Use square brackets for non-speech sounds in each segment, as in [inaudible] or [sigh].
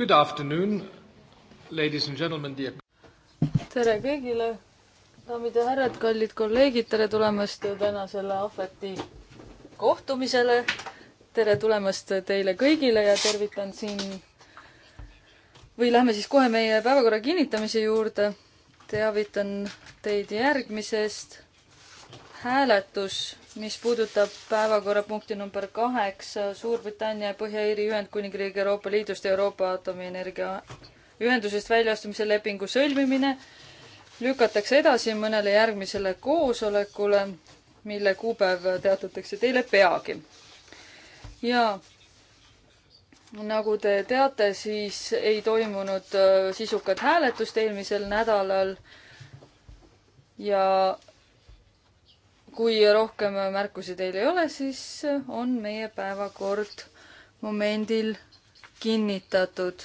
Good afternoon, ladies and gentlemen, dear. tere kõigile, daamid ja härrad, kallid kolleegid, tere tulemast tänasele ahveti kohtumisele. tere tulemast teile kõigile ja tervitan siin või lähme siis kohe meie päevakorra kinnitamise juurde. teavitan teid järgmisest. hääletus mis puudutab päevakorrapunkti number kaheksa, Suurbritannia ja Põhja-Iiri Ühendkuningriigi Euroopa Liidust ja Euroopa Atomienergia Ühendusest väljaastumise lepingu sõlmimine lükatakse edasi mõnele järgmisele koosolekule, mille kuupäev teatatakse teile peagi. ja nagu te teate, siis ei toimunud äh, sisukat hääletust eelmisel nädalal ja kui rohkem märkusi teil ei ole, siis on meie päevakord momendil kinnitatud.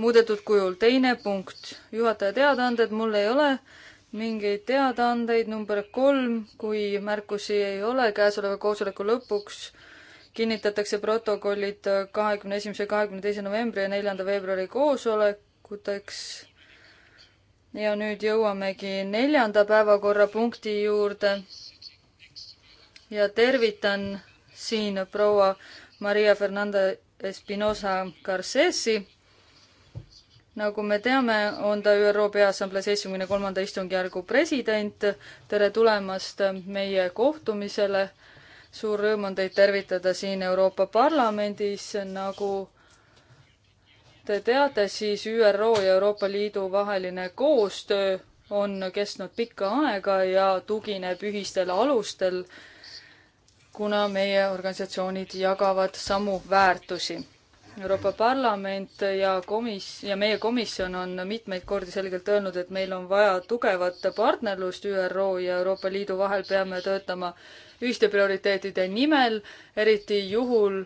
muudetud kujul teine punkt, juhataja teadaanded, mul ei ole mingeid teadaandeid, number kolm, kui märkusi ei ole käesoleva koosoleku lõpuks, kinnitatakse protokollid kahekümne esimese, kahekümne teise novembri ja neljanda veebruari koosolekuteks ja nüüd jõuamegi neljanda päevakorrapunkti juurde. ja tervitan siin proua Maria Fernanda Espinosa Garcesi. nagu me teame, on ta ÜRO Peaassamblee seitsmekümne kolmanda istungjärgu president. tere tulemast meie kohtumisele. suur rõõm on teid tervitada siin Euroopa Parlamendis, nagu te teate, siis ÜRO ja Euroopa Liidu vaheline koostöö on kestnud pikka aega ja tugineb ühistel alustel, kuna meie organisatsioonid jagavad samu väärtusi. Euroopa Parlament ja komis- ja meie komisjon on mitmeid kordi selgelt öelnud, et meil on vaja tugevat partnerlust ÜRO ja Euroopa Liidu vahel, peame töötama ühiste prioriteetide nimel, eriti juhul,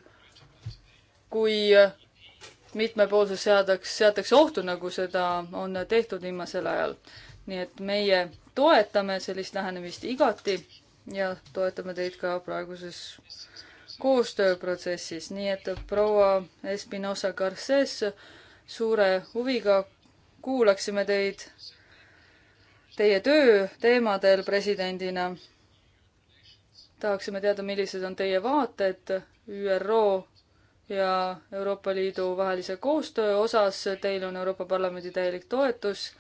kui mitmepoolsus seadaks, seatakse ohtu, nagu seda on tehtud viimasel ajal. nii et meie toetame sellist lähenemist igati ja toetame teid ka praeguses koostööprotsessis, nii et proua Espinosa Garces, suure huviga kuulaksime teid, teie töö teemadel presidendina. tahaksime teada, millised on teie vaated ÜRO ja Euroopa Liidu vahelise koostöö osas teil on Euroopa Parlamendi täielik toetus.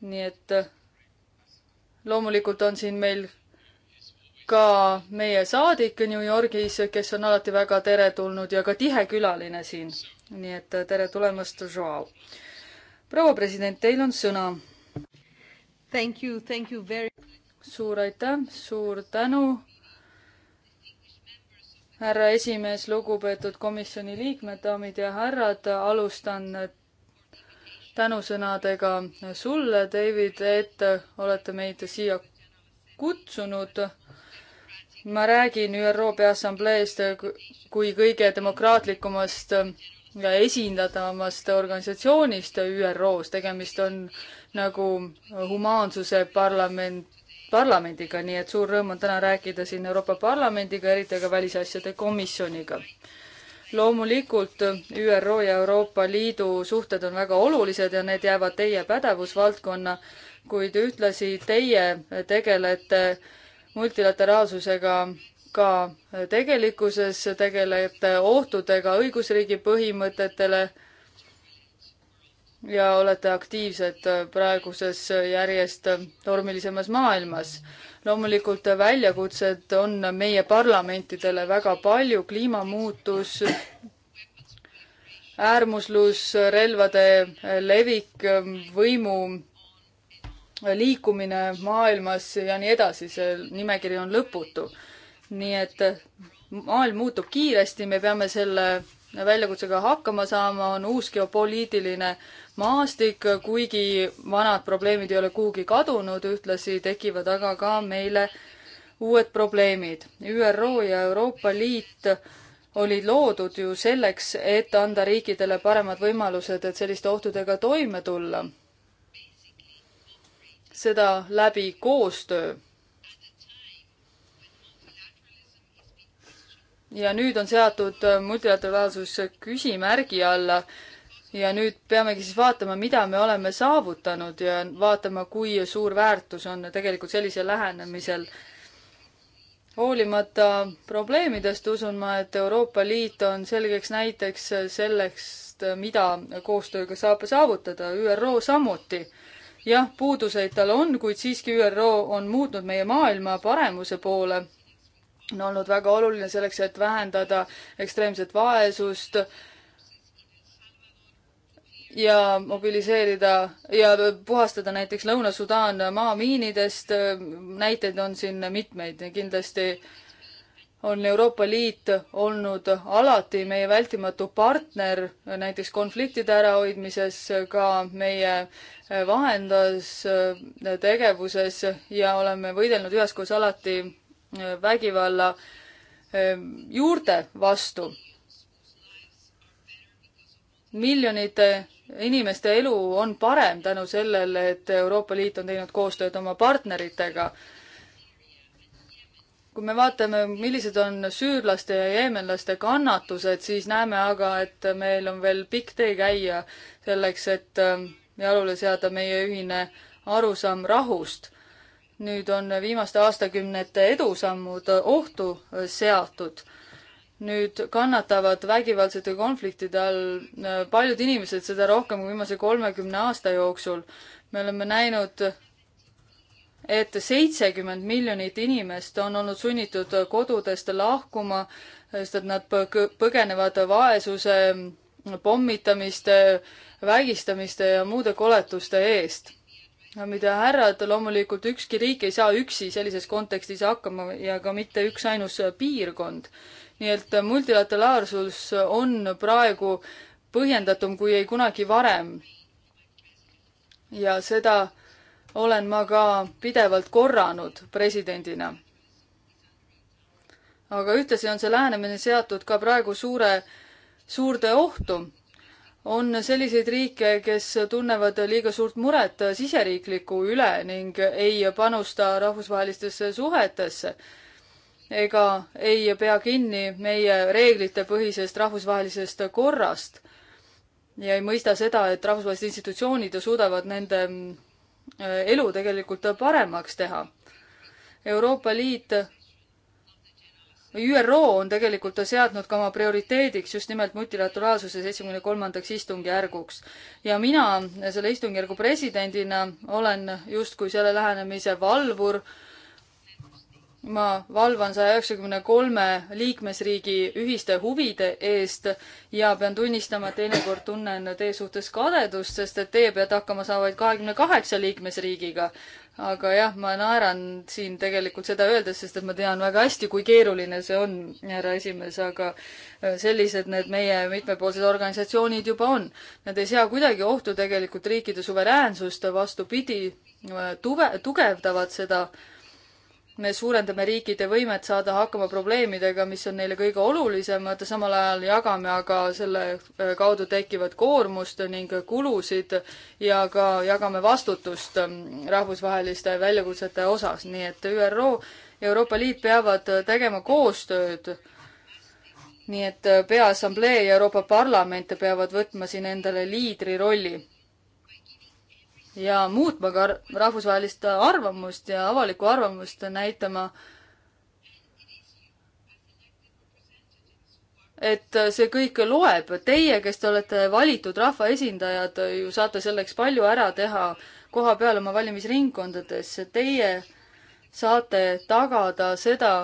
nii et loomulikult on siin meil ka meie saadik New Yorgis, kes on alati väga teretulnud ja ka tihe külaline siin. nii et tere tulemast, Joao. proua president, teil on sõna. Thank you, thank you very. suur aitäh, suur tänu härra esimees, lugupeetud komisjoni liikmed, daamid ja härrad, alustan tänusõnadega sulle, David, et olete meid siia kutsunud. ma räägin ÜRO Peaassambleest kui kõige demokraatlikumast ja esindatavamast organisatsioonist ÜRO-s. tegemist on nagu humaansuse parlament, parlamendiga, nii et suur rõõm on täna rääkida siin Euroopa Parlamendiga, eriti aga Välisasjade Komisjoniga. loomulikult ÜRO ja Euroopa Liidu suhted on väga olulised ja need jäävad teie pädevusvaldkonna, kuid ühtlasi teie tegelete multilateraalsusega ka tegelikkuses tegelete ohtudega õigusriigi põhimõtetele ja olete aktiivsed äh, praeguses äh, järjest äh, tormilisemas maailmas. loomulikult väljakutsed on meie parlamentidele väga palju, kliimamuutus, äärmuslus, relvade levik, võimu liikumine maailmas ja nii edasi, see nimekiri on lõputu. nii et maailm muutub kiiresti, me peame selle väljakutsega hakkama saama, on uus geopoliitiline maastik, kuigi vanad probleemid ei ole kuhugi kadunud, ühtlasi tekivad aga ka meile uued probleemid. ÜRO ja Euroopa Liit olid loodud ju selleks, et anda riikidele paremad võimalused, et selliste ohtudega toime tulla. seda läbi koostöö ja nüüd on seatud äh, multilateraalsus küsimärgi alla ja nüüd peamegi siis vaatama, mida me oleme saavutanud ja vaatama, kui suur väärtus on tegelikult sellisel lähenemisel. hoolimata probleemidest usun ma, et Euroopa Liit on selgeks näiteks sellest, mida koostööga saab saavutada, ÜRO samuti. jah, puuduseid tal on, kuid siiski ÜRO on muutnud meie maailma paremuse poole on olnud väga oluline selleks, et vähendada ekstreemset vaesust ja mobiliseerida ja puhastada näiteks Lõuna-Sudaan maamiinidest. näiteid on siin mitmeid ja kindlasti on Euroopa Liit olnud alati meie vältimatu partner näiteks konfliktide ärahoidmises, ka meie vahendastegevuses ja oleme võidelnud üheskoos alati vägivalla ehm, juurte vastu. miljonite inimeste elu on parem tänu sellele, et Euroopa Liit on teinud koostööd oma partneritega kui me vaatame, millised on süürlaste ja jeemenlaste kannatused, siis näeme aga, et meil on veel pikk tee käia selleks, et ehm, jalule seada meie ühine arusaam rahust nüüd on viimaste aastakümnete edusammud ohtu seatud. nüüd kannatavad vägivaldsete konfliktide all äh, paljud inimesed, seda rohkem kui viimase kolmekümne aasta jooksul. me oleme näinud, et seitsekümmend miljonit inimest on olnud sunnitud kodudest lahkuma, sest et nad põgenevad vaesuse, pommitamiste, vägistamiste ja muude koletuste eest daamid ja härrad, loomulikult ükski riik ei saa üksi sellises kontekstis hakkama ja ka mitte üksainus piirkond. nii et multilateraalsus on praegu põhjendatum kui ei kunagi varem. ja seda olen ma ka pidevalt korranud presidendina. aga ühtlasi on see lähenemine seatud ka praegu suure, suurde ohtu on selliseid riike, kes tunnevad liiga suurt muret siseriikliku üle ning ei panusta rahvusvahelistesse suhetesse ega ei pea kinni meie reeglitepõhisest rahvusvahelisest korrast ja ei mõista seda, et rahvusvahelised institutsioonid suudavad nende äh, elu tegelikult paremaks teha. Euroopa Liit ÜRO on tegelikult seadnud ka oma prioriteediks just nimelt multilateraalsuse seitsmekümne kolmandaks istungjärguks. ja mina selle istungjärgu presidendina olen justkui selle lähenemise valvur ma valvan saja üheksakümne kolme liikmesriigi ühiste huvide eest ja pean tunnistama, et teinekord tunnen teie suhtes kadedust, sest et teie peate hakkama saama vaid kahekümne kaheksa liikmesriigiga. aga jah, ma naeran siin tegelikult seda öeldes, sest et ma tean väga hästi, kui keeruline see on, härra esimees, aga äh, sellised need meie mitmepoolsed organisatsioonid juba on. Nad ei sea kuidagi ohtu tegelikult riikide suveräänsust, vastupidi, äh, tuge-, tugevdavad seda äh, me suurendame riikide võimet saada hakkama probleemidega, mis on neile kõige olulisemad, samal ajal jagame aga selle äh, kaudu tekkivat koormust ning kulusid ja ka jagame vastutust ähm, rahvusvaheliste väljakutsete osas, nii et ÜRO ja Euroopa Liit peavad tegema koostööd. nii et äh, Peaassamblee ja Euroopa Parlament peavad võtma siin endale liidrirolli ja muutma ka rahvusvahelist arvamust ja avalikku arvamust näitama, et see kõik loeb. Teie, kes te olete valitud rahvaesindajad, ju saate selleks palju ära teha koha peal oma valimisringkondades. Teie saate tagada seda,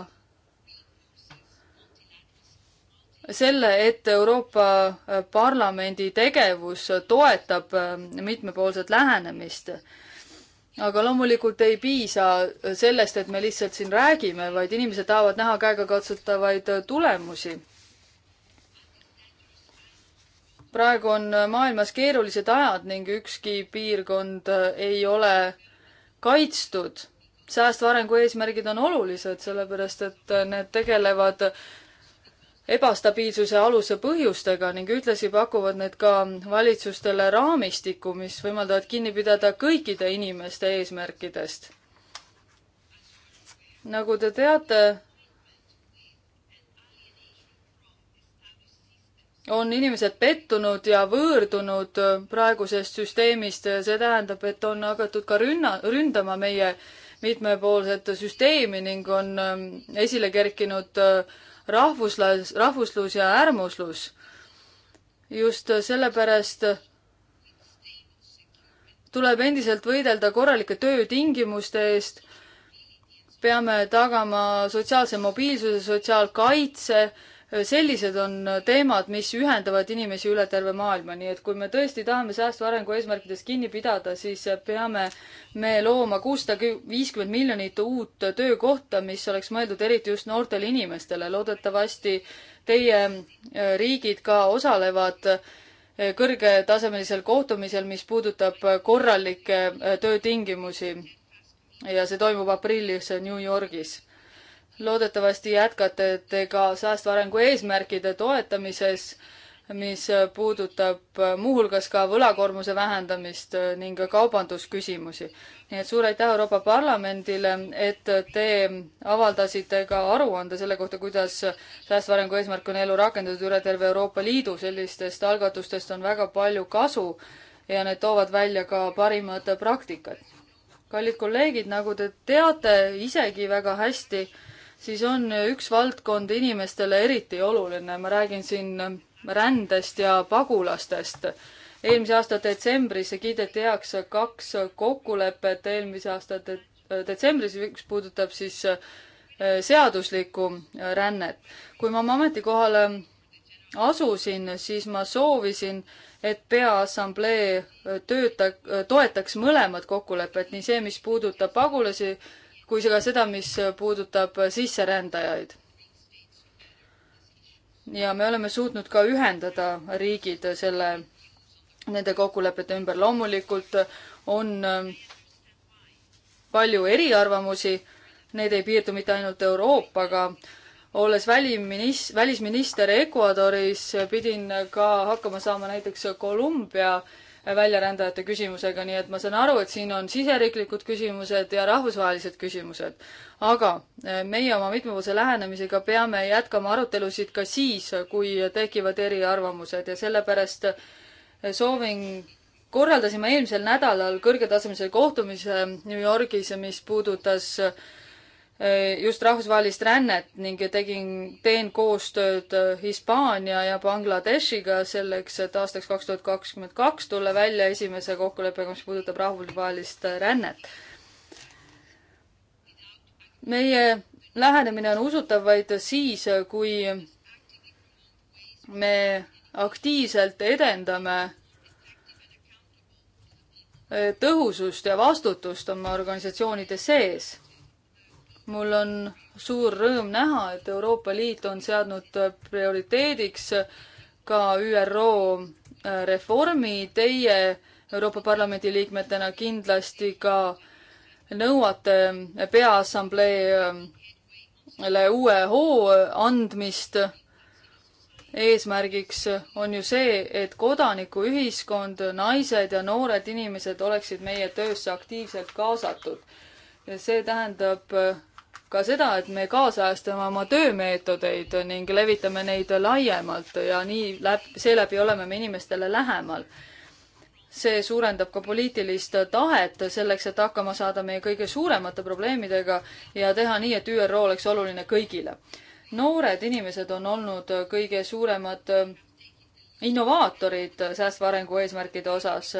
selle, et Euroopa äh, Parlamendi tegevus toetab äh, mitmepoolset lähenemist. aga loomulikult ei piisa äh, sellest, et me lihtsalt siin räägime, vaid inimesed tahavad näha käegakatsutavaid tulemusi. praegu on maailmas keerulised ajad ning ükski piirkond ei ole kaitstud säästva arengu eesmärgid on olulised, sellepärast et need tegelevad ebastabiilsuse aluse põhjustega ning ühtlasi pakuvad need ka valitsustele raamistiku, mis võimaldavad kinni pidada kõikide inimeste eesmärkidest. nagu te teate, on inimesed pettunud ja võõrdunud praegusest süsteemist, see tähendab, et on hakatud ka rünna, ründama meie mitmepoolset süsteemi ning on ähm, esile kerkinud äh, rahvuslas-, rahvuslus ja äärmuslus. just sellepärast tuleb endiselt võidelda korralike töötingimuste eest, peame tagama sotsiaalse mobiilsuse, sotsiaalkaitse sellised on teemad, mis ühendavad inimesi üle terve maailma, nii et kui me tõesti tahame säästva arengu eesmärkidest kinni pidada, siis peame me looma kuussada viiskümmend miljonit uut töökohta, mis oleks mõeldud eriti just noortele inimestele. loodetavasti teie äh, riigid ka osalevad äh, kõrgetasemelisel kohtumisel, mis puudutab korralikke äh, töötingimusi. ja see toimub aprillis New Yorgis loodetavasti jätkate te ka säästva arengu eesmärkide toetamises, mis puudutab muuhulgas ka võlakoormuse vähendamist ning kaubandusküsimusi. nii et suur aitäh Euroopa Parlamendile, et te avaldasite ka aruande selle kohta, kuidas säästva arengu eesmärk on ellu rakendatud üle terve Euroopa Liidu. sellistest algatustest on väga palju kasu ja need toovad välja ka parimad praktikad. kallid kolleegid, nagu te teate isegi väga hästi, siis on üks valdkond inimestele eriti oluline, ma räägin siin rändest ja pagulastest. eelmise aasta detsembris kiideti heaks kaks kokkulepet, eelmise aasta det-, detsembris üks puudutab siis eh, seaduslikku rännet. kui ma oma ametikohale asusin, siis ma soovisin, et Peaassamblee tööta-, toetaks mõlemat kokkulepet, nii see, mis puudutab pagulasi, kui ka seda, mis puudutab sisserändajaid. ja me oleme suutnud ka ühendada riigid selle, nende kokkulepete ümber. loomulikult on ähm, palju eriarvamusi, need ei piirdu mitte ainult Euroopaga. olles väliminister, välisminister Ecuadoris, pidin ka hakkama saama näiteks Kolumbia äh, väljarändajate küsimusega, nii et ma saan aru, et siin on siseriiklikud küsimused ja rahvusvahelised küsimused. aga eh, meie oma mitmepoolse lähenemisega peame jätkama arutelusid ka siis, kui tekivad eriarvamused ja sellepärast eh, soovin korraldasime eelmisel nädalal kõrgetasemelise kohtumise New Yorgis, mis puudutas Eh, just rahvusvahelist rännet ning tegin, teen koostööd eh, Hispaania ja Bangladeshiga selleks, et aastaks kaks tuhat kakskümmend kaks tulla välja esimese kokkuleppega, mis puudutab rahvusvahelist eh, rännet. meie lähenemine on usutav vaid siis, kui me aktiivselt edendame tõhusust ja vastutust oma organisatsioonide sees mul on suur rõõm näha, et Euroopa Liit on seadnud prioriteediks ka ÜRO äh, reformi. Teie Euroopa Parlamendi liikmetena kindlasti ka nõuate Peaassambleele uue hoo andmist. eesmärgiks on ju see, et kodanikuühiskond, naised ja noored inimesed oleksid meie töösse aktiivselt kaasatud. see tähendab äh, ka seda, et me kaasajastame oma töömeetodeid ning levitame neid laiemalt ja nii läb-, seeläbi oleme me inimestele lähemal. see suurendab ka poliitilist tahet selleks, et hakkama saada meie kõige suuremate probleemidega ja teha nii, et ÜRO oleks oluline kõigile. noored inimesed on olnud kõige suuremad innovaatorid säästva arengu eesmärkide osas.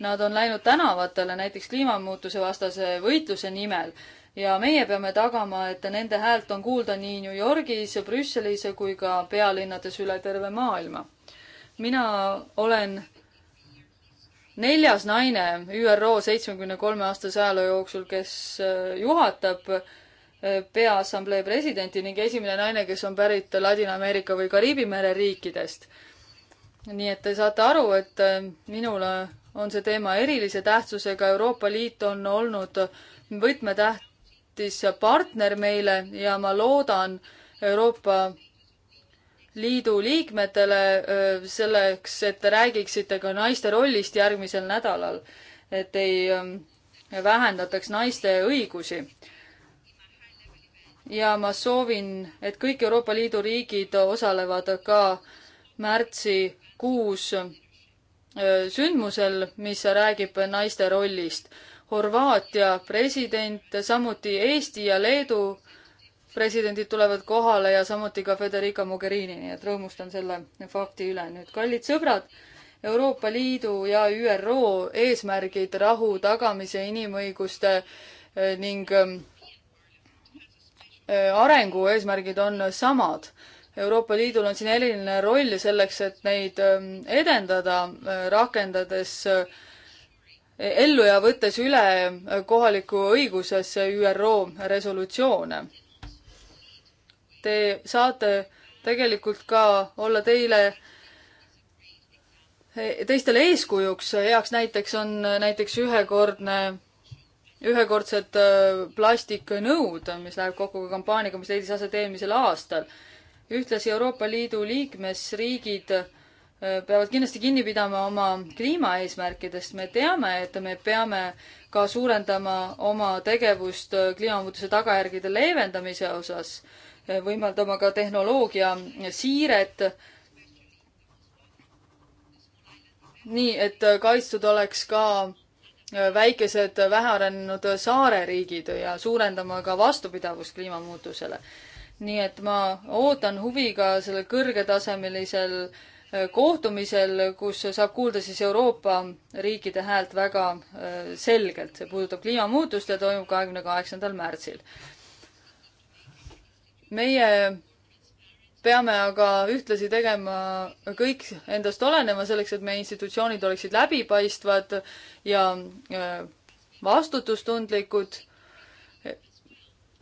Nad on läinud tänavatele näiteks kliimamuutuse vastase võitluse nimel ja meie peame tagama, et nende häält on kuulda nii New Yorgis ja Brüsselis kui ka pealinnades üle terve maailma. mina olen neljas naine ÜRO seitsmekümne kolme aastase ajaloo jooksul, kes äh, juhatab äh, Peaassamblee presidenti ning esimene naine, kes on pärit Ladina-Ameerika või Kariibi mere riikidest. nii et te saate aru, et äh, minule on see teema erilise tähtsusega, Euroopa Liit on olnud võtmetäht tähtis partner meile ja ma loodan Euroopa Liidu liikmetele selleks, et te räägiksite ka naiste rollist järgmisel nädalal, et ei vähendataks naiste õigusi. ja ma soovin, et kõik Euroopa Liidu riigid osalevad ka märtsikuus sündmusel, mis räägib naiste rollist Horvaatia president, samuti Eesti ja Leedu presidendid tulevad kohale ja samuti ka Federica Mogherini, nii et rõõmustan selle fakti üle. nüüd, kallid sõbrad, Euroopa Liidu ja ÜRO eesmärgid rahu tagamise, inimõiguste eh, ning eh, arengu eesmärgid on samad. Euroopa Liidul on siin eriline roll selleks, et neid eh, edendada, rakendades äh, ellu ja võttes üle kohaliku õigusesse ÜRO resolutsioone. Te saate tegelikult ka olla teile teistele eeskujuks, heaks näiteks on näiteks ühekordne, ühekordsed äh, plastiknõud, mis läheb kokku ka kampaaniaga, mis leidis aset eelmisel aastal. ühtlasi Euroopa Liidu liikmesriigid Äh, peavad kindlasti kinni pidama oma kliimaeesmärkidest. me teame, et me peame ka suurendama oma tegevust äh, kliimamuutuse tagajärgede leevendamise osas, äh, võimaldama ka tehnoloogia siiret. nii, et kaitstud oleks ka väikesed vähearenenud saareriigid ja suurendama ka vastupidavust kliimamuutusele. nii et ma ootan huviga sellel kõrgetasemelisel äh, kohtumisel, kus saab kuulda siis Euroopa riikide häält väga äh, selgelt. see puudutab kliimamuutust ja toimub kahekümne kaheksandal märtsil. meie peame aga ühtlasi tegema kõik endast oleneva selleks, et meie institutsioonid oleksid läbipaistvad ja äh, vastutustundlikud.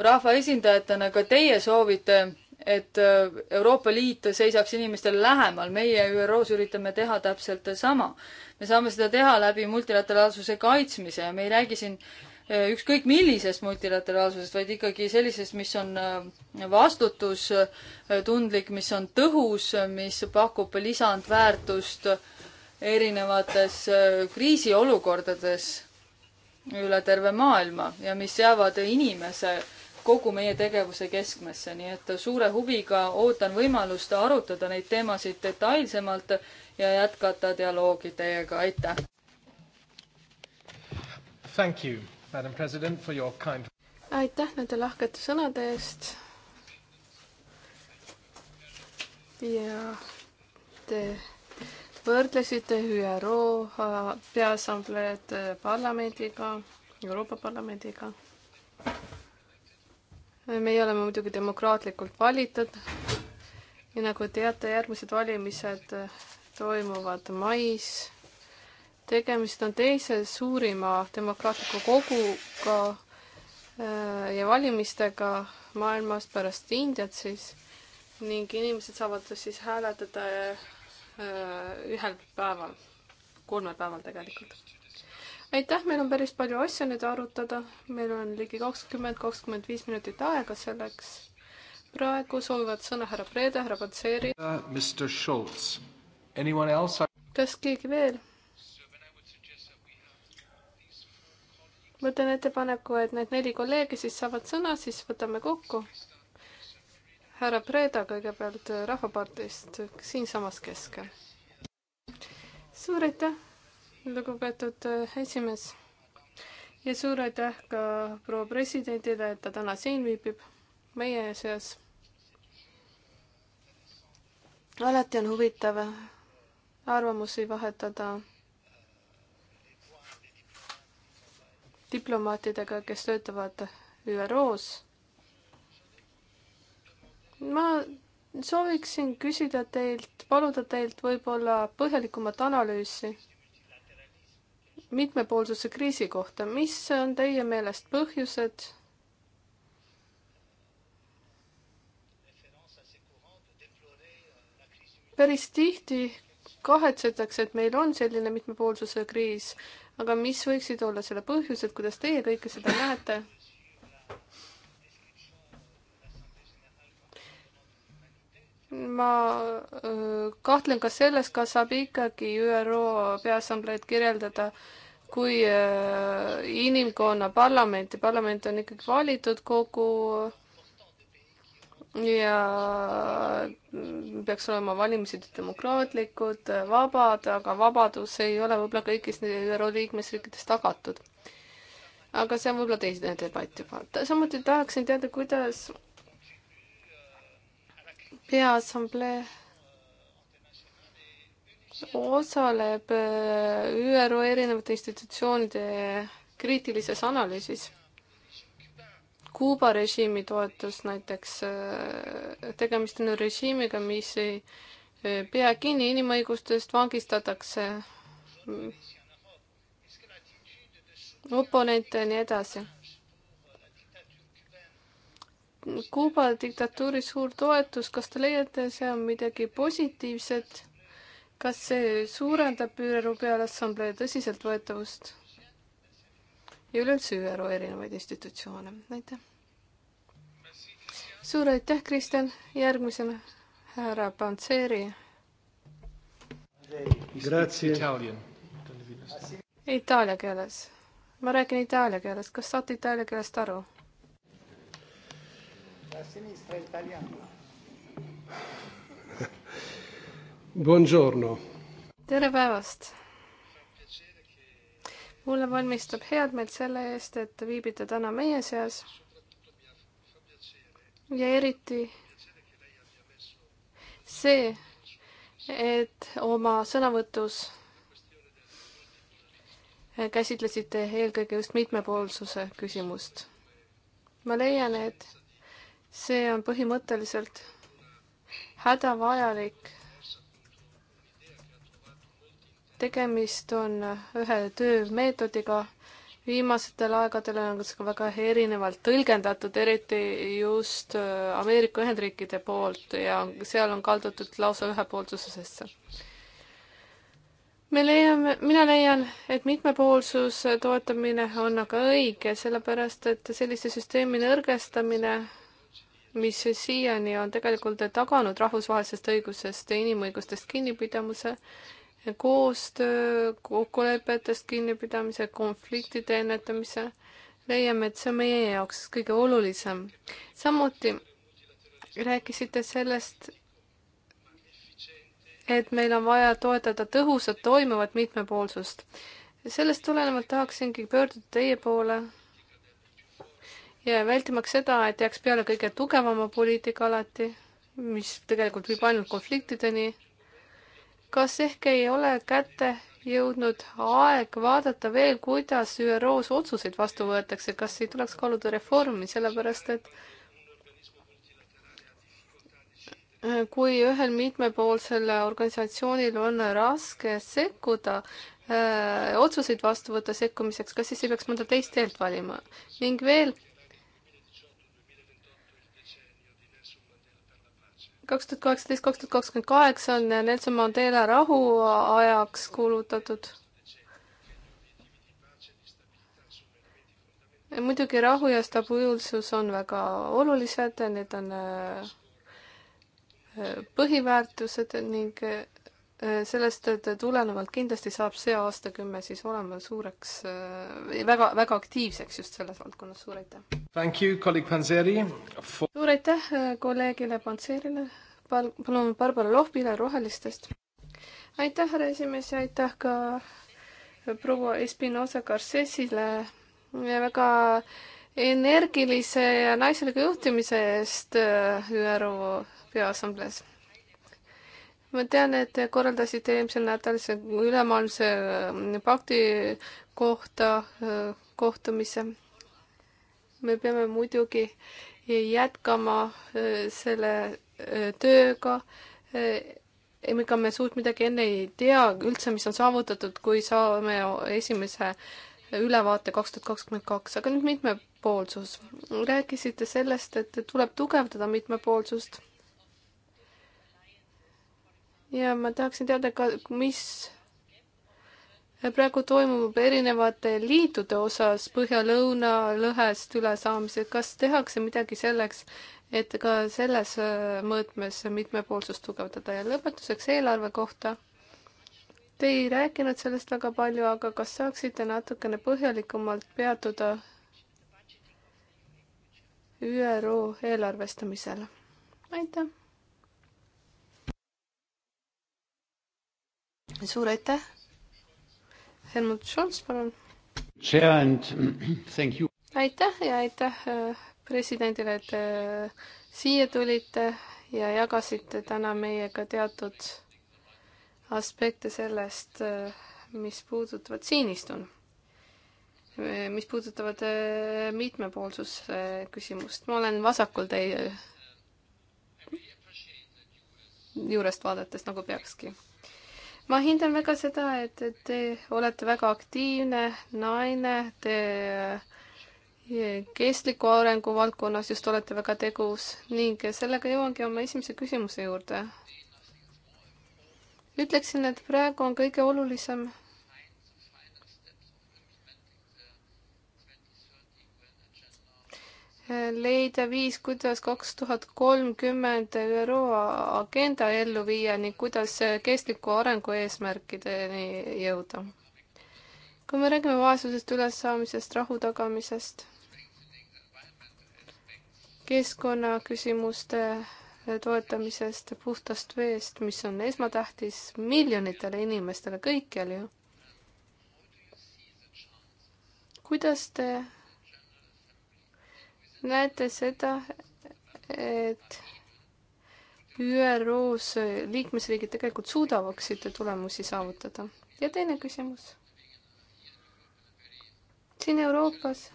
rahvaesindajatena ka teie soovite et äh, Euroopa Liit seisaks inimestele lähemal, meie ÜRO-s üritame teha täpselt sama. me saame seda teha läbi multilateraalsuse kaitsmise ja me ei räägi siin äh, ükskõik millisest multilateraalsusest, vaid ikkagi sellisest, mis on äh, vastutustundlik, mis on tõhus, mis pakub lisandväärtust erinevates kriisiolukordades üle terve maailma ja mis jäävad inimese kogu meie tegevuse keskmesse, nii et suure huviga ootan võimalust arutada neid teemasid detailsemalt ja jätkata dialoogi teiega, aitäh! Thank you, madam president, for your kind aitäh nende lahkete sõnade eest. ja te võrdlesite ÜRO Peaassambleed eh, parlamendiga, Euroopa Parlamendiga meie oleme muidugi demokraatlikult valitud ja nagu teate, järgmised valimised äh, toimuvad mais. tegemist on teise suurima demokraatliku koguga äh, ja valimistega maailmas pärast Indiat siis ning inimesed saavad siis hääletada äh, ühel päeval, kolmel päeval tegelikult aitäh, meil on päris palju asju nüüd arutada, meil on ligi kakskümmend, kakskümmend viis minutit aega selleks. praegu soovivad sõna härra Preede, härra Patseri uh,. kas keegi veel? ma teen ettepaneku, et need neli kolleegi siis saavad sõna, siis võtame kokku. härra Preda kõigepealt Rahvaparteist siinsamas keskel. suur aitäh lugupeetud äh, esimees. ja suur aitäh ka proua presidendile, et ta täna siin viibib, meie seas. alati on huvitav arvamusi vahetada diplomaatidega, kes töötavad ÜRO-s. ma sooviksin küsida teilt, paluda teilt võib-olla põhjalikumat analüüsi mitmepoolsuse kriisi kohta, mis on teie meelest põhjused, päris tihti kahetsetakse, et meil on selline mitmepoolsuse kriis, aga mis võiksid olla selle põhjused, kuidas teie kõike seda näete? ma kahtlen ka selles, kas saab ikkagi ÜRO Peaassambleed kirjeldada kui inimkonna parlamenti, parlament on ikkagi valitud kogu ja peaks olema valimised demokraatlikud, vabad, aga vabadus ei ole võib-olla kõigis ÜRO liikmesriikides tagatud. aga see on võib-olla teine debatt juba. samuti tahaksin teada, kuidas peaassamblee osaleb äh, ÜRO erinevate institutsioonide kriitilises analüüsis. Kuuba režiimi toetus näiteks, äh, tegemist on režiimiga, mis ei äh, pea kinni inimõigustest, vangistatakse mm, oponente ja nii edasi Kuuba diktatuuri suur toetus, kas te leiate, see on midagi positiivset? kas see suurendab ÜRO Peaassamblee tõsiseltvõetavust ja üleüldse ÜRO erinevaid institutsioone? aitäh! suur aitäh, Kristjan, järgmisena härra Panseri. Itaalia keeles, ma räägin itaalia keeles, kas saate itaalia keelest aru? della sinistra italiana. Buongiorno. tere päevast. mulle valmistab head meelt selle eest, et viibite täna meie seas. ja eriti see, et oma sõnavõtus käsitlesite eelkõige just mitmepoolsuse küsimust. ma leian, et see on põhimõtteliselt hädavajalik. tegemist on ühe töömeetodiga, viimastel aegadel on see ka väga erinevalt tõlgendatud, eriti just äh, Ameerika Ühendriikide poolt ja seal on kaldutud lausa ühepoolsusesse me leiame, mina leian, et mitmepoolsuse toetamine on aga õige, sellepärast et sellise süsteemi nõrgestamine mis siiani on tegelikult taganud rahvusvahelisest õigusest ja inimõigustest kinnipidamise, koostöö, kokkulepetest kinnipidamise, konfliktide ennetamise, leiame, et see on meie jaoks kõige olulisem. samuti rääkisite sellest, et meil on vaja toetada tõhusat toimivat mitmepoolsust. sellest tulenevalt tahaksingi pöörduda teie poole ja vältimaks seda, et jääks peale kõige tugevama poliitika alati, mis tegelikult viib ainult konfliktideni. kas ehk ei ole kätte jõudnud aeg vaadata veel, kuidas ÜRO-s otsuseid vastu võetakse, kas ei tuleks kaaluda reformi, sellepärast et kui ühel mitmepoolsel organisatsioonil on raske sekkuda, äh, otsuseid vastu võtta sekkumiseks, kas siis ei peaks mõnda teist teelt valima? ning veel kaks tuhat kaheksateist, kaks tuhat kakskümmend kaheksa on Nelson Mandela rahuajaks kuulutatud. muidugi rahu ja stabiilsus on väga olulised, need on äh, äh, põhiväärtused ning äh, sellest tulenevalt kindlasti saab see aastakümme siis olema suureks väga, väga aktiivseks just selles valdkonnas, suur aitäh! For suur aitäh äh, kolleegile Pantserile, palun Barbara Lohbile Rohelistest. aitäh, härra esimees ja aitäh ka äh, proua Espinosa Garcesile väga energilise ja naiseliku juhtimise eest äh, ÜRO Peaassamblees. ma tean, et te korraldasite eelmisel nädalal ülemaailmse pakti kohta kohtumise. me peame muidugi jätkama selle tööga. ega me suurt midagi enne ei tea üldse, mis on saavutatud, kui saame esimese ülevaate kaks tuhat kakskümmend kaks, aga nüüd mitmepoolsus. rääkisite sellest, et tuleb tugevdada mitmepoolsust. ja ma tahaksin teada ka, mis praegu toimub erinevate liitude osas põhja-lõuna lõhest ülesaamised, kas tehakse midagi selleks, et ka selles äh, mõõtmes mitmepoolsust tugevdada ja lõpetuseks eelarve kohta. Te ei rääkinud sellest väga palju, aga kas saaksite natukene põhjalikumalt peatuda ÜRO eelarvestamisel? aitäh! suur aitäh! Helmut Scholz, palun. [clears throat] aitäh ja aitäh äh, presidendile, et äh, siia tulite ja jagasite täna meiega teatud aspekte sellest, äh, mis puudutavad siinistun, mis puudutavad mitmepoolsuse küsimust. ma olen vasakul teie juurest vaadates, nagu peakski ma hindan väga seda, et, et te olete väga aktiivne naine, te kestliku arengu valdkonnas just olete väga tegus ning sellega jõuangi oma esimese küsimuse juurde. ütleksin, et praegu on kõige olulisem leida viis, kuidas kaks tuhat kolmkümmend ÜRO agenda ellu viia ning kuidas kestliku arengu eesmärkideni jõuda. kui me räägime vaesusest ülesaamisest, rahu tagamisest, keskkonnaküsimuste toetamisest, puhtast veest, mis on esmatähtis miljonitele inimestele kõikjal ju. kuidas te näete seda, et ÜRO-s liikmesriigid tegelikult suudavaksid tulemusi saavutada. ja teine küsimus. siin Euroopas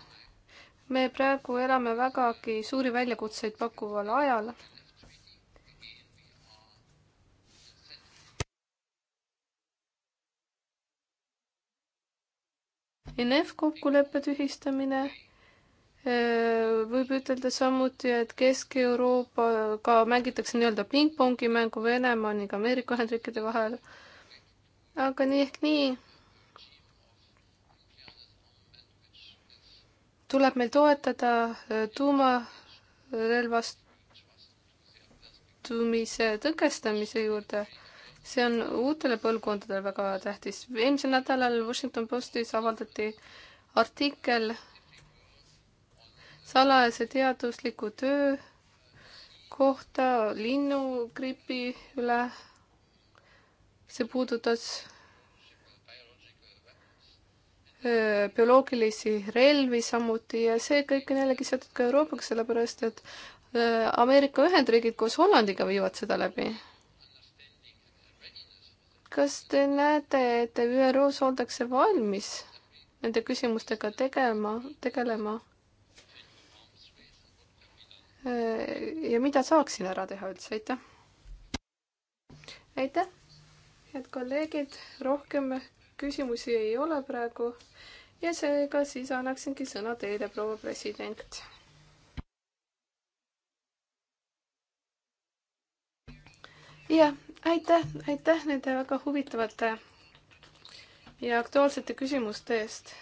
me praegu elame vägagi suuri väljakutseid pakkuval ajal. NF kokkuleppe tühistamine Äh, võib ütelda samuti, et Kesk-Euroopaga mängitakse nii-öelda pingpongi mängu Venemaa ning Ameerika Ühendriikide vahel. aga nii ehk nii tuleb meil toetada äh, tuumarelvastumise tõkestamise juurde. see on uutele põlvkondadele väga tähtis. eelmisel nädalal Washington Postis avaldati artikkel salajase teadusliku töö kohta linnugripi üle. see puudutas äh, bioloogilisi relvi samuti ja see kõik on jällegi seotud ka Euroopaga, sellepärast et äh, Ameerika Ühendriigid koos Hollandiga viivad seda läbi. kas te näete, et ÜRO-s oldakse valmis nende küsimustega tegema, tegelema? Äh, ja mida saaksin ära teha üldse, aitäh. aitäh, head kolleegid, rohkem küsimusi ei ole praegu ja seega siis annaksingi sõna teile, proua president. jah, aitäh, aitäh nende väga huvitavate ja aktuaalsete küsimuste eest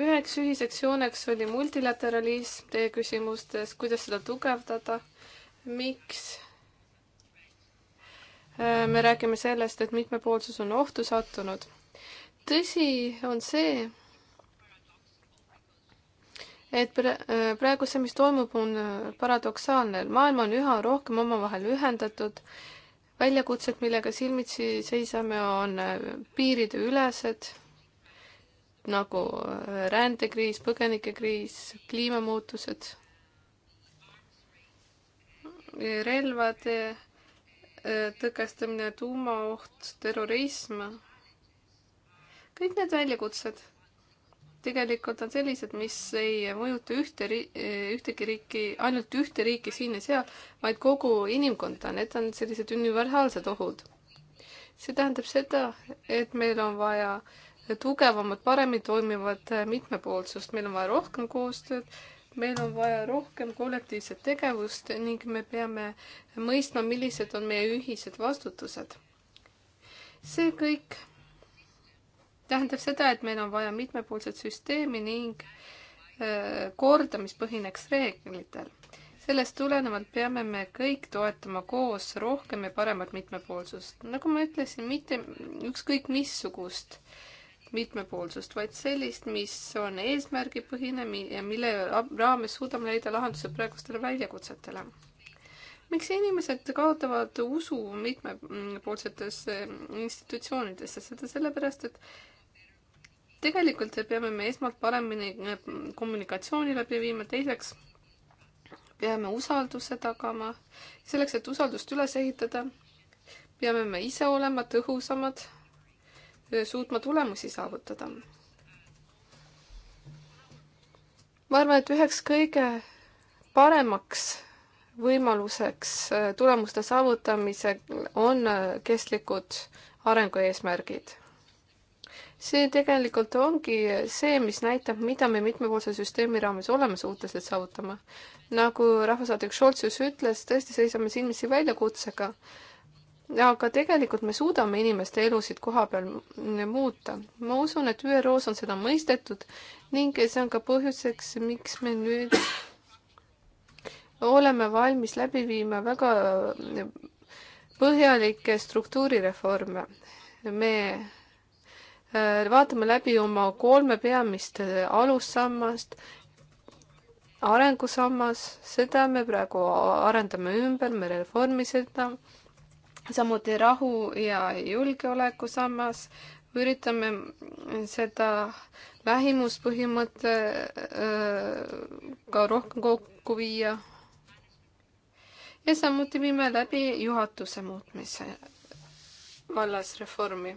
üheks ühiseks jooneks oli multilateralism teie küsimustes, kuidas seda tugevdada, miks äh, me räägime sellest, et mitmepoolsus on ohtu sattunud. tõsi on see, et äh, praegu see, mis toimub, on äh, paradoksaalne. maailm on üha rohkem omavahel ühendatud. väljakutsed, millega silmitsi seisame, on piirideülesed nagu äh, rändekriis, põgenikekriis, kliimamuutused, relvade äh, tõkestamine, tuumaoht, terrorism. kõik need väljakutsed tegelikult on sellised, mis ei mõjuta ühte, äh, ühtegi riiki, ainult ühte riiki siin ja seal, vaid kogu inimkonda, need on sellised universaalsed ohud. see tähendab seda, et meil on vaja äh, tugevamat, paremini toimivat äh, mitmepoolsust, meil on vaja rohkem koostööd, meil on vaja rohkem kollektiivset tegevust ning me peame mõistma, millised on meie ühised vastutused. see kõik tähendab seda, et meil on vaja mitmepoolset süsteemi ning äh, korda, mis põhineks reeglitel. sellest tulenevalt peame me kõik toetama koos rohkem ja paremat mitmepoolsust. nagu ma ütlesin, mitte ükskõik missugust äh, mitmepoolsust, vaid sellist, mis on eesmärgipõhine ja mille raames suudame leida lahenduse praegustele väljakutsetele. miks inimesed kaotavad usu mitmepoolsetesse institutsioonidesse, seda sellepärast, et tegelikult peame me esmalt paremini äh, kommunikatsiooni läbi viima, teiseks peame usalduse tagama. selleks, et usaldust üles ehitada, peame me ise olema tõhusamad suutma tulemusi saavutada. ma arvan, et üheks kõige paremaks võimaluseks tulemuste saavutamisel on kestlikud arengueesmärgid. see tegelikult ongi see, mis näitab, mida me mitmepoolse süsteemi raames oleme suutelised saavutama. nagu rahvasaadik Šoltsus ütles, tõesti seisame silmitsi väljakutsega aga tegelikult me suudame inimeste elusid koha peal muuta. ma usun, et ÜRO-s on seda mõistetud ning see on ka põhjuseks, miks me nüüd oleme valmis läbi viima väga põhjalikke struktuurireforme. me äh, vaatame läbi oma kolme peamist äh, alussammast, arengusammas, seda me praegu arendame ümber, me reformi seda samuti rahu ja julgeoleku sammas, üritame seda vähimuspõhimõtte äh, ka rohkem kokku viia. ja samuti viime läbi juhatuse muutmise vallas reformi.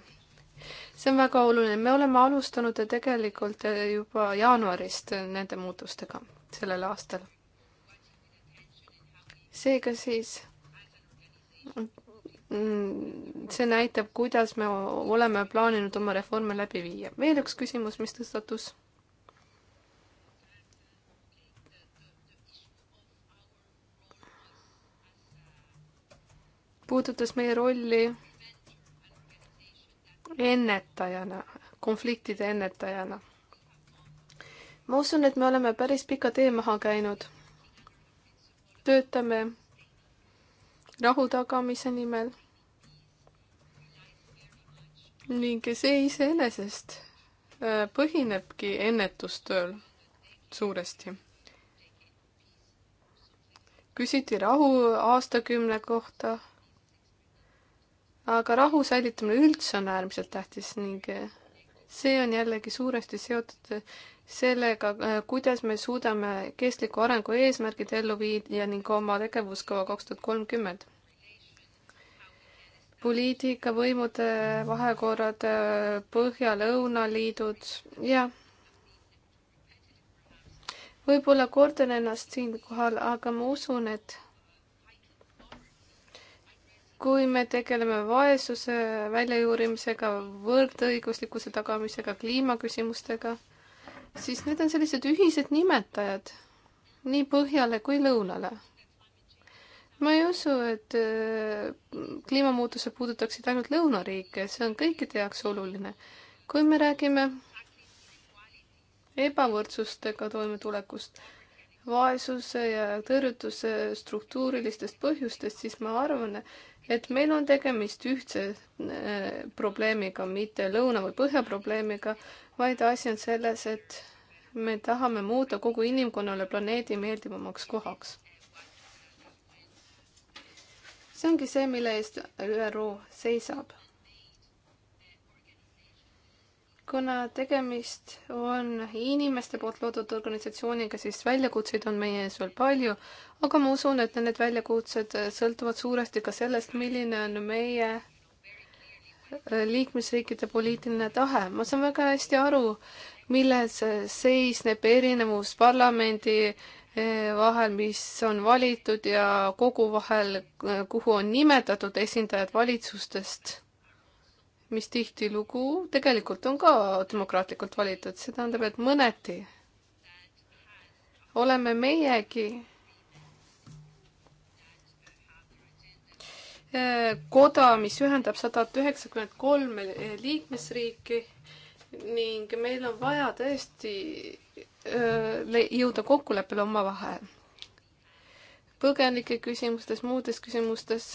see on väga oluline, me oleme alustanud tegelikult juba jaanuarist nende muutustega sellel aastal. seega siis see näitab, kuidas me oleme plaaninud oma reforme läbi viia. veel üks küsimus, mis tõstatus. puudutas meie rolli ennetajana, konfliktide ennetajana. ma usun, et me oleme päris pika tee maha käinud. töötame rahu tagamise nimel ning see iseenesest äh, põhinebki ennetustööl suuresti. küsiti rahu aastakümne kohta. aga rahu säilitamine üldse on äärmiselt tähtis ning äh, see on jällegi suuresti seotud äh, sellega, kuidas me suudame kestliku arengu eesmärgid ellu viia ning oma tegevuskava kaks tuhat kolmkümmend poliitika, võimude vahekorrad, äh, põhja-lõunaliidud ja võib-olla kordan ennast siinkohal, aga ma usun, et kui me tegeleme vaesuse väljajuurimisega, võrdõiguslikkuse tagamisega, kliimaküsimustega, siis need on sellised ühised nimetajad nii põhjale kui lõunale ma ei usu, et äh, kliimamuutused puudutaksid ainult lõunariike, see on kõikide jaoks oluline. kui me räägime ebavõrdsustega toimetulekust, vaesuse ja tõrjutuse struktuurilistest põhjustest, siis ma arvan, et meil on tegemist ühtse äh, probleemiga, mitte lõuna või põhja probleemiga, vaid asi on selles, et me tahame muuta kogu inimkonnale planeedi meeldivamaks kohaks see ongi see, mille eest ÜRO seisab. kuna tegemist on inimeste poolt loodud organisatsiooniga, siis väljakutseid on meie ees veel palju, aga ma usun, et need väljakutsed sõltuvad suuresti ka sellest, milline on meie äh, liikmesriikide poliitiline tahe. ma saan väga hästi aru, milles seisneb erinevus parlamendi vahel, mis on valitud ja kogu vahel, kuhu on nimetatud esindajad valitsustest, mis tihtilugu tegelikult on ka demokraatlikult valitud, see tähendab, et mõneti oleme meiegi e, koda, mis ühendab sadat üheksakümmend kolm liikmesriiki ning meil on vaja tõesti jõuda kokkuleppele omavahel. põgenike küsimustes, muudes küsimustes.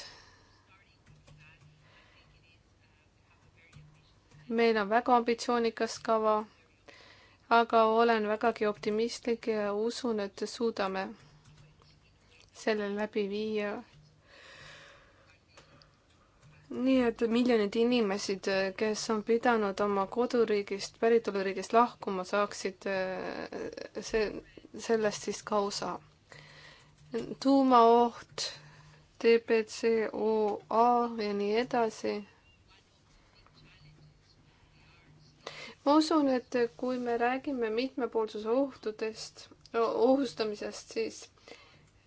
meil on väga ambitsioonikas kava, aga olen vägagi optimistlik ja usun, et suudame selle läbi viia nii et miljonid inimesed, eh, kes on pidanud oma koduriigist, päritoluriigist lahkuma, saaksid eh, see, sellest siis ka osa. tuumaoht, DBCOA ja nii edasi. ma usun, et kui me räägime mitmepoolsuse ohtudest, ohustamisest, siis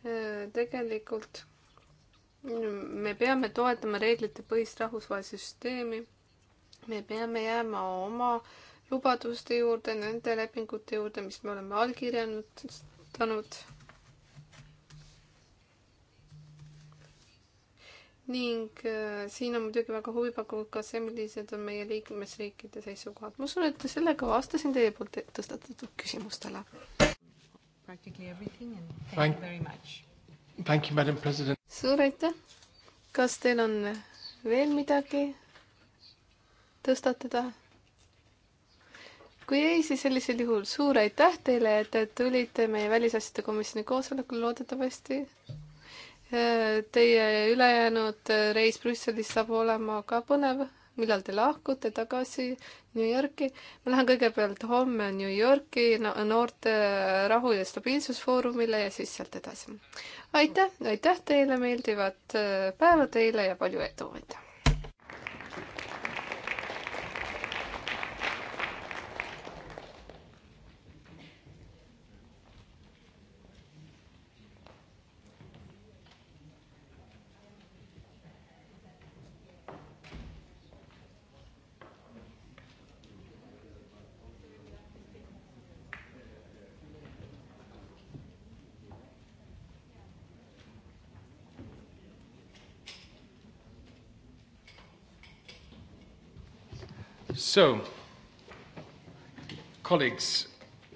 eh, tegelikult me peame toetama reeglitepõhist rahvusvahelist süsteemi. me peame jääma oma lubaduste juurde, nende lepingute juurde, mis me oleme allkirjanud. ning äh, siin on muidugi väga huvipakkuv ka see, millised on meie liikmesriikide seisukohad. ma usun, et sellega vastasin teie poolt tõstatatud küsimustele. Practically everything and thank you very much suur aitäh. kas teil on veel midagi tõstatada? kui ei, siis sellisel juhul suur aitäh teile, et te tulite meie välisasjade komisjoni koosolekul, loodetavasti. Äh, teie ülejäänud reis Brüsselis saab olema ka põnev millal te lahkute tagasi New Yorki. ma lähen kõigepealt homme New Yorki noorte rahu- ja stabiilsusfoorumile ja siis sealt edasi. aitäh, aitäh teile, meeldivat äh, päeva teile ja palju edu, aitäh! So, colleagues,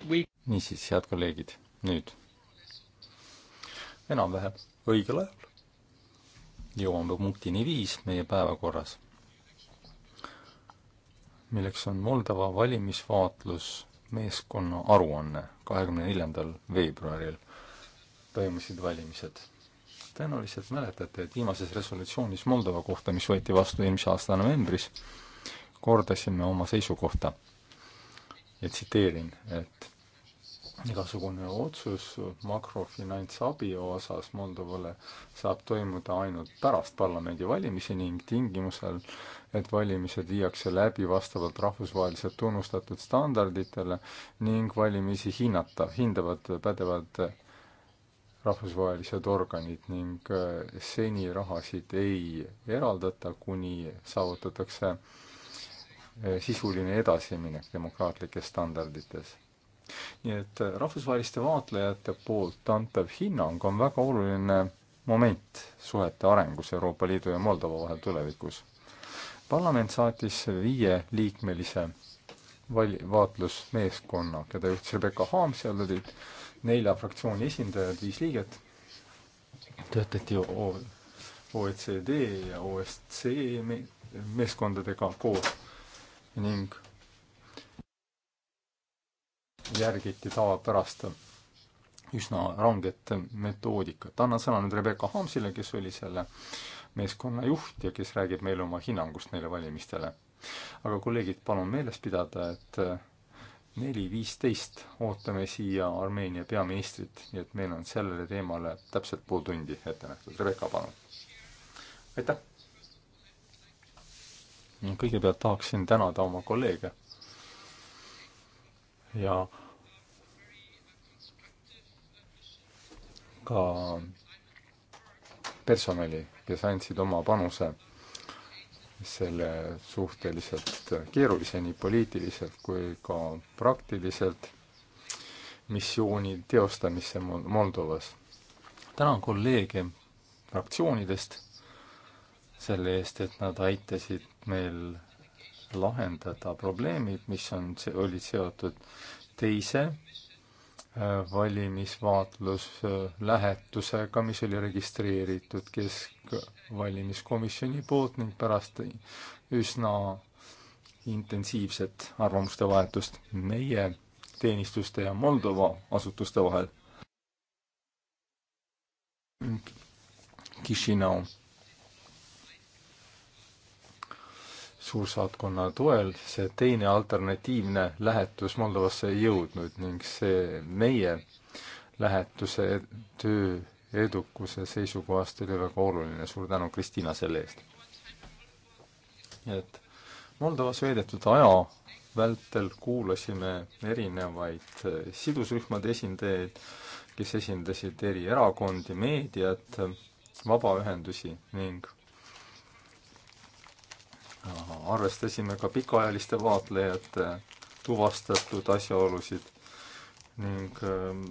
we niisiis, head kolleegid, nüüd enam-vähem õigel ajal jõuame punktini viis meie päevakorras, milleks on Moldova valimisvaatlusmeeskonna aruanne. kahekümne neljandal veebruaril toimusid valimised. tõenäoliselt mäletate, et viimases resolutsioonis Moldova kohta, mis võeti vastu eelmise aasta novembris, kordasime oma seisukohta ja tsiteerin, et igasugune otsus makrofinantsabi osas Moldovale saab toimuda ainult pärast parlamendivalimisi ning tingimusel, et valimised viiakse läbi vastavalt rahvusvaheliselt tunnustatud standarditele ning valimisi hinnata, hindavad pädevad rahvusvahelised organid ning äh, seni rahasid ei eraldata, kuni saavutatakse äh, Eh, sisuline edasiminek demokraatlikes standardites. nii et eh, rahvusvaheliste vaatlejate poolt antav hinnang on väga oluline moment suhete arengus Euroopa Liidu ja Moldova vahel tulevikus. parlament saatis viieliikmelise val-, vaatlusmeeskonna, keda juhtis Rebecca Haam, seal olid nelja fraktsiooni esindajad, viis liiget, töötati OECD ja OSCE meeskondadega koos ning järgiti tavapärast üsna ranget metoodikat. annan sõna nüüd Rebecca Hamsile, kes oli selle meeskonna juht ja kes räägib meile oma hinnangust neile valimistele. aga kolleegid, palun meeles pidada, et neli viisteist ootame siia Armeenia peaministrit, nii et meil on sellele teemale täpselt pool tundi ette nähtud. Rebecca, palun. aitäh! kõigepealt tahaksin tänada oma kolleege ja ka personali, kes andsid oma panuse selle suhteliselt keerulise nii poliitiliselt kui ka praktiliselt missiooni teostamisse Moldovas. tänan kolleege fraktsioonidest selle eest, et nad aitasid meil lahendada probleemid, mis on, olid seotud teise äh, valimisvaatluslähetusega, mis oli registreeritud Keskvalimiskomisjoni poolt ning pärast üsna intensiivset arvamuste vahetust meie teenistuste ja Moldova asutuste vahel. Kišinau suursaatkonna toel see teine alternatiivne lähetus Moldovasse ei jõudnud ning see meie lähetuse töö edukuse seisukohast oli väga oluline. suur tänu, Kristina, selle eest! et Moldovas veedetud aja vältel kuulasime erinevaid äh, sidusrühmade esindajaid, kes esindasid eri erakondi, meediat, vabaühendusi ning arvestasime ka pikaajaliste vaatlejate tuvastatud asjaolusid ning ähm,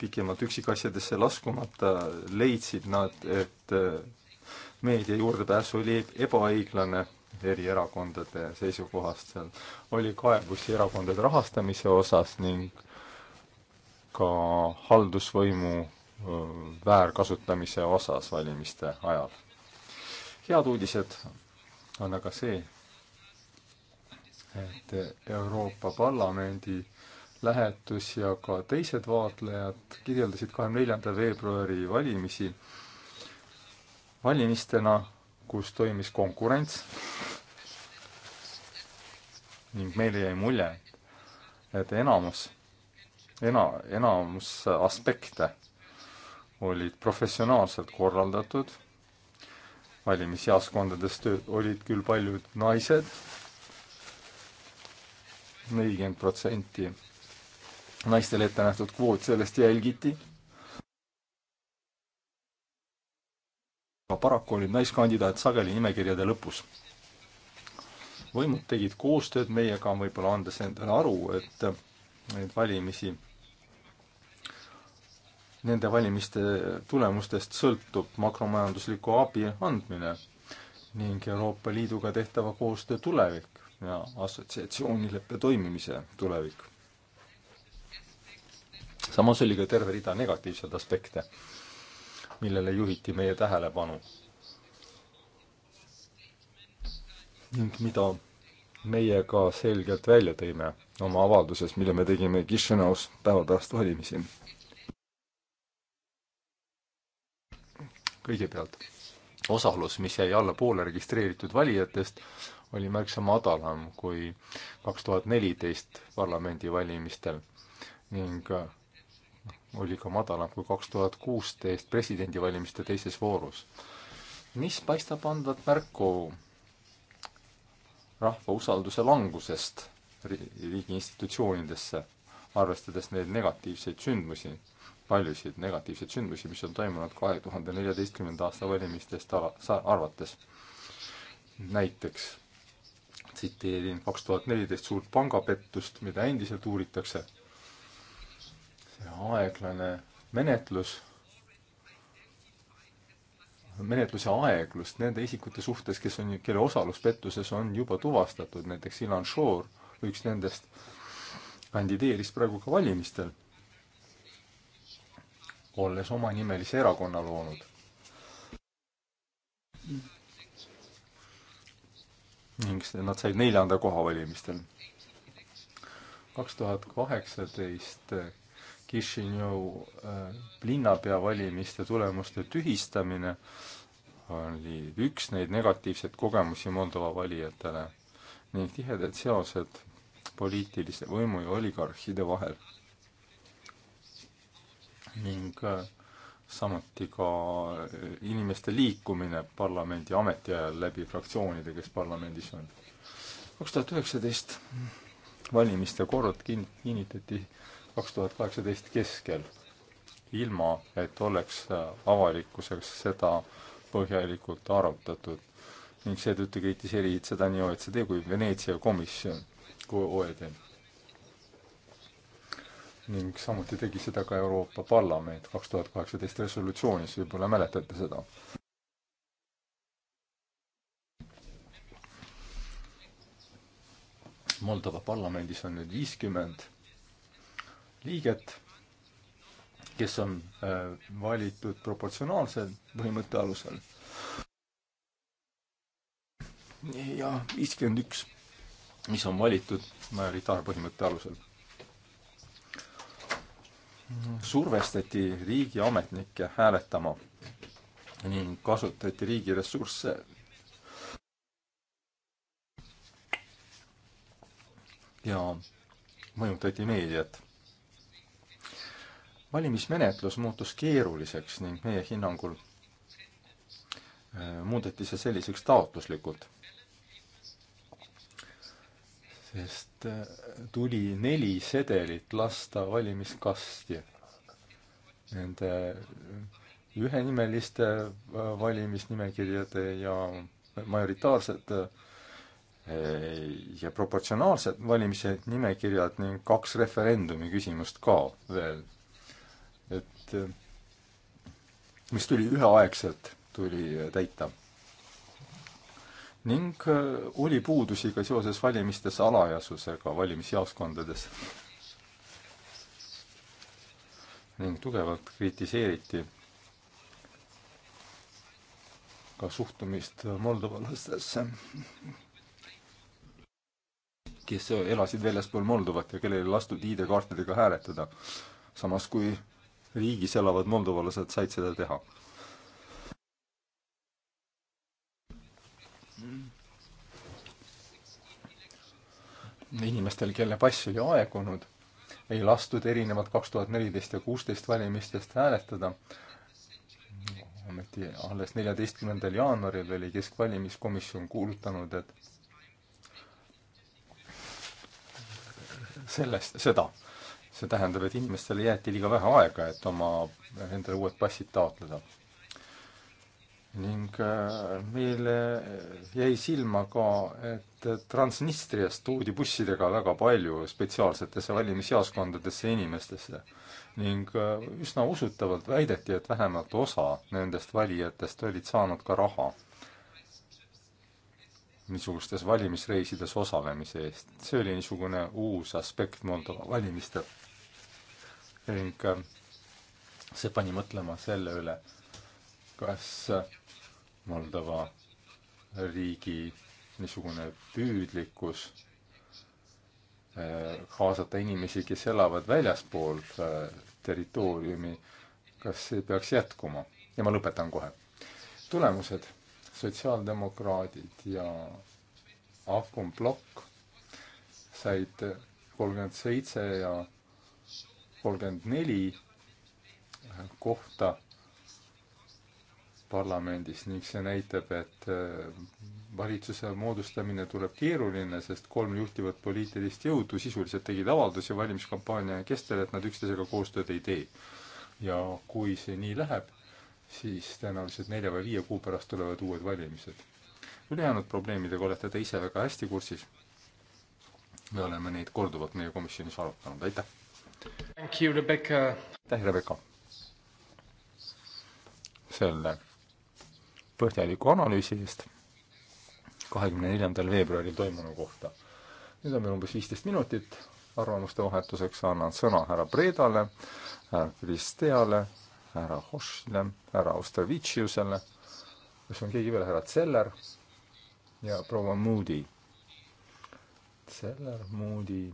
pikemalt üksikasjadesse laskumata leidsid nad, et äh, meedia juurdepääs oli ebaõiglane eri erakondade seisukohast, seal oli kaebusi erakondade rahastamise osas ning ka haldusvõimu äh, väärkasutamise osas valimiste ajal head uudised on aga see, et Euroopa Parlamendi lähetus ja ka teised vaatlejad kirjeldasid kahekümne neljanda veebruari valimisi valimistena, kus toimis konkurents ning meile jäi mulje, et enamus, ena-, enamus aspekte olid professionaalselt korraldatud valimisjaoskondades töö, olid küll paljud naised, nelikümmend protsenti naistele ette nähtud kvoot, sellest jälgiti. aga paraku olid naiskandidaat sageli nimekirjade lõpus. võimud tegid koostööd meiega, võib-olla andes endale aru, et neid valimisi nende valimiste tulemustest sõltub makromajandusliku abi andmine ning Euroopa Liiduga tehtava koostöö tulevik ja assotsiatsioonileppe toimimise tulevik. samas oli ka terve rida negatiivseid aspekte, millele juhiti meie tähelepanu ning mida meie ka selgelt välja tõime oma avalduses, mille me tegime Kišinõus päeva pärast valimisi kõigepealt osalus, mis jäi allapoole registreeritud valijatest, oli märksa madalam kui kaks tuhat neliteist parlamendivalimistel ning noh, oli ka madalam kui kaks tuhat kuusteist presidendivalimiste teises voorus. mis paistab andvat märku rahva usalduse langusest riigi institutsioonidesse, arvestades neid negatiivseid sündmusi, paljusid negatiivseid sündmusi, mis on toimunud kahe tuhande neljateistkümnenda aasta valimistest arvates. näiteks tsiteerin kaks tuhat neliteist suurt pangapettust, mida endiselt uuritakse. see aeglane menetlus, menetluse aeglust nende isikute suhtes, kes on, kelle osalus pettuses on juba tuvastatud, näiteks Ilan Shore, üks nendest, kandideeris praegu ka valimistel olles omanimelise erakonna loonud. ning nad said neljanda koha valimistel. kaks tuhat kaheksateist Kišinjov äh, linnapea valimiste tulemuste tühistamine oli üks neid negatiivseid kogemusi Moldova valijatele ning tihedad seosed poliitilise võimu ja oligarhide vahel ning äh, samuti ka äh, inimeste liikumine parlamendi ametiajal läbi fraktsioonide, kes parlamendis on. kaks tuhat üheksateist valimiste kord kin-, kinnitati kaks tuhat kaheksateist keskel, ilma et oleks äh, avalikkuses seda põhjalikult arutatud ning seetõttu kritiseerisid seda nii OECD kui Veneetsia komisjon, kui OECD ning samuti tegi seda ka Euroopa Parlament kaks tuhat kaheksateist resolutsioonis, võib-olla mäletate seda. Moldova parlamendis on nüüd viiskümmend liiget, kes on äh, valitud proportsionaalse põhimõtte alusel. ja viiskümmend üks, mis on valitud majoritaarpõhimõtte alusel survestati riigiametnikke hääletama ning kasutati riigi ressursse ja mõjutati meediat. valimismenetlus muutus keeruliseks ning meie hinnangul äh, muudeti see selliseks taotluslikult sest äh, tuli neli sedelit lasta valimiskasti nende ühenimeliste äh, valimisnimekirjade ja majoritaarsete äh, ja proportsionaalsed valimise nimekirjad ning kaks referendumi küsimust ka veel. et mis tuli üheaegselt, tuli täita ning äh, oli puudusi ka seoses valimiste salajasusega valimisjaoskondades. ning tugevalt kritiseeriti ka suhtumist Moldova lastesse, kes elasid väljaspool Moldovat ja kellel ei lastud ID-kaartidega hääletada. samas kui riigis elavad moldovalased said seda teha inimestel, kelle pass oli aegunud, ei lastud erinevad kaks tuhat neliteist ja kuusteist valimistest hääletada. ometi alles neljateistkümnendal jaanuaril oli Keskvalimiskomisjon kuulutanud, et sellest, seda, see tähendab, et inimestele jäeti liiga vähe aega, et oma, endale uued passid taotleda ning äh, meile jäi silma ka, et Transnistriast toodi bussidega väga palju spetsiaalsetesse valimisjaoskondadesse inimestesse ning äh, üsna usutavalt väideti, et vähemalt osa nendest valijatest olid saanud ka raha niisugustes valimisreisides osalemise eest. see oli niisugune uus aspekt Moldova valimistel. ning see pani mõtlema selle üle, kas Moldova riigi niisugune püüdlikkus äh, kaasata inimesi, kes elavad väljaspool äh, territooriumi, kas see peaks jätkuma? ja ma lõpetan kohe. tulemused. sotsiaaldemokraadid ja Ahkum plokk said kolmkümmend seitse ja kolmkümmend neli kohta parlamendis ning see näitab, et äh, valitsuse moodustamine tuleb keeruline, sest kolm juhtivat poliitilist jõudu sisuliselt tegid avaldusi valimiskampaania kestel, et nad üksteisega koostööd ei tee. ja kui see nii läheb, siis tõenäoliselt nelja või viie kuu pärast tulevad uued valimised. ülejäänud probleemidega olete te ise väga hästi kursis. me oleme neid korduvalt meie komisjonis arutanud, aitäh! aitäh, Rebecca! selle põhjaliku analüüsi eest kahekümne neljandal veebruaril toimunu kohta. nüüd on meil umbes viisteist minutit arvamuste vahetuseks, annan sõna härra Predale, härra Kristeale, härra Hošile, härra Ostrovitšiusele, kas on keegi veel, härra Zeller ja proua Moody. Zeller, Moody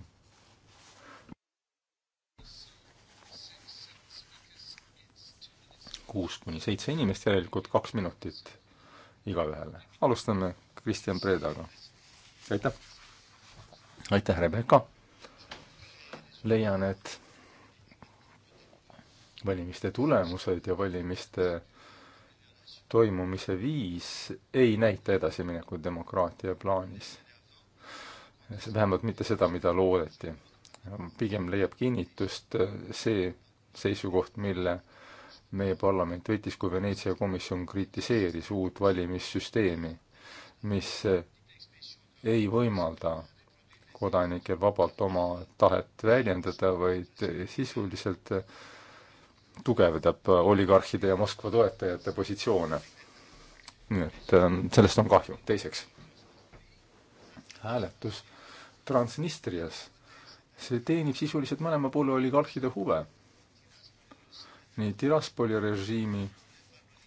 kuus kuni seitse inimest, järelikult kaks minutit igaühele. alustame Kristjan Predaga. aitäh! aitäh, Rebecca! leian, et valimiste tulemused ja valimiste toimumise viis ei näita edasiminekut demokraatia plaanis. vähemalt mitte seda, mida loodeti. pigem leiab kinnitust see seisukoht, mille äh, meie parlament võttis, kui Veneetsia komisjon kritiseeris uut valimissüsteemi, mis ei võimalda kodanikel vabalt oma tahet väljendada, vaid sisuliselt tugevdab oligarhide ja Moskva toetajate positsioone. nii et ähm, sellest on kahju. teiseks, hääletus Transnistrias, see teenib sisuliselt mõlema poole oligarhide huve nii Tiraspoli režiimi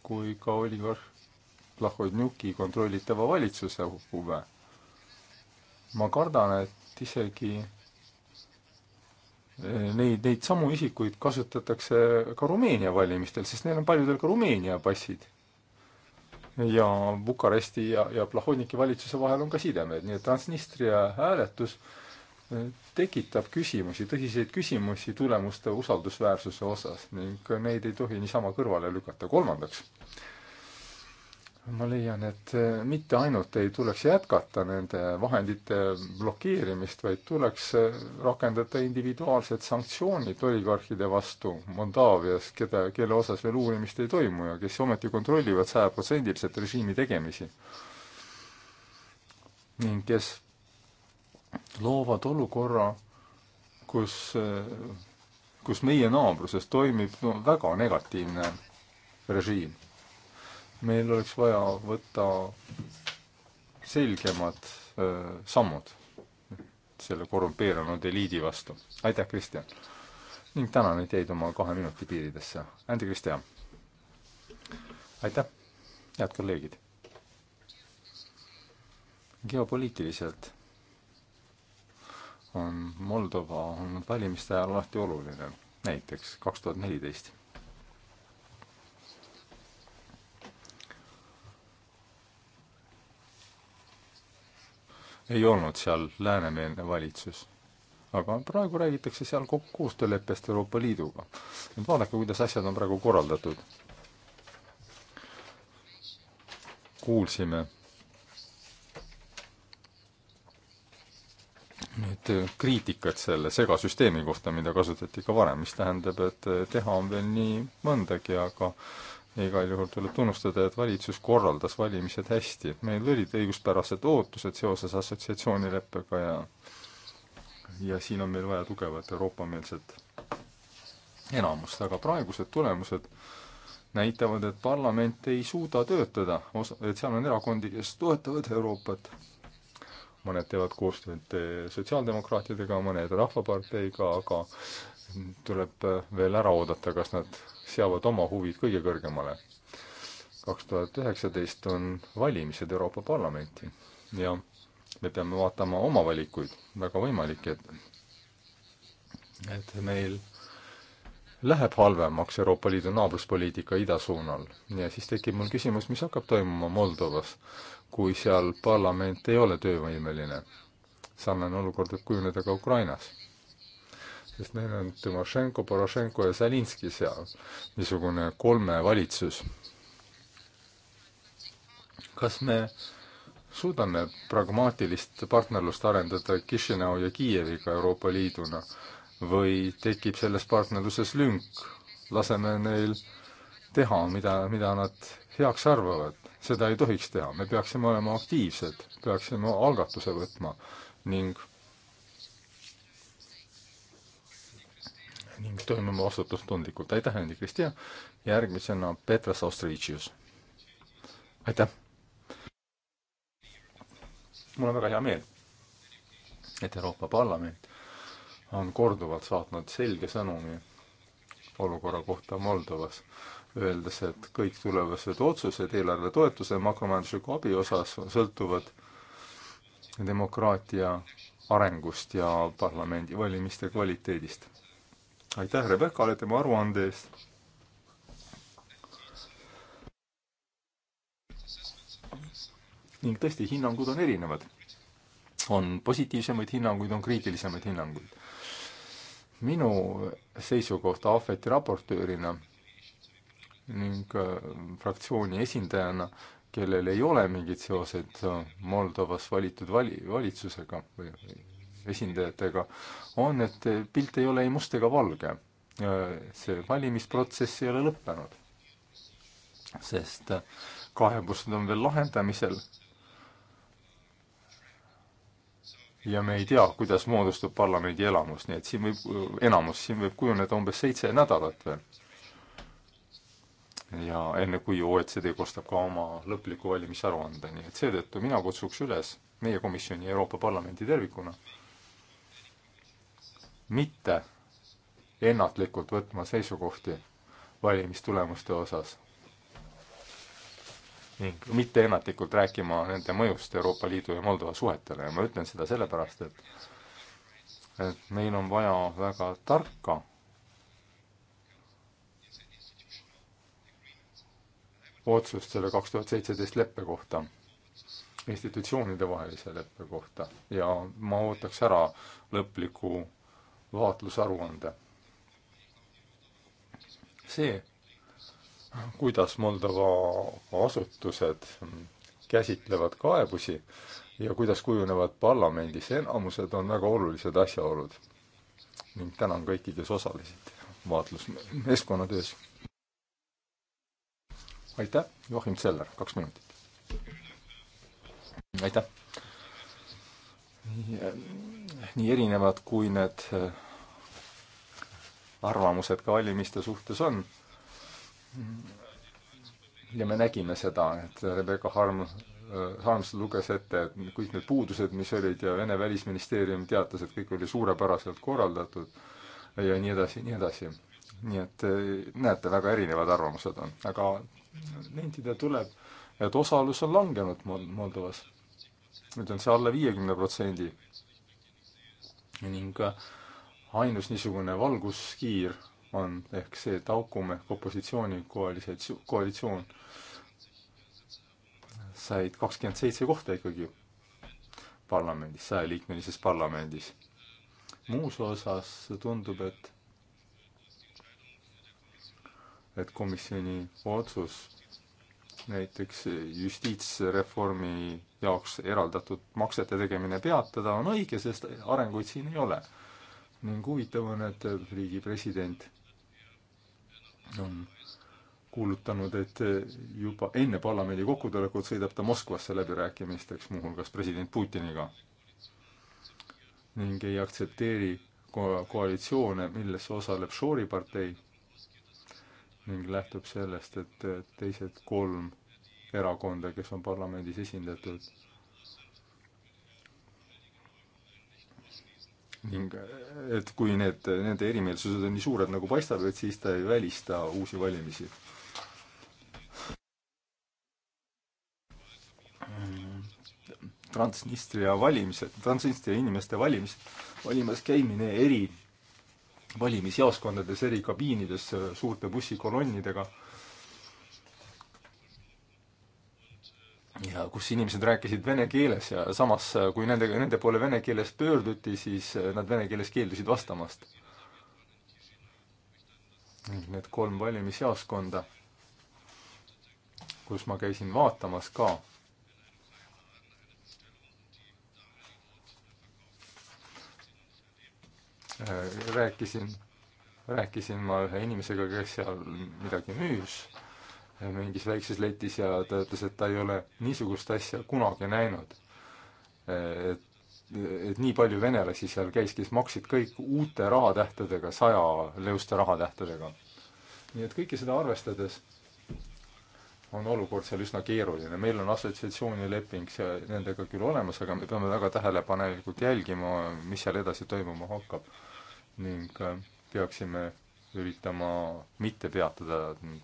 kui ka oligarh Plahhodnjuki kontrollitava valitsuse huve. ma kardan, et isegi e, neid, neid samu isikuid kasutatakse ka Rumeenia valimistel, sest neil on paljudel ka Rumeenia passid. ja Bukaresti ja, ja Plahhodniki valitsuse vahel on ka sidemed, nii et Transnistria hääletus äh, tekitab küsimusi, tõsiseid küsimusi tulemuste usaldusväärsuse osas ning neid ei tohi niisama kõrvale lükata. kolmandaks, ma leian, et mitte ainult ei tuleks jätkata nende vahendite blokeerimist, vaid tuleks rakendada individuaalsed sanktsioonid oligarhide vastu Moldaavias, keda, kelle osas veel uurimist ei toimu ja kes ometi kontrollivad sajaprotsendiliselt režiimi tegemisi. ning kes loovad olukorra, kus, kus meie naabruses toimib no väga negatiivne režiim. meil oleks vaja võtta selgemad öö, sammud selle korrumpeerunud eliidi vastu. aitäh, Kristjan! ning tänan, et jäid oma kahe minuti piiridesse. Andi Kristjan! aitäh, head kolleegid! geopoliitiliselt on Moldova olnud valimiste ajal alati oluline, näiteks kaks tuhat neliteist. ei olnud seal läänemeelne valitsus, aga praegu räägitakse seal koostööleppest Euroopa Liiduga. nüüd vaadake, kuidas asjad on praegu korraldatud. kuulsime nüüd äh, kriitikat selle segasüsteemi kohta, mida kasutati ka varem, mis tähendab, et äh, teha on veel nii mõndagi, aga igal juhul tuleb tunnustada, et valitsus korraldas valimised hästi, et meil olid õiguspärased ootused seoses assotsiatsioonileppega ja ja siin on meil vaja tugevat Euroopa-meelset enamust, aga praegused tulemused näitavad, et parlament ei suuda töötada, osa, et seal on erakondi, kes toetavad Euroopat mõned teevad koostööd eh, sotsiaaldemokraatidega, mõned Rahvaparteiga, aga tuleb eh, veel ära oodata, kas nad seavad oma huvid kõige kõrgemale. kaks tuhat üheksateist on valimised Euroopa Parlamenti ja me peame vaatama oma valikuid, väga võimalik, et et meil läheb halvemaks Euroopa Liidu naabruspoliitika idasuunal ja siis tekib mul küsimus, mis hakkab toimuma Moldovas, kui seal parlament ei ole töövõimeline. sarnane olukord võib kujuneda ka Ukrainas. sest meil on Timošenko, Porošenko ja Zelinski seal, niisugune kolmevalitsus. kas me suudame pragmaatilist partnerlust arendada Kišinev ja Kiieviga Euroopa Liiduna või tekib selles partnerluses lünk, laseme neil teha, mida, mida nad heaks arvavad seda ei tohiks teha, me peaksime olema aktiivsed, peaksime algatuse võtma ning ning toimima vastutustundlikult. aitäh, Hendi Kristia, järgmisena Petras Austrevitšius. aitäh! mul on väga hea meel, et Euroopa Parlament on korduvalt saatnud selge sõnumi olukorra kohta Moldovas öeldes, et kõik tulevased otsused eelarve toetuse ja makromajandusliku abi osas sõltuvad demokraatia arengust ja parlamendivalimiste kvaliteedist. aitäh Rebekale tema aruande eest. ning tõesti, hinnangud on erinevad. on positiivsemaid hinnanguid, on kriitilisemaid hinnanguid. minu seisukoht Ahveti raportöörina ning äh, fraktsiooni esindajana, kellel ei ole mingit seoset äh, Moldovas valitud vali, valitsusega või esindajatega, on, et pilt ei ole ei must ega valge. Äh, see valimisprotsess ei ole lõppenud, sest kaebused on veel lahendamisel ja me ei tea, kuidas moodustub parlamendi elamus, nii et siin võib, enamus, siin võib kujuneda umbes seitse nädalat veel ja enne, kui OECD koostab ka oma lõpliku valimisaruande, nii et seetõttu mina kutsuks üles meie komisjoni ja Euroopa Parlamendi tervikuna mitte ennatlikult võtma seisukohti valimistulemuste osas ning mitte ennatlikult rääkima nende mõjust Euroopa Liidu ja Moldova suhetele ja ma ütlen seda sellepärast, et et meil on vaja väga tarka otsust selle kaks tuhat seitseteist leppe kohta, institutsioonide vahelise leppe kohta ja ma ootaks ära lõpliku vaatlusaruande. see, kuidas Moldova asutused käsitlevad kaebusi ja kuidas kujunevad parlamendis enamused, on väga olulised asjaolud. ning tänan kõiki, kes osalesid vaatlusmeeskonna töös aitäh, Joachim Zeller, kaks minutit. aitäh. nii eh, erinevad, kui need eh, arvamused ka valimiste suhtes on. ja me nägime seda, et Rebecca Harm eh, Harms luges ette et kõik need puudused, mis olid ja Vene välisministeerium teatas, et kõik oli suurepäraselt korraldatud ja nii edasi ja nii edasi. nii et näete, väga erinevad arvamused on, aga nentida tuleb, et osalus on langenud Moldovas. nüüd on see alla viiekümne protsendi. ning äh, ainus niisugune valguskiir on ehk see, et aukume opositsiooni koalitsioon, koalitsioon said kakskümmend seitse kohta ikkagi parlamendis, sajaliikmelises parlamendis. muus osas tundub, et et komisjoni otsus näiteks justiitsreformi jaoks eraldatud maksete tegemine peatada on õige, sest arenguid siin ei ole. ning huvitav on, et riigi president on kuulutanud, et juba enne parlamendi kokkutulekut sõidab ta Moskvasse läbirääkimisteks, muuhulgas president Putiniga. ning ei aktsepteeri ko-, koalitsioone, milles osaleb Shori partei ning lähtub sellest, et teised kolm erakonda, kes on parlamendis esindatud ning et kui need, nende erimeelsused on nii suured, nagu paistab, et siis ta ei välista uusi valimisi. Transnistria valimised, Transnistria inimeste valimised, valimas käimine eri valimisjaoskondades, erikabiinides äh, suurte bussikolonnidega. ja kus inimesed rääkisid vene keeles ja samas, äh, kui nendega, nende poole vene keeles pöörduti, siis äh, nad vene keeles keeldusid vastamast. Need kolm valimisjaoskonda, kus ma käisin vaatamas ka Äh, rääkisin, rääkisin ma ühe inimesega, kes seal midagi müüs, äh, mingis väikses letis ja ta ütles, et ta ei ole niisugust asja kunagi näinud. Äh, et, et nii palju venelasi seal käis, kes maksid kõik uute rahatähtedega, saja leuste rahatähtedega. nii et kõike seda arvestades on olukord seal üsna keeruline, meil on assotsiatsioonileping see, nendega küll olemas, aga me peame väga tähelepanelikult jälgima, mis seal edasi toimuma hakkab ning äh, peaksime üritama mitte peatada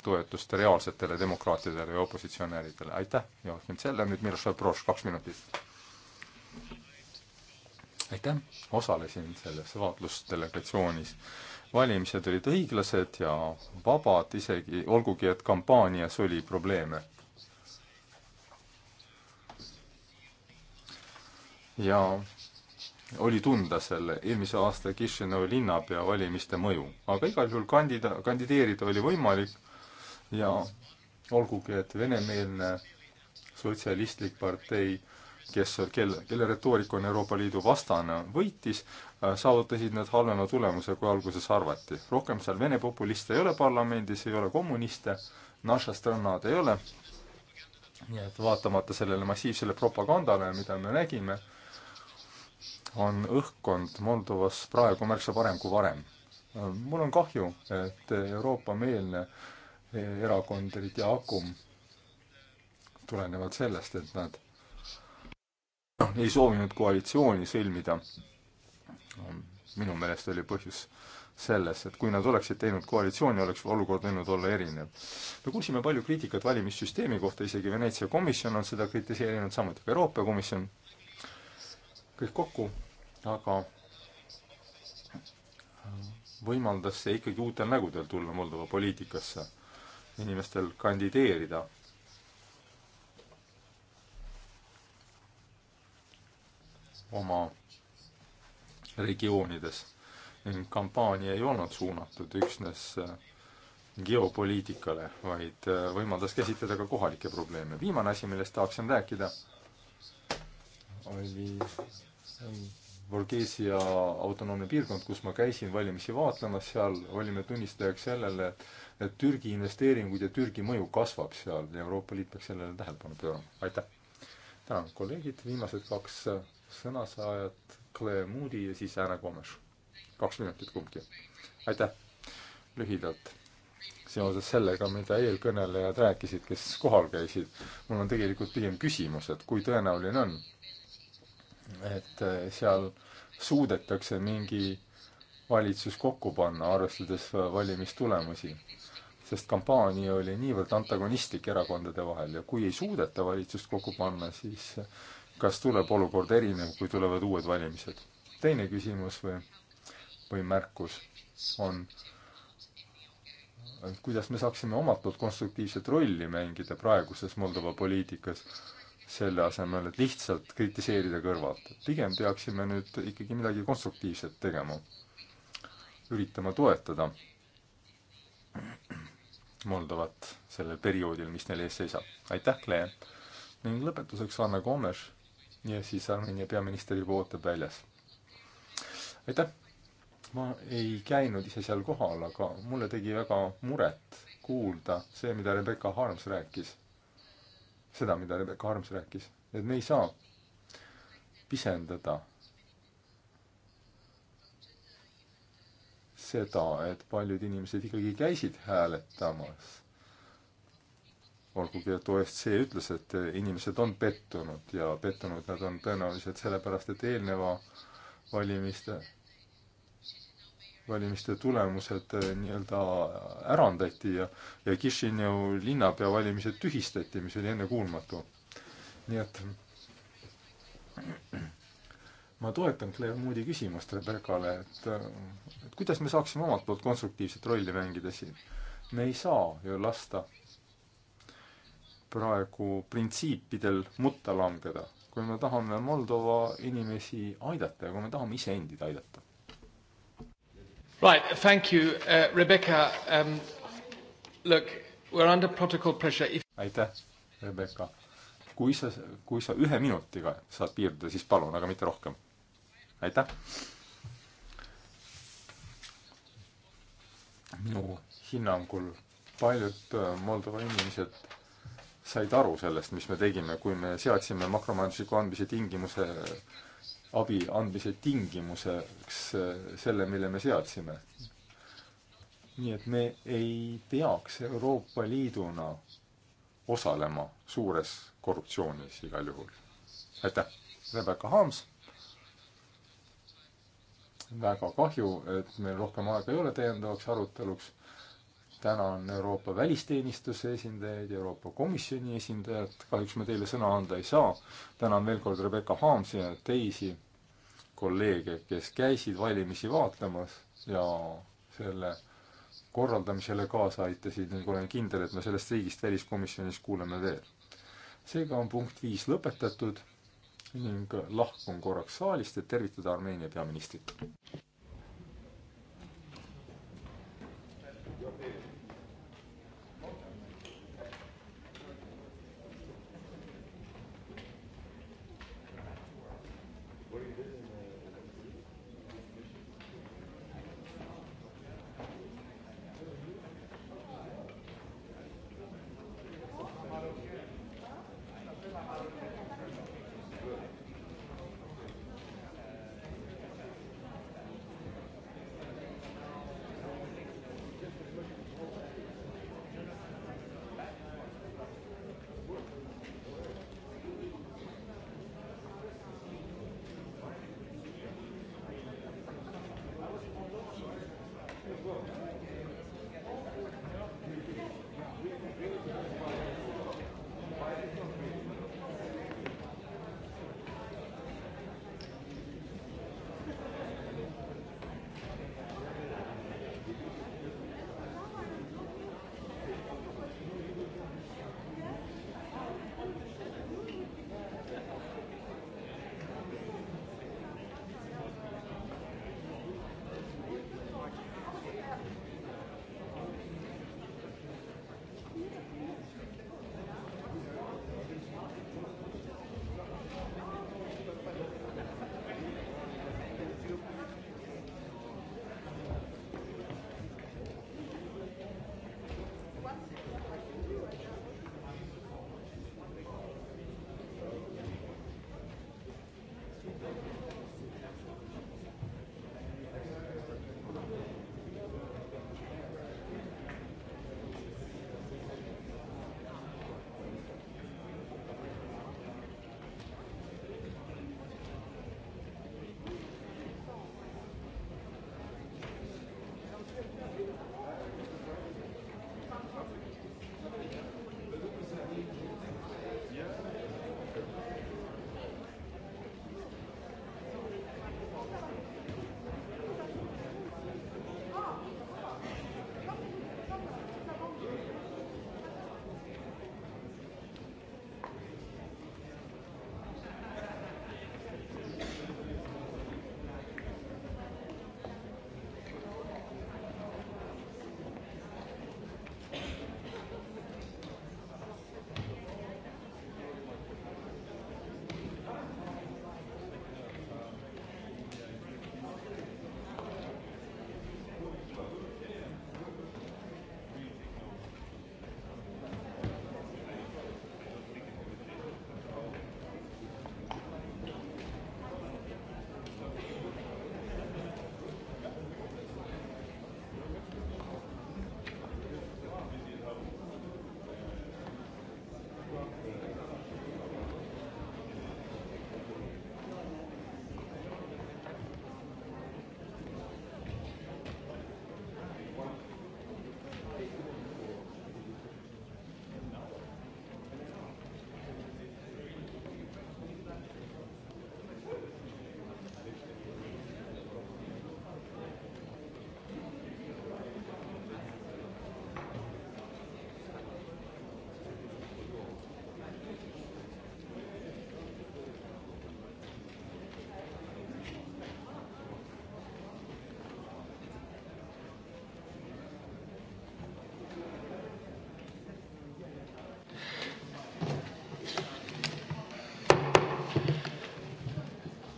toetust reaalsetele demokraatidele ja opositsionääridele. aitäh, Joachim Zeller, nüüd Miroslav Brož, kaks minutit. aitäh, osalesin selles vaatlusdelegatsioonis. valimised olid õiglased ja vabad isegi, olgugi et kampaanias oli probleeme ja oli tunda selle eelmise aasta Kišinev linnapea valimiste mõju. aga igal juhul kandida-, kandideerida oli võimalik ja olgugi, et venemeelne sotsialistlik partei, kes, kelle, kelle retoorika on Euroopa Liidu vastane, võitis, äh, saavutasid nad halvema tulemuse, kui alguses arvati. rohkem seal vene populiste ei ole parlamendis, ei ole kommuniste, našastrannad ei ole, nii et vaatamata sellele massiivsele propagandale, mida me nägime, on õhkkond Moldovas praegu märksa parem kui varem. mul on kahju, et Euroopa-meelne erakond, eriti Akum, tulenevalt sellest, et nad noh, ei soovinud koalitsiooni sõlmida. minu meelest oli põhjus selles, et kui nad oleksid teinud koalitsiooni, oleks olukord võinud olla erinev. me kuulsime palju kriitikat valimissüsteemi kohta, isegi Veneetsia komisjon on seda kritiseerinud, samuti ka Euroopa Komisjon. kõik kokku aga võimaldas see ikkagi uutel nägudel tulla Moldova poliitikasse, inimestel kandideerida. oma regioonides ning kampaania ei olnud suunatud üksnes äh, geopoliitikale, vaid äh, võimaldas käsitleda ka kohalikke probleeme. viimane asi, millest tahaksin rääkida, oli ähm, Volgeesia autonoomne piirkond, kus ma käisin valimisi vaatlemas, seal olime tunnistajaks sellele, et Türgi investeeringud ja Türgi mõju kasvab seal ja Euroopa Liit peaks sellele tähelepanu pöörama. aitäh! tänan, kolleegid, viimased kaks sõnasaajat, Claire Moody ja siis Anna Gomes. kaks minutit kumbki. aitäh! lühidalt seoses sellega, mida eelkõnelejad rääkisid, kes kohal käisid, mul on tegelikult pigem küsimus, et kui tõenäoline on, et eh, seal suudetakse mingi valitsus kokku panna, arvestades eh, valimistulemusi. sest kampaania oli niivõrd antagonistlik erakondade vahel ja kui ei suudeta valitsust kokku panna, siis eh, kas tuleb olukord erinev, kui tulevad uued valimised? teine küsimus või, või märkus on, kuidas me saaksime omalt poolt konstruktiivset rolli mängida praeguses Moldova poliitikas selle asemel, et lihtsalt kritiseerida kõrvalt. pigem peaksime nüüd ikkagi midagi konstruktiivset tegema, üritama toetada Moldovat sellel perioodil, mis neil ees seisab. aitäh, Klee! ning lõpetuseks Anna Komes ja siis Armenia peaminister juba ootab väljas. aitäh! ma ei käinud ise seal kohal, aga mulle tegi väga muret kuulda see, mida Rebecca Harms rääkis seda, mida Rebecca Harms rääkis, et me ei saa pisendada seda, et paljud inimesed ikkagi käisid hääletamas. olgugi, et OSCE ütles, et inimesed on pettunud ja pettunud nad on tõenäoliselt sellepärast, et eelneva valimiste valimiste tulemused äh, nii-öelda äh, ärandati ja, ja Kišinev linnapea valimised tühistati, mis oli ennekuulmatu. nii et [clears throat] ma toetan Claire Moody küsimust Rebekale, et, äh, et kuidas me saaksime omalt poolt konstruktiivset rolli mängida siin. me ei saa ju lasta praegu printsiipidel mutta langeda, kui me tahame Moldova inimesi aidata ja kui me tahame iseendid aidata. Right, thank you uh,, Rebecca um,. Look, we are under protocol pressure if.... aitäh, Rebecca. kui sa, kui sa ühe minutiga saad piirduda, siis palun, aga mitte rohkem. aitäh. minu hinnangul paljud äh, Moldova inimesed said aru sellest, mis me tegime, kui me seadsime makromajandusliku andmise tingimuse äh, abi andmise tingimuseks eh, selle, mille me seadsime. nii et me ei peaks Euroopa Liiduna osalema suures korruptsioonis igal juhul. aitäh, Rebecca Harms. väga kahju, et meil rohkem aega ei ole täiendavaks aruteluks. tänan Euroopa välisteenistuse esindajaid, Euroopa Komisjoni esindajat, kahjuks ma teile sõna anda ei saa. tänan veel kord Rebecca Harmsi ja teisi kolleege, kes käisid valimisi vaatlemas ja selle korraldamisele kaasa aitasid ning olen kindel, et me sellest riigist väliskomisjonis kuuleme veel. seega on punkt viis lõpetatud ning lahkun korraks saalist, et tervitada Armeenia peaministrit.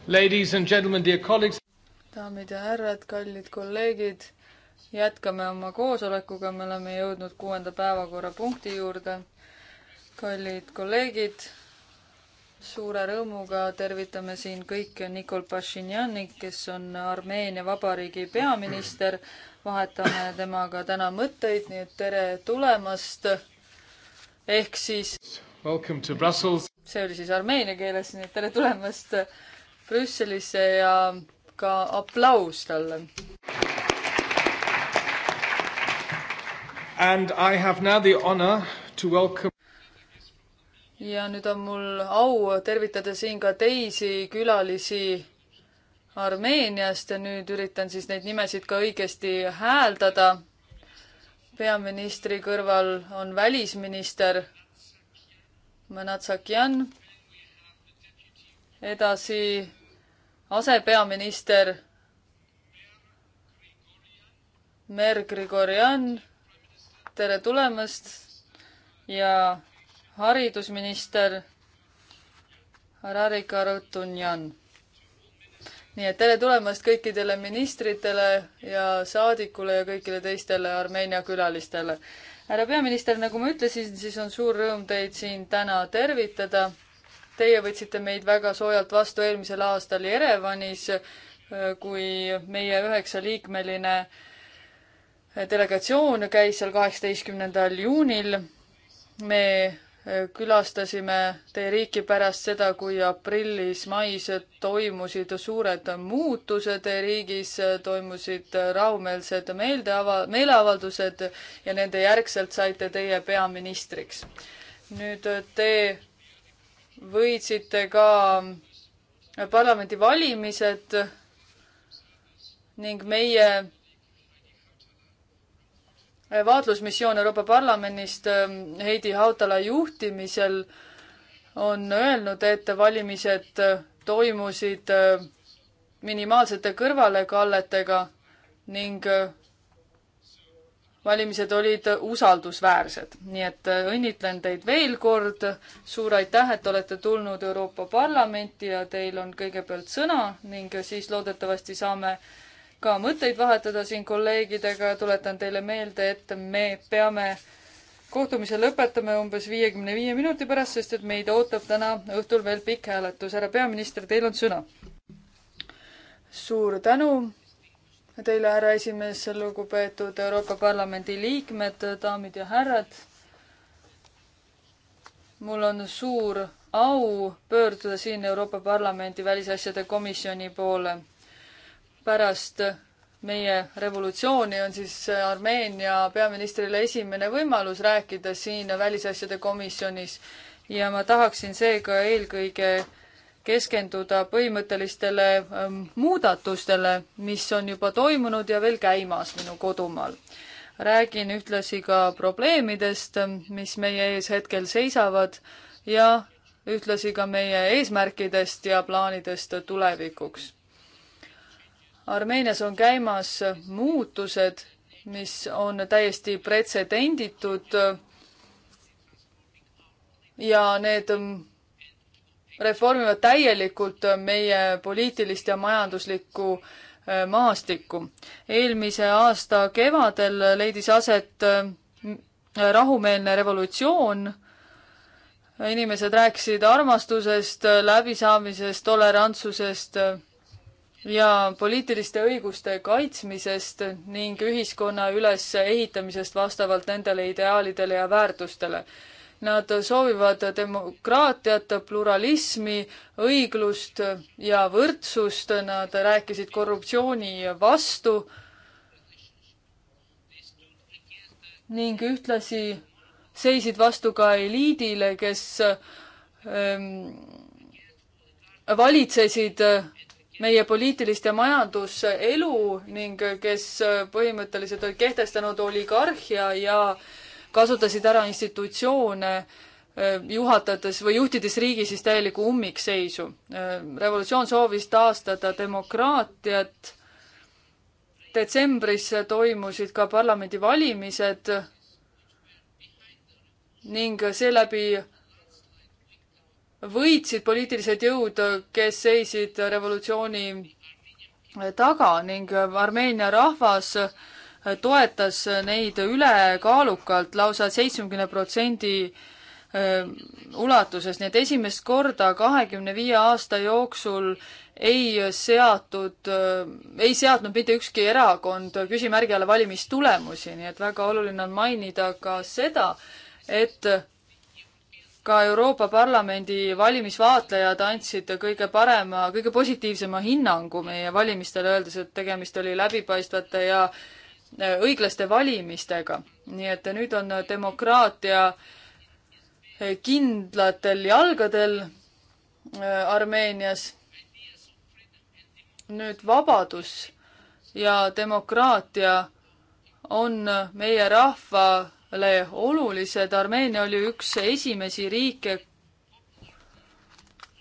Ladies and gentlemen, dear colleagues. daamid ja härrad, kallid kolleegid, jätkame oma koosolekuga, me oleme jõudnud kuuenda päevakorrapunkti juurde. kallid kolleegid, suure rõõmuga tervitame siin kõiki Nikol Pašinjani, kes on Armeenia Vabariigi peaminister. vahetame temaga täna mõtteid, nii et tere tulemast. ehk siis. see oli siis armeenia keeles, nii et tere tulemast Brüsselisse ja ka aplaus talle. And I have now the honor to welcome ja nüüd on mul au tervitada siin ka teisi külalisi Armeeniast ja nüüd üritan siis neid nimesid ka õigesti hääldada. peaministri kõrval on välisminister Manatsakjan. edasi asepeaminister Mer Grigorjan, tere tulemast ja haridusminister Harari Karutunjan. nii et tere tulemast kõikidele ministritele ja saadikule ja kõigile teistele Armeenia külalistele. härra peaminister, nagu ma ütlesin, siis on suur rõõm teid siin täna tervitada Teie võtsite meid väga soojalt vastu eelmisel aastal Jerevanis, äh, kui meie üheksaliikmeline äh, delegatsioon käis seal kaheksateistkümnendal juunil. me äh, külastasime teie riiki pärast seda, kui aprillis-mais toimusid suured muutused teie riigis, toimusid rahumeelsed meeldeava-, meeleavaldused ja nende järgselt saite teie peaministriks. nüüd te võitsite ka parlamendivalimised ning meie vaatlusmissioon Euroopa Parlamendist ähm, Heidi Hautala juhtimisel on öelnud, et valimised toimusid äh, minimaalsete kõrvalekalletega ning äh, valimised olid usaldusväärsed. nii et äh, õnnitlen teid veel kord, suur aitäh, et olete tulnud Euroopa Parlamenti ja teil on kõigepealt sõna ning äh, siis loodetavasti saame ka mõtteid vahetada siin kolleegidega ja tuletan teile meelde, et me peame kohtumise lõpetame umbes viiekümne viie minuti pärast, sest et meid ootab täna õhtul veel pikk hääletus. härra peaminister, teil on sõna. suur tänu teile, härra esimees, lugupeetud Euroopa Parlamendi liikmed, daamid ja härrad. mul on suur au pöörduda siin Euroopa Parlamendi välisasjade komisjoni poole. pärast meie revolutsiooni on siis Armeenia peaministrile esimene võimalus rääkida siin välisasjade komisjonis ja ma tahaksin seega eelkõige keskenduda põhimõttelistele ähm, muudatustele, mis on juba toimunud ja veel käimas minu kodumaal. räägin ühtlasi ka probleemidest, ähm, mis meie ees hetkel seisavad ja ühtlasi ka meie eesmärkidest ja plaanidest tulevikuks. Armeenias on käimas muutused, mis on täiesti pretsedenditud ja need ähm, reformivad täielikult meie poliitilist ja majanduslikku äh, maastikku. eelmise aasta kevadel leidis aset äh, rahumeelne revolutsioon, inimesed rääkisid armastusest, äh, läbisaamisest, tolerantsusest ja poliitiliste õiguste kaitsmisest ning ühiskonna ülesehitamisest vastavalt nendele ideaalidele ja väärtustele Nad soovivad demokraatiat, pluralismi, õiglust ja võrdsust, nad rääkisid korruptsiooni vastu ning ühtlasi seisid vastu ka eliidile, kes ähm, valitsesid meie poliitilist ja majanduselu ning kes põhimõtteliselt olid kehtestanud oligarhia ja äh, kasutasid ära institutsioone, eh, juhatades või juhtides riigi siis täielikku ummikseisu. Eh, revolutsioon soovis taastada demokraatiat, detsembris toimusid ka parlamendivalimised ning seeläbi võitsid poliitilised jõud, kes seisid revolutsiooni taga ning Armeenia rahvas äh, toetas neid ülekaalukalt lausa seitsmekümne protsendi ulatuses, nii et esimest korda kahekümne viie aasta jooksul ei seatud, ei seadnud mitte ükski erakond küsimärgi alla valimistulemusi, nii et väga oluline on mainida ka seda, et ka Euroopa Parlamendi valimisvaatlejad andsid kõige parema, kõige positiivsema hinnangu meie valimistele, öeldes, et tegemist oli läbipaistvate ja äh, õiglaste valimistega. nii et nüüd on demokraatia kindlatel jalgadel äh, Armeenias. nüüd vabadus ja demokraatia on meie rahvale olulised. Armeenia oli üks esimesi riike,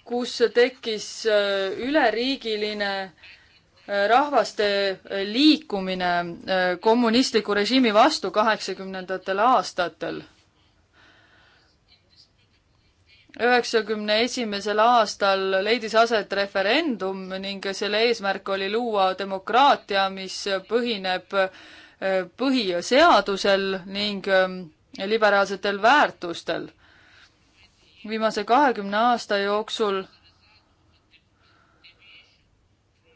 kus tekkis äh, üleriigiline äh, Äh, rahvaste äh, liikumine äh, kommunistliku režiimi vastu kaheksakümnendatel aastatel. üheksakümne esimesel aastal leidis aset referendum ning selle eesmärk oli luua demokraatia, mis põhineb põhiseadusel ning liberaalsetel väärtustel. viimase kahekümne aasta jooksul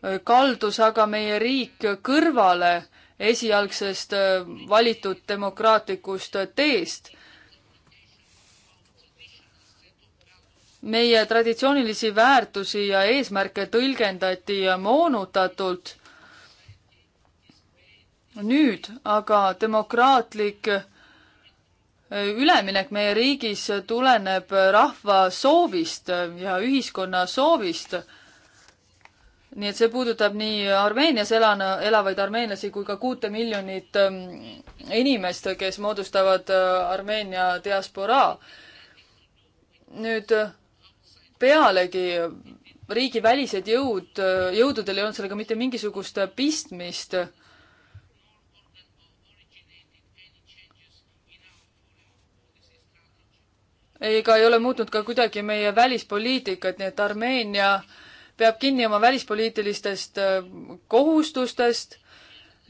Äh, kaldus aga meie riik kõrvale esialgsest äh, valitud demokraatlikust äh, teest. meie traditsioonilisi väärtusi ja eesmärke tõlgendati moonutatult. nüüd aga demokraatlik üleminek meie riigis tuleneb rahva soovist ja ühiskonna soovist nii et see puudutab nii Armeenias elana, elavaid armeenlasi kui ka kuute miljonit ähm, inimest, kes moodustavad äh, Armeenia diasporaa. nüüd pealegi riigivälised jõud, äh, jõududel ei olnud sellega mitte mingisugust pistmist. ega ei ole muutnud ka kuidagi meie välispoliitikat, nii et Armeenia äh, peab kinni oma välispoliitilistest äh, kohustustest,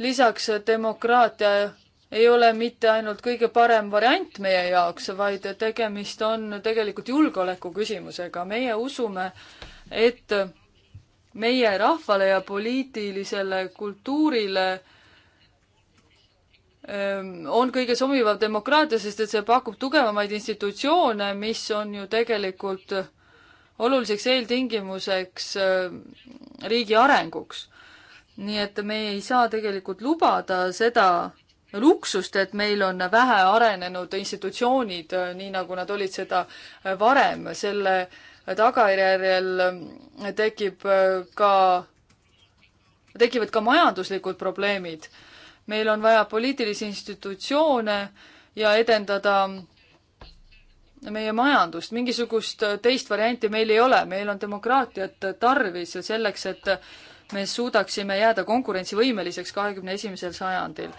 lisaks äh, demokraatia ei ole mitte ainult kõige parem variant meie jaoks, vaid tegemist on tegelikult julgeoleku küsimusega. meie usume, et meie rahvale ja poliitilisele kultuurile ähm, on kõige sobivam demokraatia, sest et see pakub tugevamaid institutsioone, mis on ju tegelikult oluliseks eeltingimuseks äh, riigi arenguks. nii et me ei saa tegelikult lubada seda luksust, et meil on vähe arenenud institutsioonid, äh, nii nagu nad olid seda äh, varem, selle tagajärjel tekib ka, tekivad ka majanduslikud probleemid. meil on vaja poliitilisi institutsioone ja edendada meie majandust, mingisugust äh, teist varianti meil ei ole, meil on demokraatiat äh, tarvis ja selleks, et äh, me suudaksime jääda konkurentsivõimeliseks kahekümne esimesel sajandil.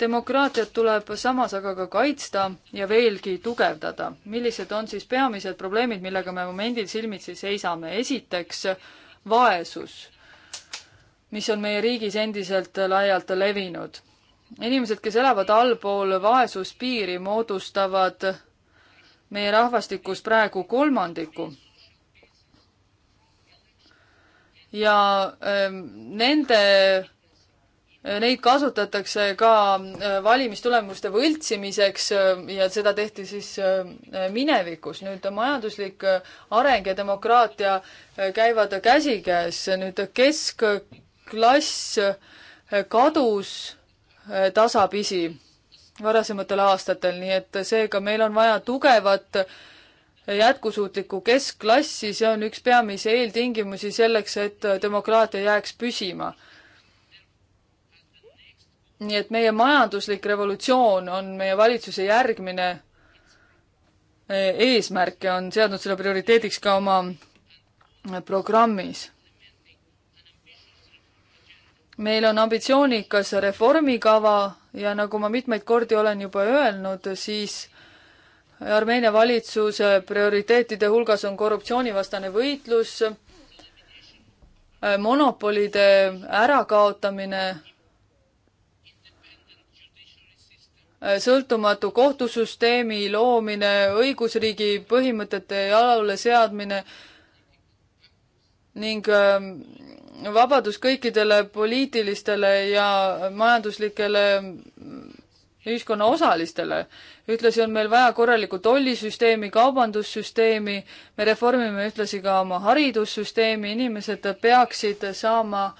demokraatiat tuleb samas aga ka kaitsta ja veelgi tugevdada. millised on siis peamised probleemid, millega me momendil silmitsi seisame? esiteks vaesus, mis on meie riigis endiselt laialt levinud. inimesed, kes elavad allpool vaesuspiiri, moodustavad meie rahvastikust praegu kolmandiku. ja ähm, nende, äh, neid kasutatakse ka äh, valimistulemuste võltsimiseks äh, ja seda tehti siis minevikus. nüüd majanduslik areng ja demokraatia käivad käsikäes, nüüd keskklass kadus tasapisi varasematel aastatel, nii et seega meil on vaja tugevat jätkusuutlikku keskklassi, see on üks peamisi eeltingimusi selleks, et demokraatia jääks püsima. nii et meie majanduslik revolutsioon on meie valitsuse järgmine eesmärk ja on seadnud selle prioriteediks ka oma programmis meil on ambitsioonikas reformikava ja nagu ma mitmeid kordi olen juba öelnud, siis Armeenia valitsuse prioriteetide hulgas on korruptsioonivastane võitlus, monopolide ärakaotamine, sõltumatu kohtusüsteemi loomine, õigusriigi põhimõtete jalule seadmine ning ähm, vabadus kõikidele poliitilistele ja majanduslikele ühiskonna osalistele. ühtlasi on meil vaja korralikku tollisüsteemi, kaubandussüsteemi, me reformime ühtlasi ka oma haridussüsteemi, inimesed peaksid saama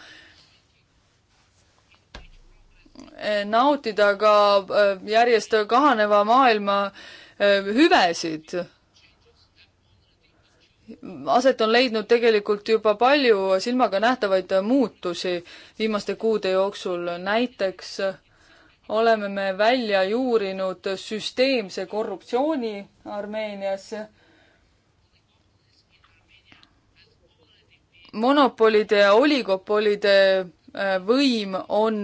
eh, nautida ka eh, järjest kahaneva maailma eh, hüvesid aset on leidnud tegelikult juba palju silmaga nähtavaid muutusi viimaste kuude jooksul, näiteks oleme me välja juurinud süsteemse korruptsiooni Armeenias. monopolide ja oligopolide äh, võim on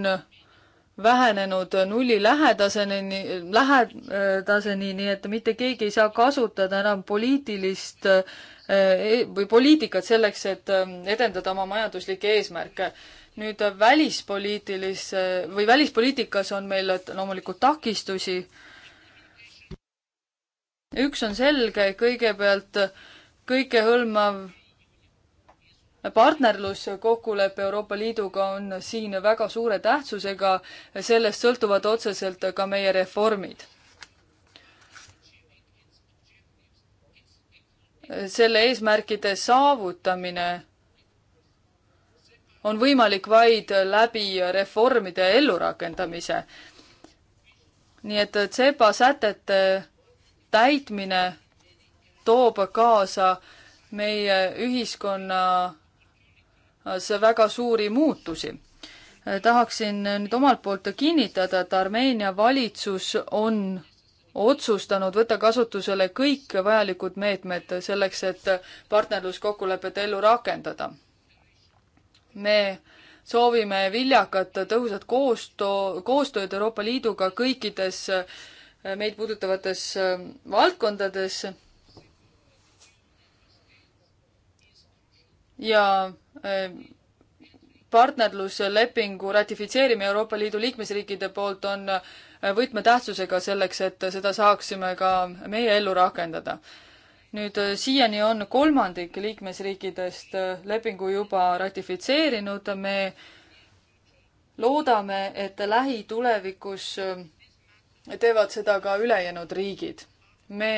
vähenenud nulli lähedaseni, lähedaseni, nii et mitte keegi ei saa kasutada enam poliitilist äh, Äh, e- või poliitikat selleks, et ähm, edendada oma majanduslikke eesmärke. nüüd äh, välispoliitilise äh, või välispoliitikas on meil loomulikult takistusi. üks on selge, kõigepealt kõikehõlmav partnerluskokkulepe Euroopa Liiduga on siin väga suure tähtsusega, sellest sõltuvad otseselt ka meie reformid selle eesmärkide saavutamine on võimalik vaid läbi reformide ellurakendamise. nii et CEPA sätete täitmine toob kaasa meie ühiskonnas väga suuri muutusi. tahaksin nüüd omalt poolt kinnitada, et Armeenia valitsus on otsustanud võtta kasutusele kõik vajalikud meetmed selleks, et partnerluskokkulepet ellu rakendada. me soovime viljakat tõhusat koostöö, koostööd Euroopa Liiduga kõikides äh, meid puudutavates äh, valdkondades. ja äh, partnerluslepingu ratifitseerimine Euroopa Liidu liikmesriikide poolt on äh, võtmetähtsusega selleks, et seda saaksime ka meie ellu rakendada. nüüd äh, siiani on kolmandik liikmesriikidest äh, lepingu juba ratifitseerinud, me loodame, et lähitulevikus teevad seda ka ülejäänud riigid. me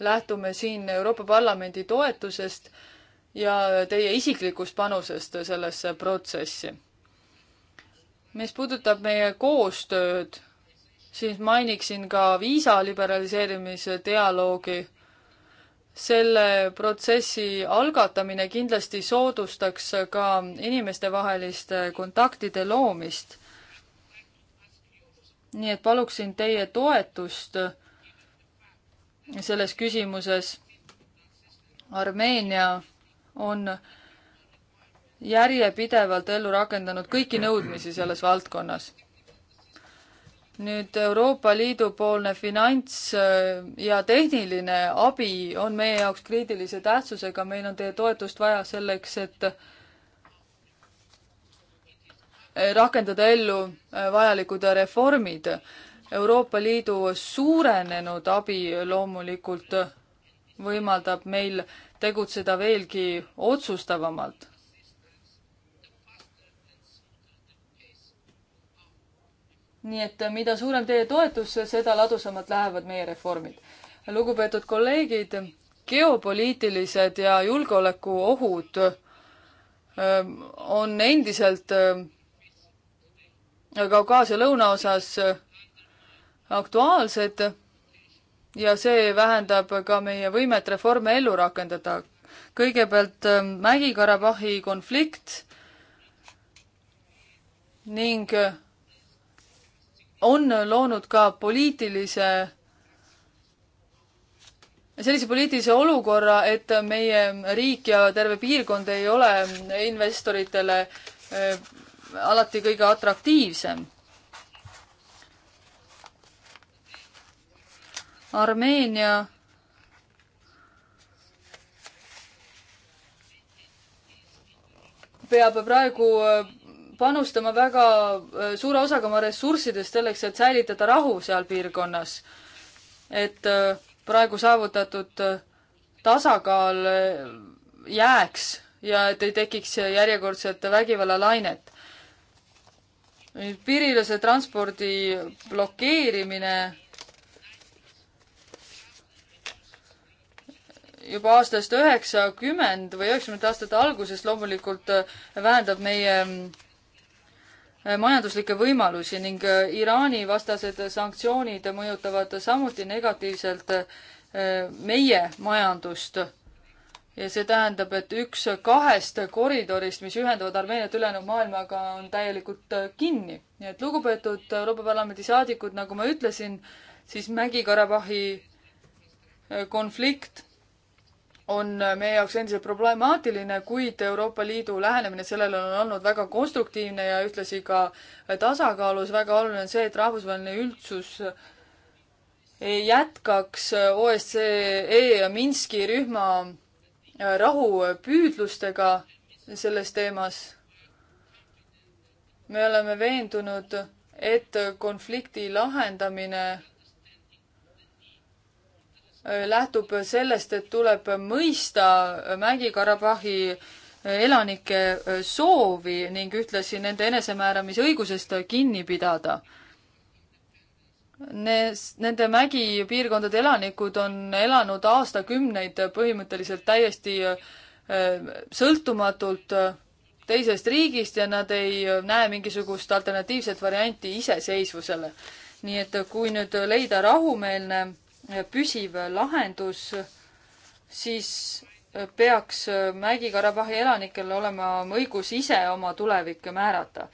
lähtume siin Euroopa Parlamendi toetusest ja teie isiklikust panusest sellesse protsessi. mis puudutab meie koostööd, siis mainiksin ka viisa liberaliseerimise dialoogi. selle protsessi algatamine kindlasti soodustaks ka inimestevaheliste kontaktide loomist. nii et paluksin teie toetust selles küsimuses Armeenia on järjepidevalt ellu rakendanud kõiki nõudmisi selles valdkonnas. nüüd Euroopa Liidu poolne finants äh, ja tehniline abi on meie jaoks kriitilise tähtsusega, meil on teie toetust vaja selleks, et äh, rakendada ellu äh, vajalikud reformid. Euroopa Liidu suurenenud abi loomulikult võimaldab meil tegutseda veelgi otsustavamalt. nii et mida suurem teie toetus, seda ladusamalt lähevad meie reformid. lugupeetud kolleegid, geopoliitilised ja julgeolekuohud ähm, on endiselt ähm, Kaukaasia lõunaosas äh, aktuaalsed ja see vähendab ka meie võimet reforme ellu rakendada. kõigepealt ähm, Mägi-Karabahhi konflikt ning äh, on loonud ka poliitilise, sellise poliitilise olukorra, et meie riik ja terve piirkond ei ole investoritele äh, alati kõige atraktiivsem Armeenia peab praegu äh, panustama väga äh, suure osaga oma ressurssidest selleks, et säilitada rahu seal piirkonnas. et äh, praegu saavutatud tasakaal jääks ja et ei tekiks järjekordset vägivallalainet. piirilase transpordi blokeerimine juba aastast üheksakümmend või üheksakümnendate aastate algusest loomulikult äh, vähendab meie äh, majanduslikke võimalusi ning äh, Iraani vastased sanktsioonid mõjutavad samuti negatiivselt meie majandust. ja see tähendab, et üks kahest koridorist, mis ühendavad Armeeniat ülejäänud maailmaga, on täielikult kinni. nii et lugupeetud Euroopa Parlamendi saadikud, nagu ma ütlesin, siis Mägi-Karabahhi konflikt on meie jaoks endiselt problemaatiline, kuid Euroopa Liidu lähenemine sellele on olnud väga konstruktiivne ja ühtlasi ka tasakaalus. väga oluline on see, et rahvusvaheline üldsus jätkaks OSCE ja Minski rühma äh, rahupüüdlustega selles teemas. me oleme veendunud, et konflikti lahendamine Äh, lähtub sellest, et tuleb mõista Mägi-Karabahhi äh, elanike äh, soovi ning ühtlasi nende enesemääramisõigusest kinni pidada. Nende mägipiirkondade elanikud on elanud aastakümneid põhimõtteliselt täiesti sõltumatult teisest riigist ja nad ei näe mingisugust alternatiivset varianti iseseisvusele. nii et kui nüüd leida rahumeelne püsiv lahendus, siis peaks Mägi-Karabahhi elanikel olema õigus ise oma tulevikke määrata.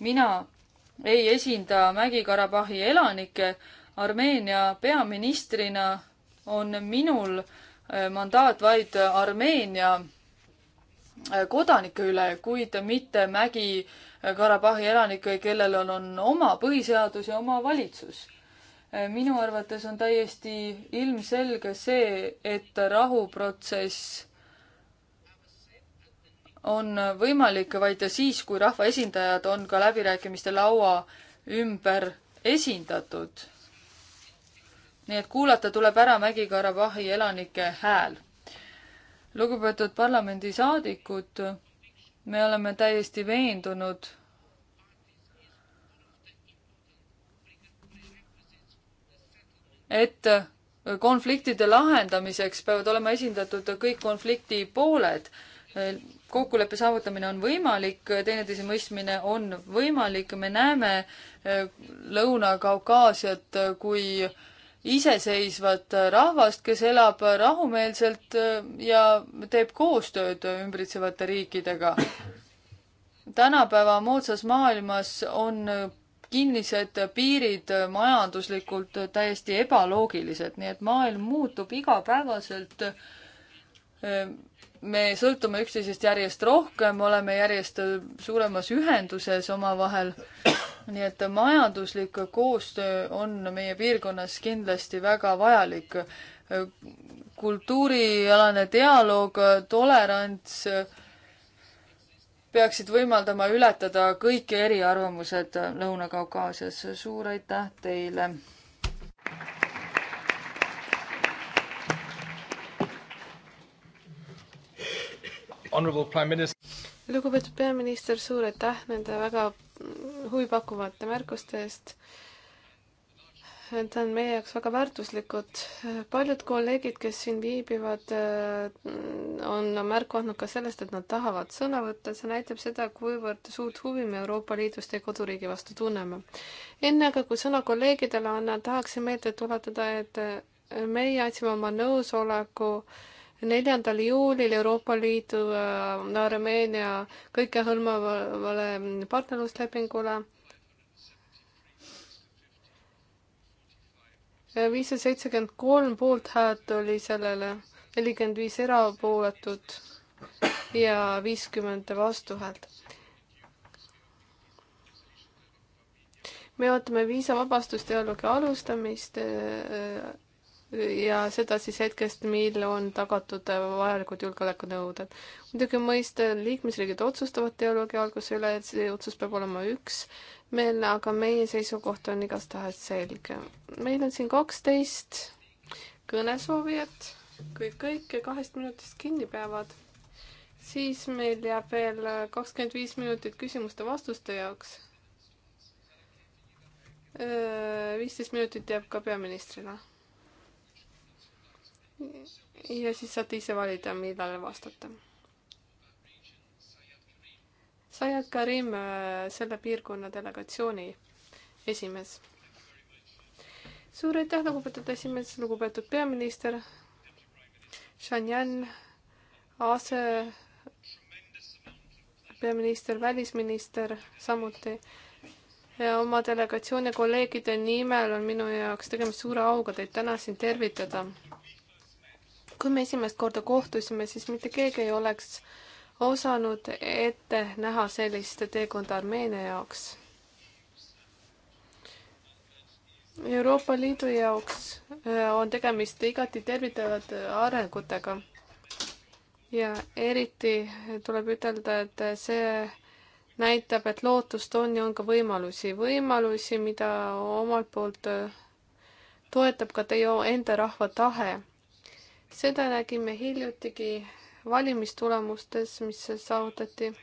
mina ei esinda Mägi-Karabahhi elanikke, Armeenia peaministrina on minul eh, mandaat vaid Armeenia eh, kodanike üle, kuid mitte Mägi-Karabahhi elanike, kellel on, on oma põhiseadus ja oma valitsus minu arvates on täiesti ilmselge see, et rahuprotsess on võimalik vaid siis, kui rahvaesindajad on ka läbirääkimiste laua ümber esindatud. nii et kuulata tuleb ära Mägi-Karabahhi elanike hääl. lugupeetud parlamendisaadikud, me oleme täiesti veendunud et äh, konfliktide lahendamiseks peavad olema esindatud kõik konflikti pooled. Äh, kokkuleppe saavutamine on võimalik, teineteise mõistmine on võimalik, me näeme äh, Lõuna-Kaukaasiat kui iseseisvat rahvast, kes elab rahumeelselt ja teeb koostööd ümbritsevate riikidega. tänapäeva moodsas maailmas on kinnised piirid majanduslikult täiesti ebaloogilised, nii et maailm muutub igapäevaselt. me sõltume üksteisest järjest rohkem, oleme järjest suuremas ühenduses omavahel. nii et majanduslik koostöö on meie piirkonnas kindlasti väga vajalik. kultuurialane dialoog, tolerants peaksid võimaldama ületada kõiki eriarvamused Lõuna-Kaukaasias. suur aitäh teile! lugupeetud peaminister, suur aitäh nende väga huvipakkuvate märkuste eest Need on meie jaoks väga väärtuslikud. paljud kolleegid, kes siin viibivad, on märku andnud ka sellest, et nad tahavad sõna võtta. see näitab seda, kuivõrd suurt huvi me Euroopa Liidus teie koduriigi vastu tunneme. enne aga, kui sõna kolleegidele annan, tahaksin meelde tuletada, et meie andsime oma nõusoleku neljandal juulil Euroopa Liidu äh, Armeenia kõikehõlmavale partnerluslepingule viissada seitsekümmend kolm poolthäält oli sellele, nelikümmend viis erapooletut ja viiskümmend vastuhäält. me ootame viisavabastusdialoogi alustamist ja seda siis hetkest, mil on tagatud vajalikud julgeolekunõuded. muidugi mõista, liikmesriigid otsustavad dialoogi alguse üle, et see otsus peab olema üksmeelne, aga meie seisukoht on igastahes selge. meil on siin kaksteist kõnesoovijat, kui kõik kahest minutist kinni peavad, siis meil jääb veel kakskümmend viis minutit küsimuste-vastuste jaoks. Äh, viisteist minutit jääb ka peaministrile ja siis saate ise valida, millele vastata. Sayed Karim, äh, selle piirkonna delegatsiooni esimees. suur aitäh, lugupeetud esimees, lugupeetud peaminister, Shanyan, ase peaminister, välisminister samuti. ja oma delegatsiooni kolleegide nimel on minu jaoks tegemist suure auga teid täna siin tervitada kui me esimest korda kohtusime, siis mitte keegi ei oleks osanud ette näha sellist teekonda Armeenia jaoks. Euroopa Liidu jaoks äh, on tegemist igati tervitavate arengutega. ja eriti tuleb ütelda, et see näitab, et lootust on ja on ka võimalusi, võimalusi, mida omalt poolt äh, toetab ka teie enda rahva tahe seda nägime hiljutigi valimistulemustes, mis saavutati.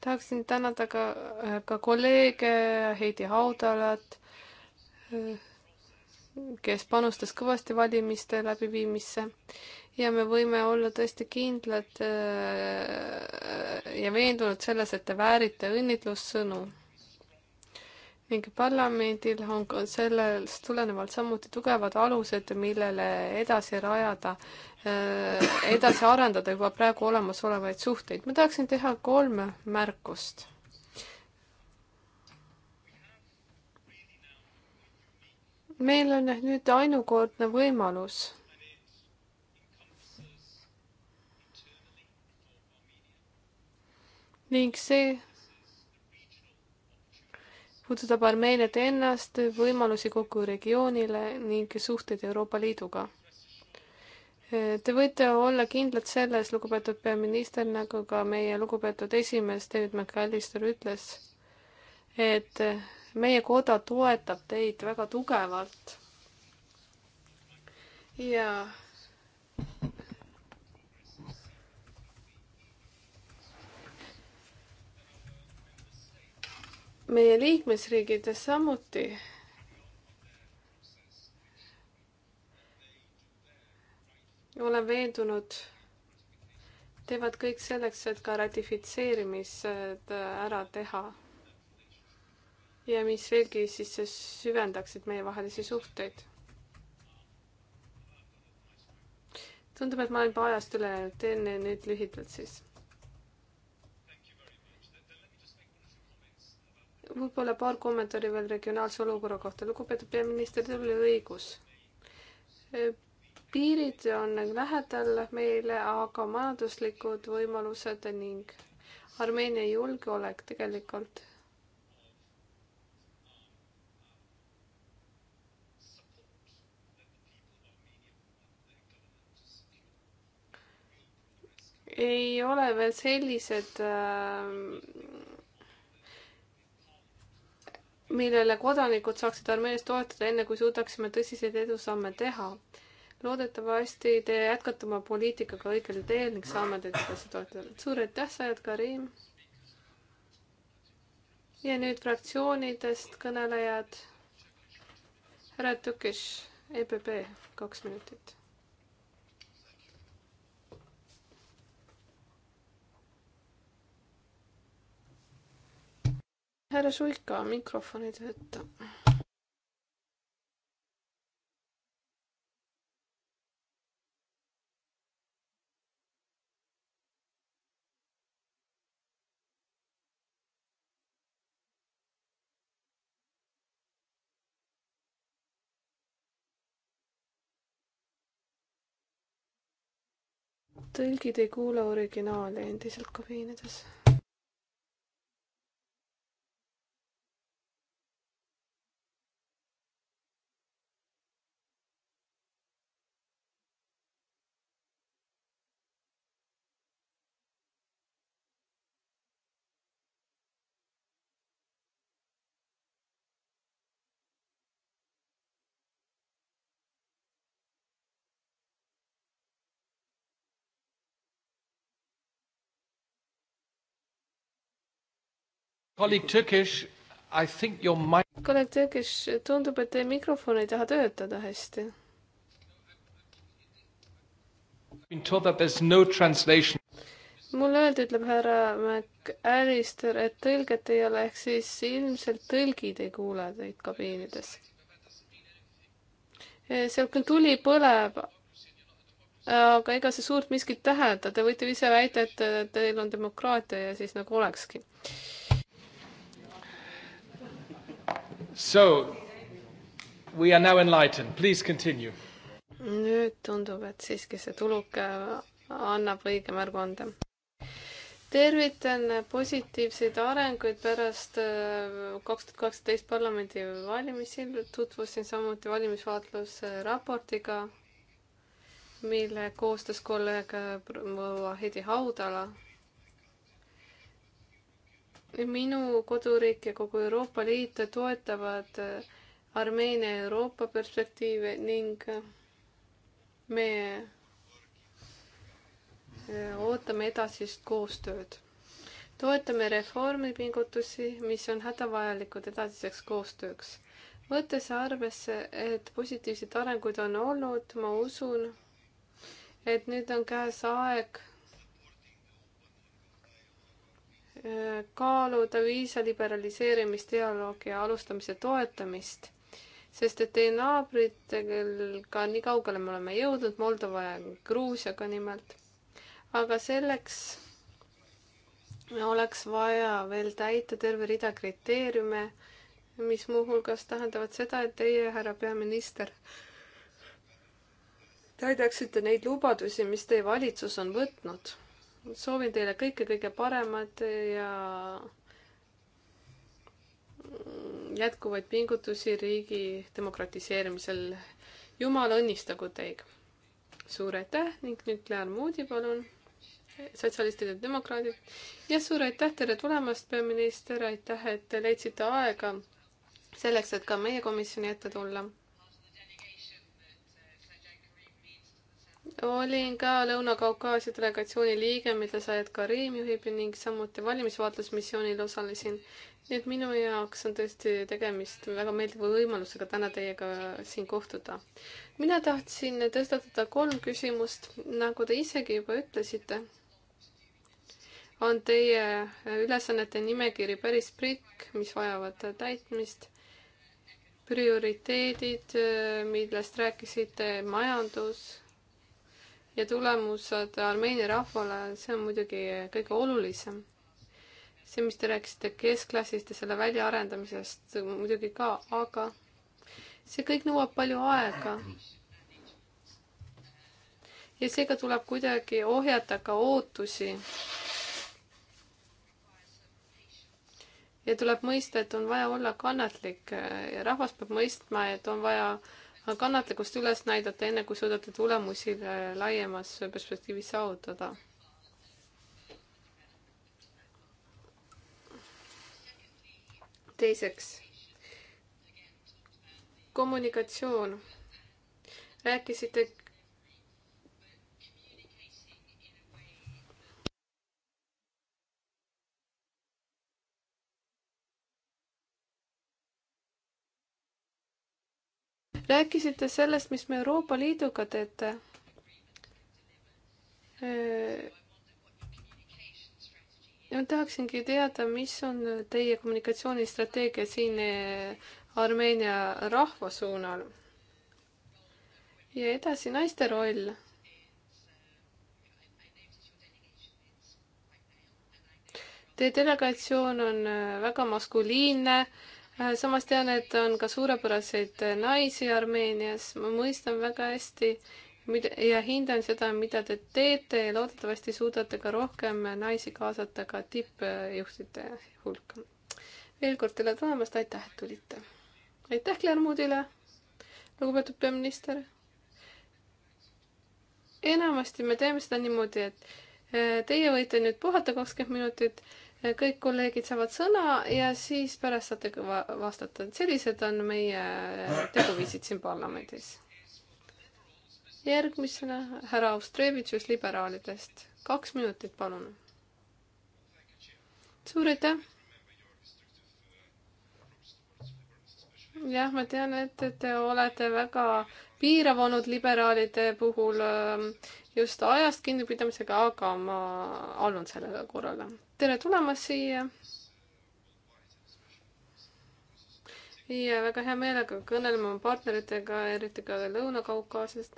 tahaksin tänada ka, ka kolleege Heidi Haudalat, kes panustas kõvasti valimiste läbiviimisse ja me võime olla tõesti kindlad äh, ja veendunud selles, et te väärite õnnitlussõnu ning parlamendil on ka sellest tulenevalt samuti tugevad alused, millele edasi rajada, äh, edasi arendada juba praegu olemasolevaid suhteid. ma tahaksin teha kolm märkust. meil on nüüd ainukordne võimalus ning see puudutab Armeeniat ennast, võimalusi kogu regioonile ning suhteid Euroopa Liiduga. Te võite olla kindlad selles, lugupeetud peaminister, nagu ka meie lugupeetud esimees David McAllister ütles, et meie koda toetab teid väga tugevalt. ja meie liikmesriigid samuti olen veendunud, teevad kõik selleks, et ka ratifitseerimised äh, ära teha. ja mis veelgi siis süvendaksid meievahelisi suhteid. tundub, et ma olen juba ajast üle läinud, teen nüüd lühidalt siis võib-olla paar kommentaari veel regionaalse olukorra kohta. lugupeetud peaminister, teil oli õigus. E, piirid on lähedal meile, aga majanduslikud võimalused ning Armeenia julgeolek tegelikult ei ole veel sellised äh, millele kodanikud saaksid Armeenias toetada, enne kui suudaksime tõsiseid edusamme teha. loodetavasti te jätkate oma poliitikaga õigel teel ning saame teid edasi toetada. suur aitäh, Sajad Karim! ja nüüd fraktsioonidest kõnelejad. härra Tükis, EPP, kaks minutit härra Suika, mikrofon ei tööta. tõlgid ei kuula originaali endiselt kabiinides kolleeg Türkish, I think your mic. kolleeg Türkish, tundub, et teie mikrofon ei taha töötada hästi. Been told that there is no translation mulle öeldi, ütleb härra McAllister, et tõlget ei ole, ehk siis ilmselt tõlgid ei kuule teid kabiinides. seal küll tuli põleb, aga ega see suurt miskit tähenda, te võite ise väita, et teil on demokraatia ja siis nagu olekski. So, we are now enlightened, please continue. nüüd tundub, et siiski see tuluke äh, annab õige märguande. tervitan positiivseid arenguid pärast äh, kaks tuhat kaksteist parlamendivalimisi, tutvusin samuti valimisvaatluse raportiga, mille koostas kolleeg äh, proua Heidi Haudala minu koduriik ja kogu Euroopa Liit toetavad äh, Armeenia Euroopa perspektiive ning äh, me äh, ootame edasist koostööd. toetame reformipingutusi, mis on hädavajalikud edasiseks koostööks. võttes arvesse, et positiivseid arenguid on olnud, ma usun, et nüüd on käes aeg kaaluda viisa liberaliseerimisdialoogi alustamise toetamist, sest et teie naabritega nii kaugele me oleme jõudnud, Moldova ja Gruusiaga nimelt. aga selleks oleks vaja veel täita terve rida kriteeriume, mis muuhulgas tähendavad seda, et teie, härra peaminister, täidaksite neid lubadusi, mis teie valitsus on võtnud soovin teile kõike kõige paremat ja jätkuvaid pingutusi riigi demokratiseerimisel. jumal õnnistagu teid. suur aitäh ning nüüd Claire Moody, palun, sotsialistid ja demokraadid. ja suur aitäh, tere tulemast, peaminister, aitäh, et te leidsite aega selleks, et ka meie komisjoni ette tulla olin ka Lõuna-Kaukaasia delegatsiooni liige, mida Sayed Karim juhib ning samuti valimisvaatlusmissioonil osalesin. nii et minu jaoks on tõesti tegemist väga meeldiva võimalusega täna teiega siin kohtuda. mina tahtsin tõstatada kolm küsimust, nagu te isegi juba ütlesite, on teie ülesannete nimekiri päris prikk, mis vajavad täitmist prioriteedid, millest rääkisite, majandus, ja tulemused Armeenia rahvale, see on muidugi kõige olulisem. see, mis te rääkisite keskklassist ja selle väljaarendamisest muidugi ka, aga see kõik nõuab palju aega. ja seega tuleb kuidagi ohjata ka ootusi. ja tuleb mõista, et on vaja olla kannatlik ja rahvas peab mõistma, et on vaja äh, kannatlikkust üles näidata, enne kui suudate tulemusi äh, laiemas perspektiivis saavutada. teiseks, kommunikatsioon. rääkisite rääkisite sellest, mis me Euroopa Liiduga teete. Äh, ma tahaksingi teada, mis on teie kommunikatsioonistrateegia siin äh, Armeenia rahva suunal. ja edasi naiste roll Teie delegatsioon on äh, väga maskuliinne, Äh, samas tean, et on ka suurepäraseid äh, naisi Armeenias, ma mõistan väga hästi mida, ja hindan seda, mida te teete ja loodetavasti suudate ka rohkem äh, naisi kaasata ka tippjuhtide hulka. veel kord teile tulemast, aitäh, et tulite! aitäh Clermudile, lugupeetud peaminister! enamasti me teeme seda niimoodi, et Teie võite nüüd puhata kakskümmend minutit kõik kolleegid saavad sõna ja siis pärast saate va vastata, et sellised on meie teguviisid siin parlamendis. järgmisena härra Austrevitšus liberaalidest, kaks minutit, palun. suur aitäh. jah, ma tean, et te olete väga piirav olnud liberaalide puhul ähm, just ajast kinnipidamisega, aga ma allun sellele korrale tere tulemast siia. ja väga hea meelega kõneleme oma partneritega, eriti ka Lõuna-Kaukaasiast.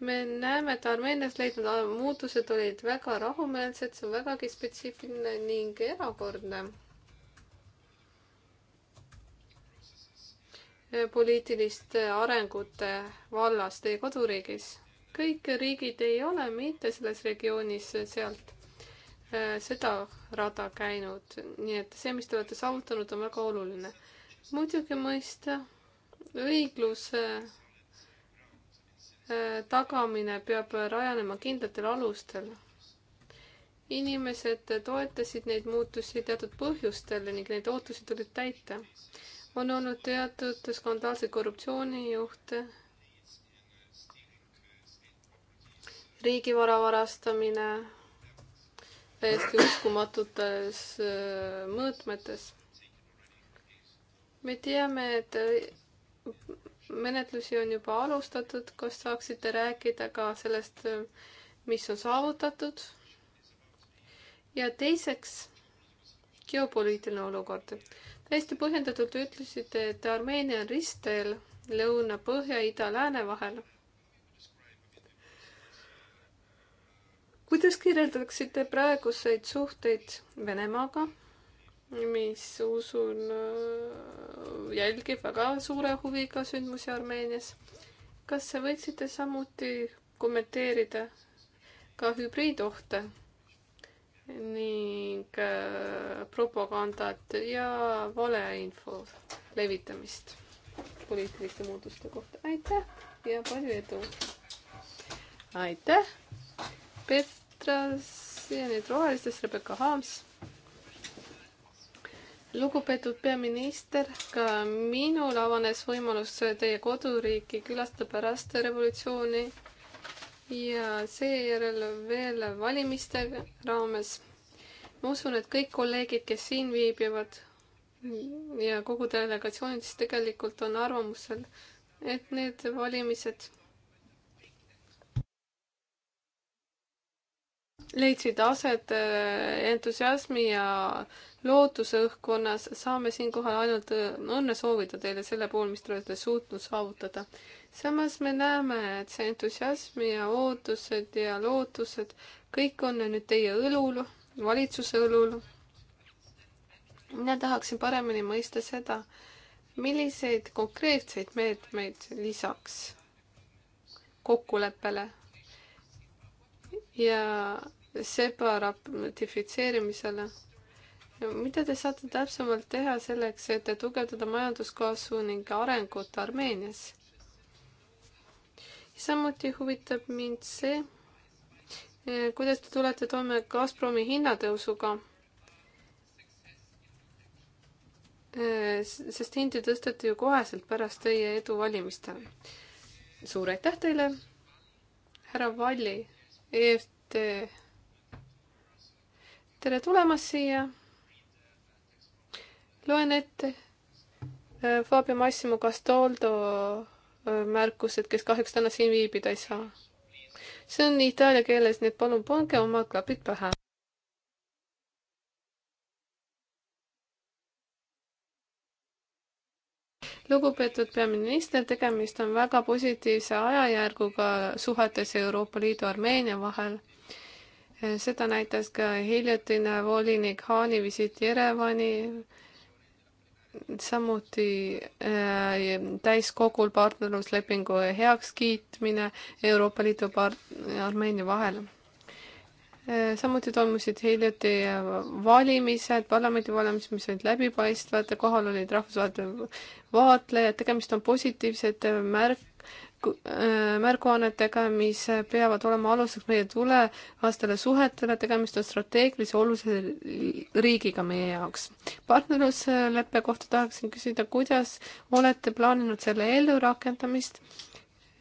me näeme, et Armeenias leidnud muutused olid väga rahumeelsed, see on vägagi spetsiifiline ning erakordne. poliitiliste arengute vallas teie koduriigis kõik riigid ei ole mitte selles regioonis sealt Äh, seda rada käinud, nii et see, mis te olete saavutanud, on väga oluline. muidugi mõista õigluse äh, tagamine peab rajanema kindlatel alustel. inimesed toetasid neid muutusi teatud põhjustel ning neid ootusi tulid täita. on olnud teatud skandaalseid korruptsioonijuhte, riigivara varastamine täiesti uskumatutes äh, mõõtmetes. me teame, et äh, menetlusi on juba alustatud, kas saaksite rääkida ka sellest, äh, mis on saavutatud? ja teiseks, geopoliitiline olukord. täiesti põhjendatult ütlesite, et Armeenia on ristteel lõuna, põhja, ida, lääne vahel kuidas kirjeldaksite praeguseid suhteid Venemaaga, mis usun äh, jälgib väga suure huviga sündmusi Armeenias? kas võiksite samuti kommenteerida ka hübriidohte ning äh, propagandat ja valeinfo levitamist poliitiliste muutuste kohta? aitäh ja palju edu! aitäh! Peep Astras ja nüüd Rohelistes Rebecca Harms. lugupeetud peaminister, ka minul avanes võimalus teie koduriiki külastada pärast revolutsiooni ja seejärel veel valimiste raames. ma usun, et kõik kolleegid, kes siin viibivad ja kogu delegatsioon, siis tegelikult on arvamusel, et need valimised leidsid aset äh, entusiasmi ja lootuse õhkkonnas, saame siinkohal ainult äh, õnne soovida teile selle puhul, mis te olete suutnud saavutada. samas me näeme, et see entusiasm ja ootused ja lootused, kõik on nüüd teie õlul, valitsuse õlul. mina tahaksin paremini mõista seda, milliseid konkreetseid meetmeid lisaks kokkuleppele ja SEPA ratifitseerimisele. mida te saate täpsemalt teha selleks, et tugevdada majanduskasvu ning arengut Armeenias? samuti huvitab mind see, eh, kuidas te tulete toime Gazpromi hinnatõusuga? Eh, sest hindi tõsteti ju koheselt pärast teie edu valimistel. suur aitäh teile, härra Valli, EFT tere tulemast siia. loen ette äh, Fabio Massimo Castoldo äh, märkused, kes kahjuks täna siin viibida ei saa. see on itaalia keeles, nii et palun pange oma klapid pähe. lugupeetud peaminister, tegemist on väga positiivse ajajärguga suhetes Euroopa Liidu Armeenia vahel seda näitas ka hiljutine volinik Haani visiit Jerevani, samuti äh, täiskogul partnerluslepingu heakskiitmine Euroopa Liidu ja Armeenia vahel. Äh, samuti toimusid hiljuti valimised, parlamendivalimised, mis olid läbipaistvad, kohal olid rahvusvahelised vaatlejad, tegemist on positiivsete märk-, Äh, märguannetega, mis peavad olema aluseks meie tulevastele suhetele, tegemist on strateegilise olulise riigiga meie jaoks. partnerlusleppe kohta tahaksin küsida, kuidas olete plaaninud selle ellu rakendamist?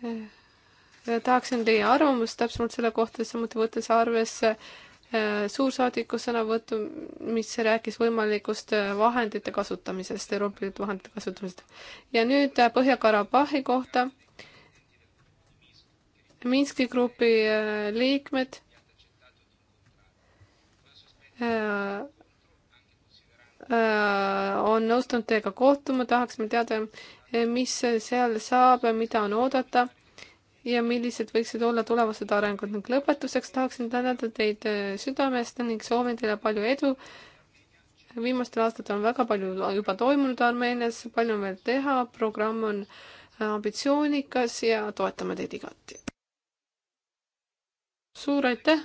Äh, tahaksin teie arvamust täpsemalt selle kohta, samuti võttes arvesse äh, suursaadiku sõnavõttu, mis rääkis võimalikust vahendite kasutamisest, Euroopa Liidu vahendite kasutamisest. ja nüüd Põhja-Karabahhi kohta Minski grupi äh, liikmed äh, äh, on nõustunud teiega kohtuma, tahaksime teada, mis seal saab, mida on oodata ja millised võiksid olla tulevased arengud ning lõpetuseks tahaksin tänada teid südamest ning soovin teile palju edu. viimastel aastatel on väga palju juba toimunud Armeenias, palju on veel teha, programm on ambitsioonikas ja toetame teid igati suur aitäh!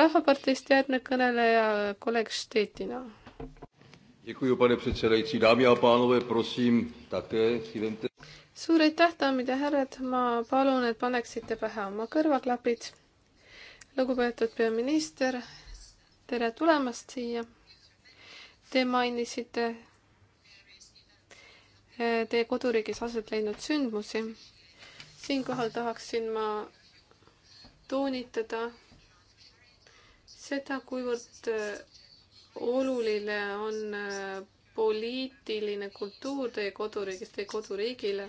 rahvaparteist järgnev kõneleja, kolleeg Štetina. suur aitäh, daamid ja härrad, ma palun, et paneksite pähe oma kõrvaklapid. lugupeetud peaminister, tere tulemast siia. Te mainisite eh, teie koduriigis aset leidnud sündmusi. siinkohal tahaksin ma toonitada seda, kuivõrd äh, oluline on äh, poliitiline kultuur teie koduriigis, teie koduriigile.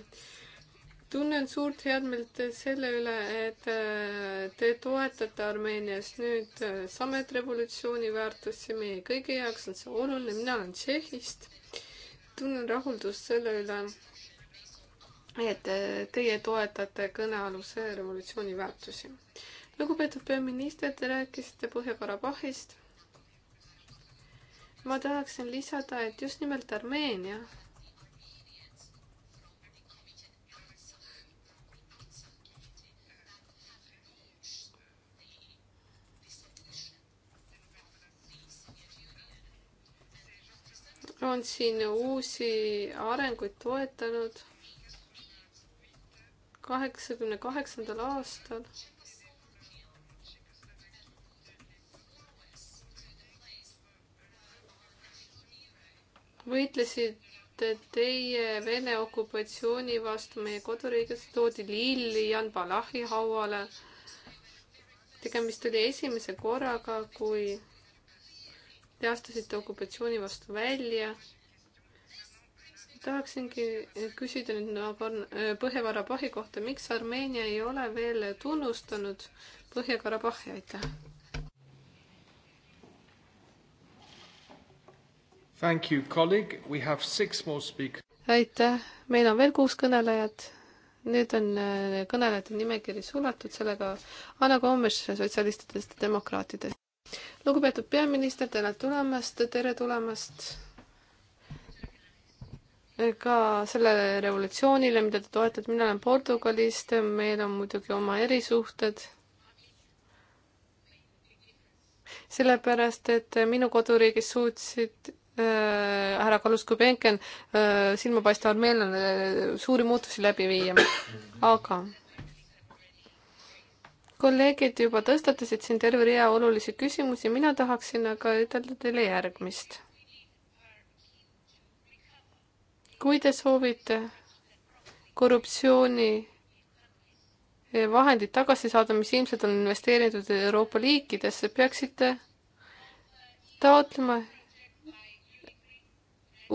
tunnen suurt headmeelt selle üle, et äh, te toetate Armeenias nüüd samet revolutsiooni väärtusi, meie kõigi jaoks on see oluline, mina olen Tšehhist. tunnen rahuldust selle üle et äh, teie toetate kõnealuse revolutsiooni väärtusi. lugupeetud peaminister, te rääkisite Põhja-Karabahhist. ma tahaksin lisada, et just nimelt Armeenia on siin uusi arenguid toetanud kaheksakümne kaheksandal aastal võitlesite teie Vene okupatsiooni vastu meie koduriigis, toodi lilli Jan Palachi hauale. tegemist oli esimese korraga, kui te astusite okupatsiooni vastu välja tahaksingi küsida nüüd nagu äh, Põhja-Karabahhi kohta, miks Armeenia ei ole veel tunnustanud Põhja-Karabahhi, aitäh. Thank you, colleague, we have six more speakers. aitäh, meil on veel kuus kõnelejat. nüüd on äh, kõnelejate nimekiri suletud, sellega Anna Komes sotsialistidest ja demokraatidest. lugupeetud peaminister, tere tulemast, tere tulemast ka sellele revolutsioonile, mida te toetate, mina olen Portugalist, meil on muidugi oma erisuhted. sellepärast, et minu koduriigis suutsid äh, härra Kaluskubenken äh, silmapaistval meelel äh, suuri muutusi läbi viia, aga kolleegid juba tõstatasid siin terve rea olulisi küsimusi, mina tahaksin aga ütelda teile järgmist kui te soovite korruptsiooni eh, vahendid tagasi saada, mis ilmselt on investeeritud Euroopa riikidesse, peaksite taotlema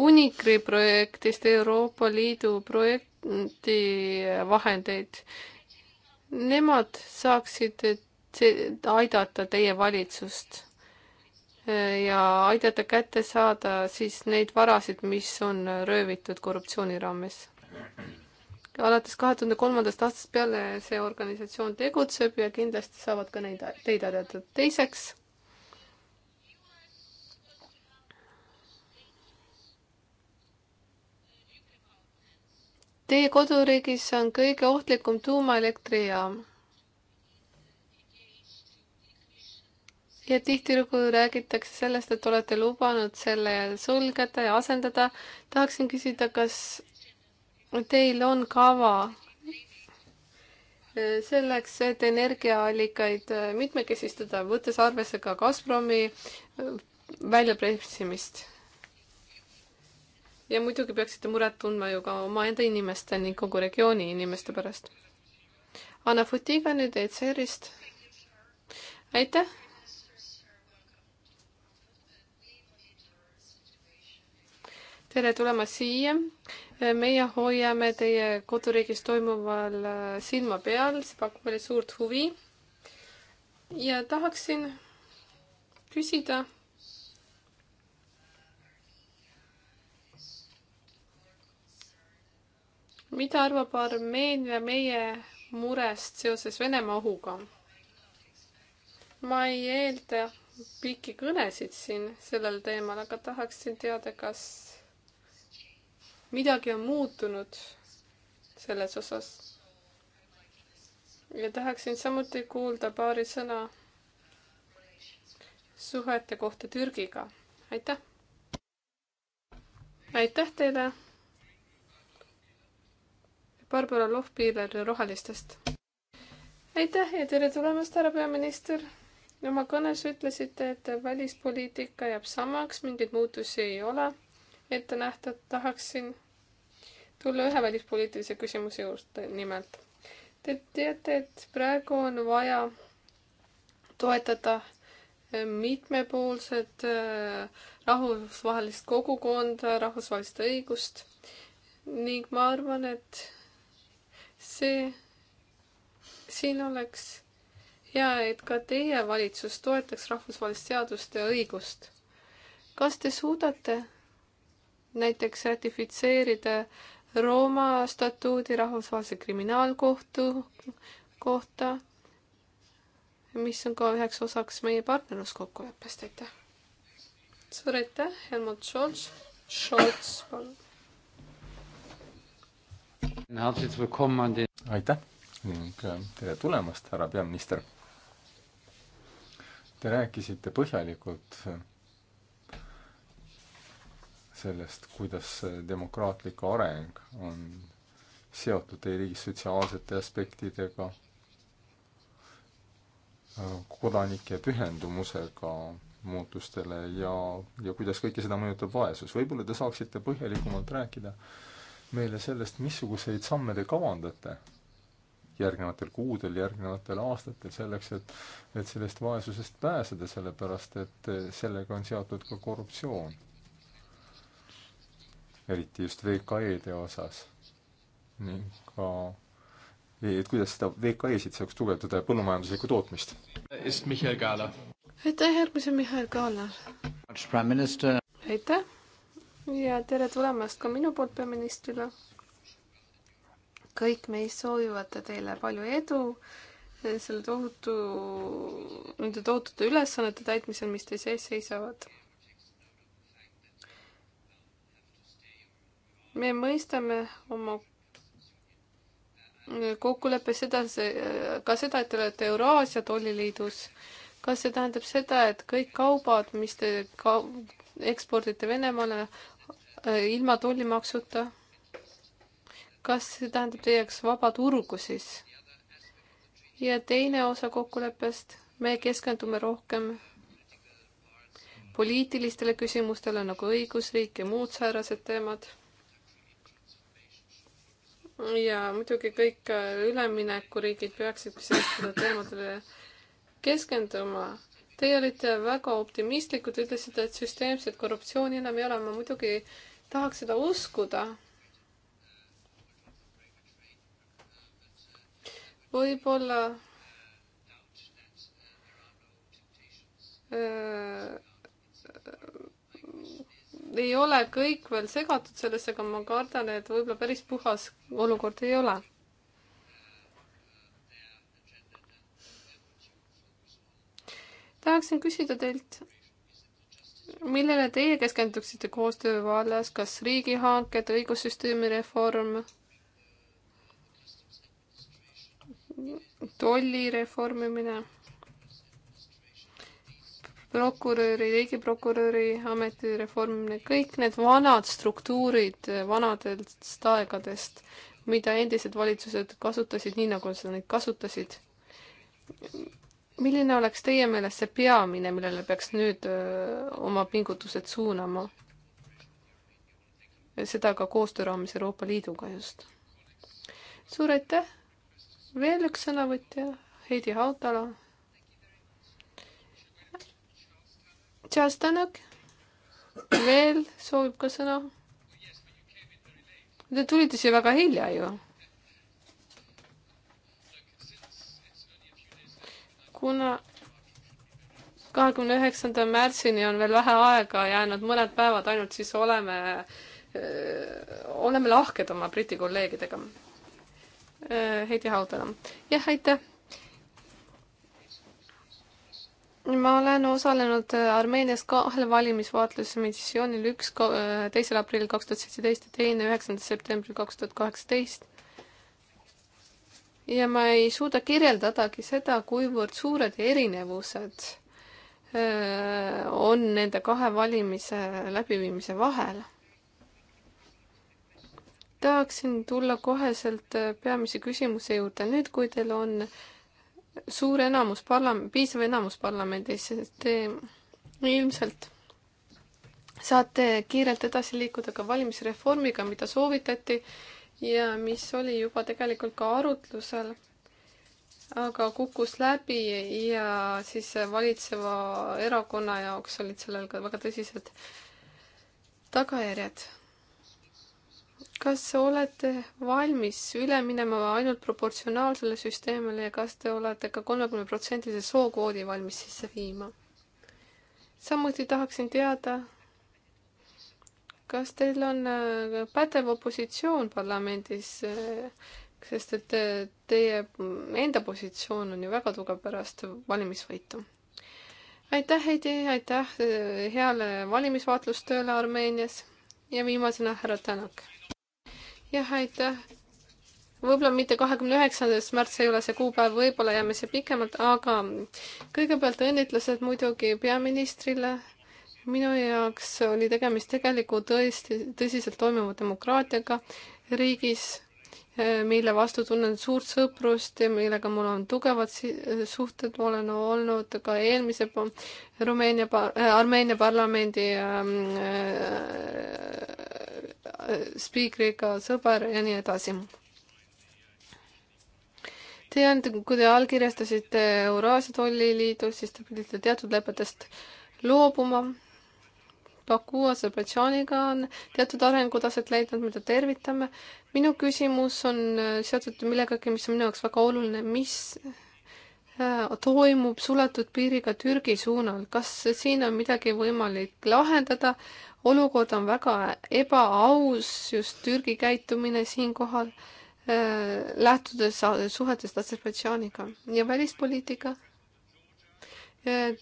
Unicri projektist Euroopa Liidu projekti vahendeid. Nemad saaksid eh, aidata teie valitsust ja aidata kätte saada siis neid varasid, mis on röövitud korruptsiooni raames. alates kahe tuhande kolmandast aastast peale see organisatsioon tegutseb ja kindlasti saavad ka neid, teid aidata. teiseks Teie koduriigis on kõige ohtlikum tuumaelektrijaam. ja tihtilugu räägitakse sellest, et olete lubanud selle sulgeda ja asendada. tahaksin küsida, kas teil on kava selleks, et energiaallikaid mitmekesistada, võttes arvesse ka Gazpromi väljapressimist? ja muidugi peaksite muret tundma ju ka omaenda inimeste ning kogu regiooni inimeste pärast. Anna Futiga nüüd ECR-ist. aitäh tere tulemast siia. meie hoiame teie koduriigis toimuval äh, silma peal, see pakub meile suurt huvi. ja tahaksin küsida. mida arvab Armeenia meie murest seoses Venemaa ohuga? ma ei eelda pikki kõnesid siin sellel teemal, aga tahaksin teada, kas midagi on muutunud selles osas. ja tahaksin samuti kuulda paari sõna suhete kohta Türgiga. aitäh! aitäh teile! Barbara Lohpiiler Rohelistest. aitäh ja tere tulemast, härra peaminister! oma kõnes ütlesite, et välispoliitika jääb samaks, mingeid muutusi ei ole. ette nähtud tahaksin tulla ühe välispoliitilise küsimuse juurde nimelt. Te teate, et praegu on vaja toetada äh, mitmepoolset äh, rahvusvahelist kogukonda, rahvusvahelist õigust ning ma arvan, et see, siin oleks hea, et ka teie valitsus toetaks rahvusvahelist seadust ja õigust. kas te suudate näiteks ratifitseerida äh, Rooma statuudi rahvusvahelise kriminaalkohtu kohta, mis on ka üheks osaks meie partnerluskokkuleppest, aitäh. suur aitäh, Helmut Scholz. Scholz, palun. aitäh ning äh, tere tulemast, härra peaminister. Te rääkisite põhjalikult äh, sellest, kuidas demokraatlik areng on seotud teie riigi sotsiaalsete aspektidega, kodanike pühendumusega muutustele ja, ja kuidas kõike seda mõjutab vaesus. võib-olla te saaksite põhjalikumalt rääkida meile sellest, missuguseid samme te kavandate järgnevatel kuudel, järgnevatel aastatel selleks, et, et sellest vaesusest pääseda, sellepärast et sellega on seotud ka korruptsioon eriti just VKE-de osas ning ka e, et kuidas seda VKE-sid saaks tugevdada ja põllumajanduslikku tootmist. aitäh, järgmise Mihhail Kaalar! aitäh ja tere tulemast ka minu poolt peaministrile! kõik meist soovivad teile palju edu selle tohutu, nende tohutute ülesannete täitmisel, mis teie sees seisavad me mõistame oma kokkuleppes seda, ka seda, et te olete Euraasia tolliliidus. kas see tähendab seda, et kõik kaubad, mis te ka ekspordite Venemaale äh, ilma tollimaksuta, kas see tähendab teie jaoks vaba turgu siis? ja teine osa kokkuleppest, me keskendume rohkem poliitilistele küsimustele nagu õigusriik ja muud säärased teemad ja muidugi kõik äh, üleminekuriigid peaksid sellistele teemadele keskenduma. Teie olite väga optimistlikud, ütlesite, et süsteemset korruptsiooni enam ei ole, ma muidugi tahaks seda uskuda. võib-olla öö, äh, ei ole kõik veel segatud sellesse, aga ma kardan, et võib-olla päris puhas olukord ei ole. tahaksin küsida teilt, millele teie keskenduksite koostöö vallas, kas riigihanked, õigussüsteemi reform, tolli reformimine? prokuröri, riigiprokuröri ameti reformimine, kõik need vanad struktuurid vanadest aegadest, mida endised valitsused kasutasid nii, nagu sa neid kasutasid. milline oleks teie meelest see peamine, millele peaks nüüd öö, oma pingutused suunama? seda ka koostöö raames Euroopa Liiduga just. suur aitäh! veel üks sõnavõtja, Heidi Hautala Charles Tanak veel soovib ka sõna? Te tulite siia väga hilja ju. kuna kahekümne üheksanda märtsini on veel vähe aega jäänud, mõned päevad ainult, siis oleme, oleme lahked oma Briti kolleegidega. Heidi Haudala. jah, aitäh ma olen osalenud äh, Armeenias kahel valimisvaatlusmissioonil, üks äh, teisel aprillil kaks tuhat seitseteist ja teine üheksandal septembril kaks tuhat kaheksateist. ja ma ei suuda kirjeldadagi seda, kuivõrd suured erinevused äh, on nende kahe valimise läbiviimise vahel. tahaksin tulla koheselt peamise küsimuse juurde nüüd, kui teil on äh, suur enamus parlam-, piisav enamus parlamendis, te ilmselt saate kiirelt edasi liikuda ka valimisreformiga, mida soovitati ja mis oli juba tegelikult ka arutlusel, aga kukkus läbi ja siis valitseva erakonna jaoks olid sellel ka väga tõsised tagajärjed kas olete valmis üle minema ainult proportsionaalsele süsteemile ja kas te olete ka kolmekümneprotsendise sookvoodi valmis sisse viima? samuti tahaksin teada, kas teil on äh, pädev opositsioon parlamendis, äh, sest et äh, teie enda positsioon on ju väga tugev pärast valimisvõitu. aitäh, Heidi, aitäh heale valimisvaatlustööle Armeenias ja viimasena härra Tänak jah, aitäh. võib-olla mitte kahekümne üheksandas märts ei ole see kuupäev, võib-olla jääme siia pikemalt, aga kõigepealt õnnitlused muidugi peaministrile. minu jaoks oli tegemist tegeliku tõesti tõsiselt toimiva demokraatiaga riigis, mille vastu tunnen suurt sõprust ja millega mul on tugevad suhted, ma olen olnud ka eelmise Rumeenia, Armeenia parlamendi ähm, äh, spiikriga sõber ja nii edasi. tean, kui te allkirjastasite Euraasia tolliliidu, siis te pidite teatud lepetest loobuma. Baku Aserbaidžaaniga on teatud arengutaset leidnud, mida tervitame. minu küsimus on seotud millegagi, mis on minu jaoks väga oluline, mis äh, toimub suletud piiriga Türgi suunal, kas siin on midagi võimalik lahendada, olukord on väga ebaaus, just Türgi käitumine siinkohal äh,, lähtudes suhetest Aserbaidžaaniga ja välispoliitika äh,.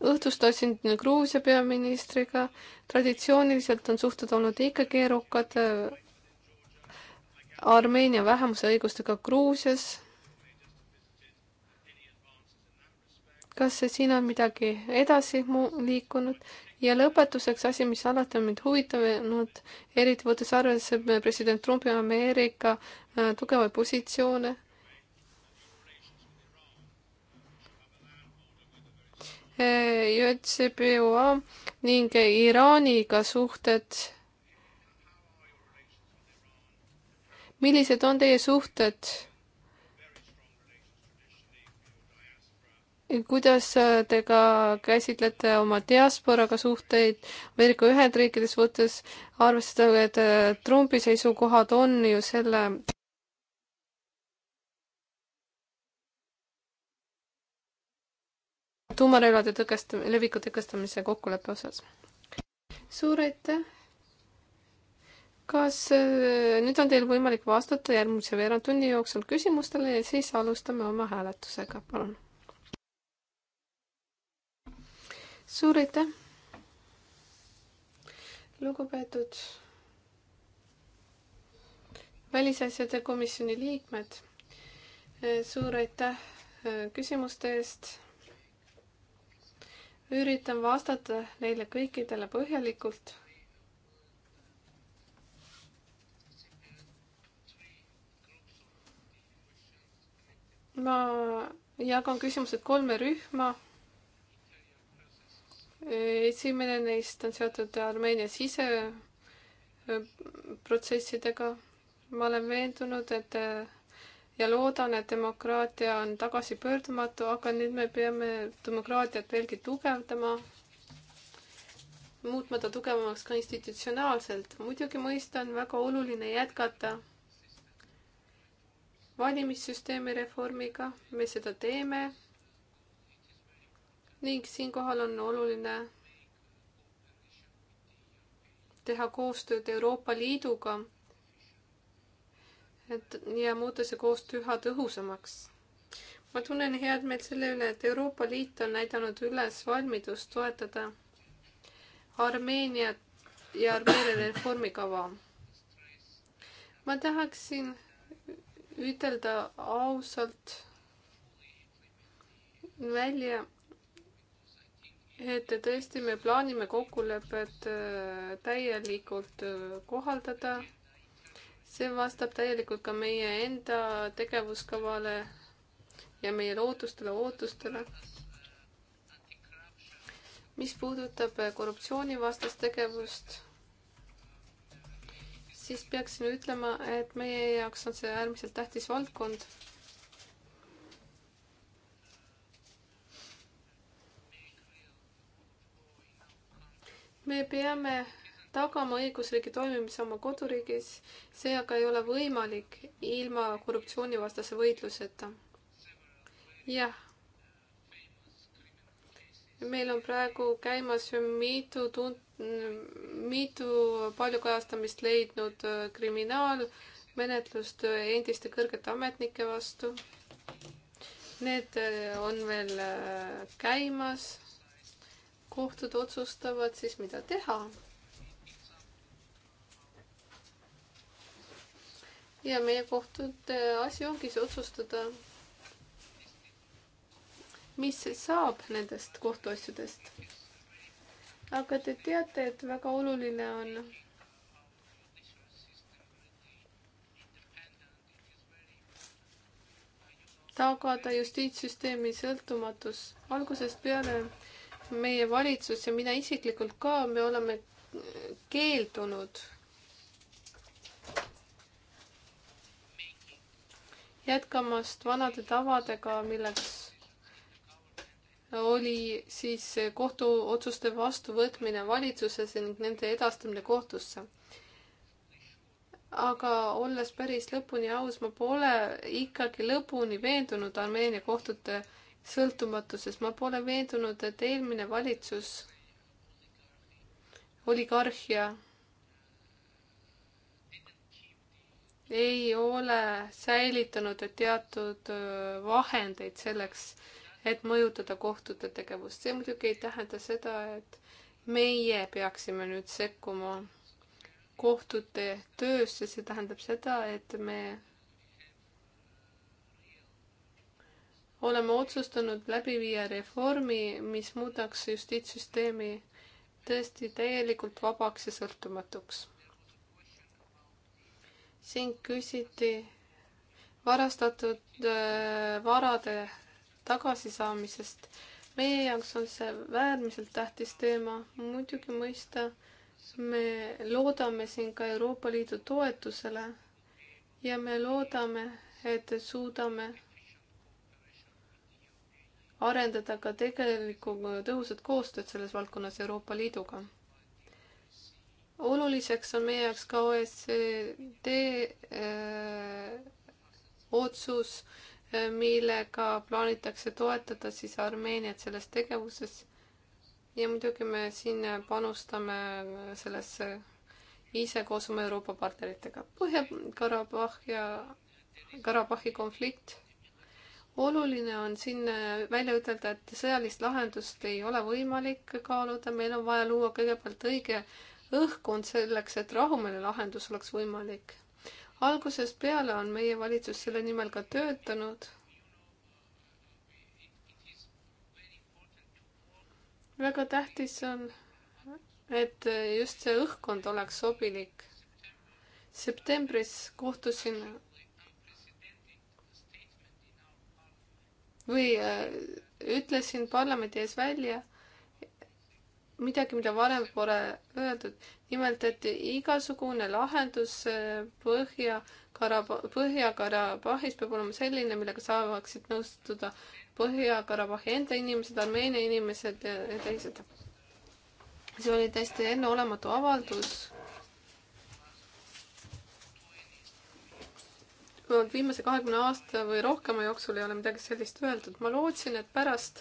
õhtustasin Gruusia peaministriga, traditsiooniliselt on suhted olnud ikka keerukad äh,. Armeenia vähemuse õigustega Gruusias kas siin on midagi edasi liikunud ja lõpetuseks asi, mis alati on mind huvitanud, eriti võttes arvesse president Trumpi Ameerika äh, tugevaid positsioone. Äh, JCPOA ning Iraaniga suhted. millised on teie suhted kuidas äh, te ka käsitlete oma diasporaga suhteid Ameerika Ühendriikides võttes, arvestada, et äh, Trumpi seisukohad on ju selle tuumarelvade tõkest-, leviku tõkestamise kokkuleppe osas. suur aitäh! kas äh, nüüd on teil võimalik vastata järgmise veerand tunni jooksul küsimustele ja siis alustame oma hääletusega, palun suur aitäh! lugupeetud välisasjade komisjoni liikmed, suur aitäh äh, küsimuste eest. üritan vastata neile kõikidele põhjalikult ma jagan küsimused kolme rühma esimene neist on seotud Armeenia siseprotsessidega. ma olen veendunud, et ja loodan, et demokraatia on tagasipöördumatu, aga nüüd me peame demokraatiat veelgi tugevdama, muutma ta tugevamaks ka institutsionaalselt. muidugi mõista on väga oluline jätkata valimissüsteemi reformiga, me seda teeme ning siinkohal on oluline teha koostööd Euroopa Liiduga, et ja muuta see koostöö üha tõhusamaks ma tunnen head meelt selle üle, et Euroopa Liit on näidanud üles valmidust toetada Armeeniat ja Armeenia reformikava. ma tahaksin ütelda ausalt välja, et tõesti me plaanime kokkulepet äh, täielikult äh, kohaldada. see vastab täielikult ka meie enda tegevuskavale ja meie lootustele, ootustele. mis puudutab äh, korruptsioonivastast tegevust, siis peaksime ütlema, et meie jaoks on see äärmiselt tähtis valdkond me peame tagama õigusriigi toimimise oma koduriigis, see aga ei ole võimalik ilma korruptsioonivastase võitluseta. jah. meil on praegu käimas mitu tunt-, mitu paljukajastamist leidnud äh, kriminaalmenetlust äh, endiste kõrgete ametnike vastu. Need äh, on veel käimas kohtud otsustavad siis, mida teha. ja meie kohtute asi ongi see otsustada, mis saab nendest kohtuasjadest. aga te teate, et väga oluline on tagada justiitssüsteemi sõltumatus. algusest peale meie valitsus ja mina isiklikult ka, me oleme keeldunud jätkamast vanade tavadega, milleks oli siis kohtuotsuste vastuvõtmine valitsuses ning nende edastamine kohtusse. aga olles päris lõpuni aus, ma pole ikkagi lõpuni veendunud Armeenia kohtute äh, sõltumatuses. ma pole veendunud, et eelmine valitsus, oligarhia ei ole säilitanud teatud vahendeid selleks, et mõjutada kohtute tegevust. see muidugi ei tähenda seda, et meie peaksime nüüd sekkuma kohtute töösse, see tähendab seda, et me oleme otsustanud läbi viia reformi, mis muudaks justiitssüsteemi tõesti täielikult vabaks ja sõltumatuks. siin küsiti varastatud äh, varade tagasisaamisest. meie jaoks on see äärmiselt tähtis teema, muidugi mõista, me loodame siin ka Euroopa Liidu toetusele ja me loodame, et suudame arendada ka tegelikku tõhusat koostööd selles valdkonnas Euroopa Liiduga. oluliseks on meie jaoks ka OECD öö, äh, otsus, äh, millega plaanitakse toetada siis Armeeniat selles tegevuses. ja muidugi me siin panustame sellesse ise koos oma Euroopa partneritega. Põhja-Karabahh ja Karabahhi konflikt oluline on siin äh, välja ütelda, et sõjalist lahendust ei ole võimalik kaaluda, meil on vaja luua kõigepealt õige õhkkond selleks, et rahumeelne lahendus oleks võimalik. algusest peale on meie valitsus selle nimel ka töötanud. väga tähtis on, et just see õhkkond oleks sobilik. septembris kohtusin või äh, ütlesin parlamendi ees välja midagi, mida varem pole öeldud. nimelt, et igasugune lahendus äh, Põhja Karaba-, Põhja-Karabahis peab olema selline, millega saaksid nõustuda Põhja-Karabahhi enda inimesed, Armeenia inimesed ja teised. see oli täiesti enneolematu avaldus. vähemalt viimase kahekümne aasta või rohkema jooksul ei ole midagi sellist öeldud. ma lootsin, et pärast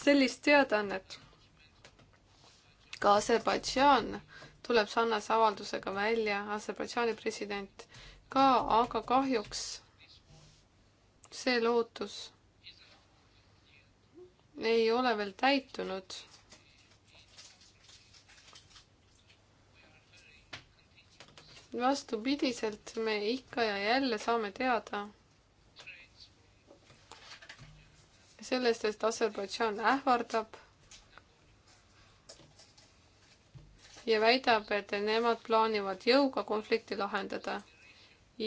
sellist teadaannet ka Aserbaidžaan tuleb sarnase avaldusega välja, Aserbaidžaani president ka, aga kahjuks see lootus ei ole veel täitunud vastupidiselt me ikka ja jälle saame teada sellest, et Aserbaidžaan ähvardab ja väidab, et nemad plaanivad jõuga konflikti lahendada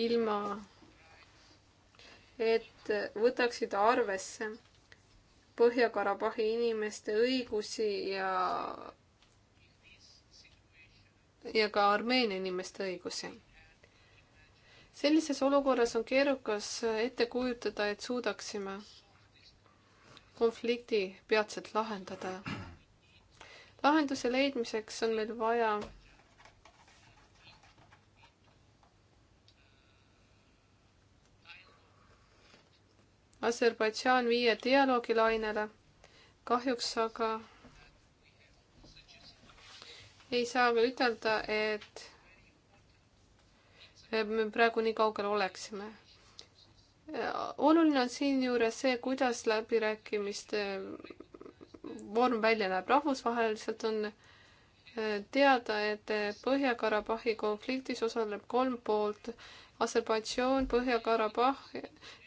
ilma, et võtaksid arvesse Põhja-Karabahhi inimeste õigusi ja ja ka Armeenia inimeste õigusi. sellises olukorras on keerukas ette kujutada, et suudaksime konflikti peatselt lahendada. lahenduse leidmiseks on meil vaja Aserbaidžaan viia dialoogilainele, kahjuks aga ei saa veel ütelda, et me praegu nii kaugel oleksime. oluline on siinjuures see, kuidas läbirääkimiste vorm välja näeb. rahvusvaheliselt on äh, teada, et Põhja-Karabahhi konfliktis osaleb kolm poolt Aserbaidžaan, Põhja-Karabah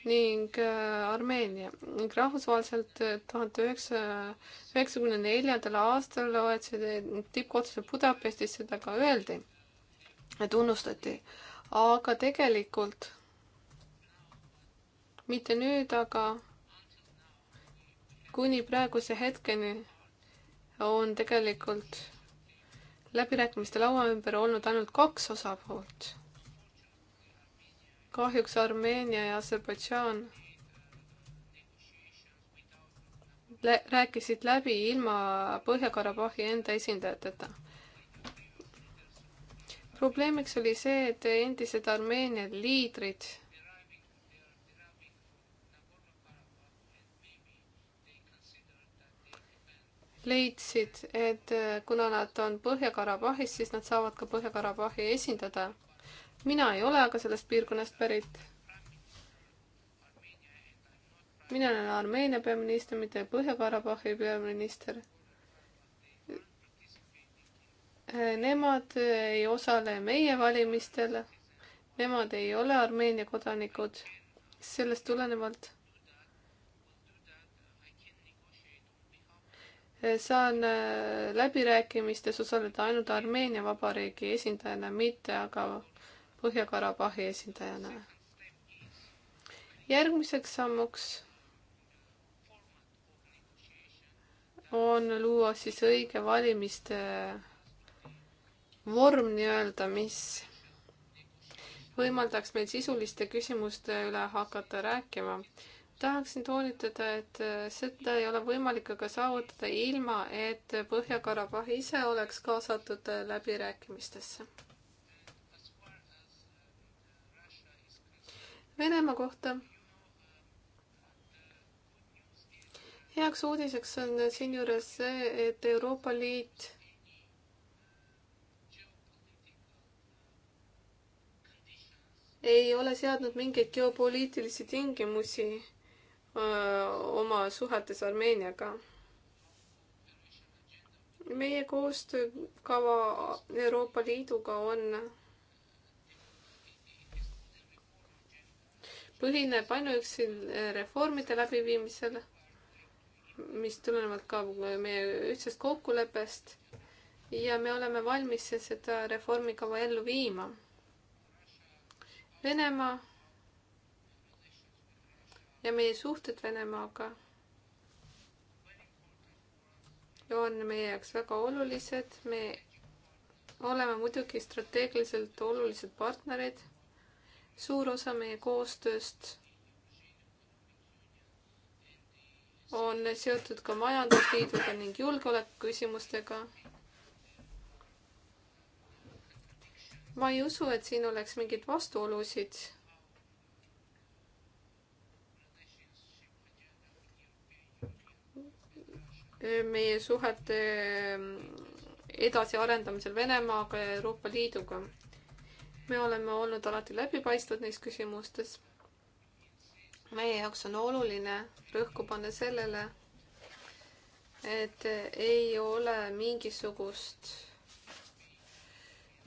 ning äh, Armeenia ning rahvusvaheliselt äh, tuhande üheksasaja üheksakümne neljandal aastal OECD tippkohtusel Budapestis seda ka öeldi, tunnustati. aga tegelikult mitte nüüd, aga kuni praeguse hetkeni on tegelikult läbirääkimiste laua ümber olnud ainult kaks osapoolt kahjuks Armeenia ja Aserbaidžaan lä rääkisid läbi ilma Põhja-Karabahhi enda esindajateta. probleemiks oli see, et endised Armeenia liidrid leidsid, et kuna nad on Põhja-Karabahhis, siis nad saavad ka Põhja-Karabahhi esindada mina ei ole aga sellest piirkonnast pärit. mina olen Armeenia peaminister, mitte Põhja-Karabahhi peaminister. Nemad ei osale meie valimistel. Nemad ei ole Armeenia kodanikud. sellest tulenevalt saan äh, läbirääkimistes osaleda ainult Armeenia Vabariigi esindajana, mitte aga Põhja-Karabahhi esindajana. järgmiseks sammuks on luua siis õige valimiste vorm nii-öelda, mis võimaldaks meil sisuliste küsimuste üle hakata rääkima. tahaksin toonitada, et seda ei ole võimalik aga saavutada ilma, et Põhja-Karabah ise oleks kaasatud läbirääkimistesse Venemaa kohta. heaks uudiseks on siinjuures see, et Euroopa Liit ei ole seadnud mingeid geopoliitilisi tingimusi öö, oma suhetes Armeeniaga. meie koostöökava Euroopa Liiduga on põhineb ainuüksi reformide läbiviimisel, mis tulenevad ka meie ühtsest kokkuleppest ja me oleme valmis seda reformikava ellu viima. Venemaa ja meie suhted Venemaaga on meie jaoks väga olulised, me oleme muidugi strateegiliselt olulised partnerid suur osa meie koostööst on seotud ka majandusliiduga ning julgeolekuküsimustega. ma ei usu, et siin oleks mingeid vastuolusid. meie suhete edasiarendamisel Venemaaga ja Euroopa Liiduga me oleme olnud alati läbipaistvad neis küsimustes. meie jaoks on oluline rõhku panna sellele, et ei ole mingisugust,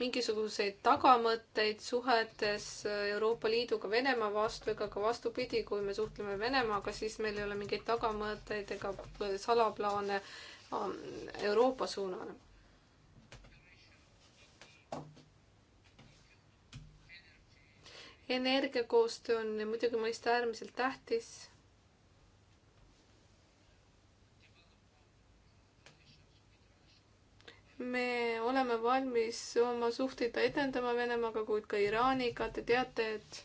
mingisuguseid tagamõtteid suhetes Euroopa Liiduga Venemaa vastu ega ka vastupidi, kui me suhtleme Venemaaga, siis meil ei ole mingeid tagamõtteid ega salaplaane um, Euroopa suunal energiakoostöö on muidugi mõista äärmiselt tähtis me oleme valmis oma suhteid edendama Venemaaga, kuid ka Iraaniga, te teate, et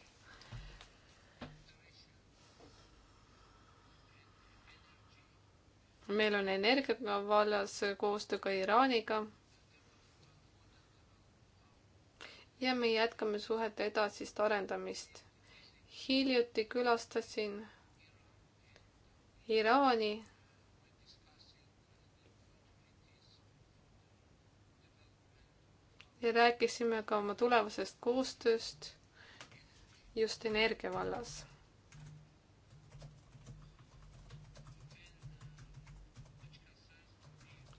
meil on energia vallas koostöö ka Iraaniga ja me jätkame suhete edasist arendamist. hiljuti külastasin Iraani. ja rääkisime ka oma tulevasest koostööst just energia vallas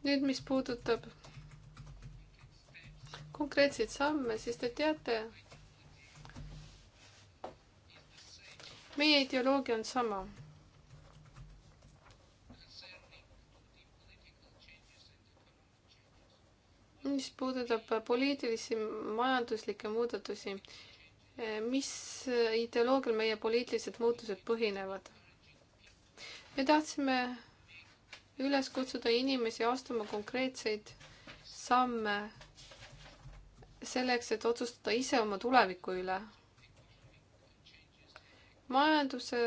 nüüd, mis puudutab konkreetseid samme, siis te teate, meie ideoloogia on sama. mis puudutab poliitilisi majanduslikke muudatusi, mis ideoloogial meie poliitilised muutused põhinevad? me tahtsime üles kutsuda inimesi astuma konkreetseid samme selleks, et otsustada ise oma tuleviku üle. majanduse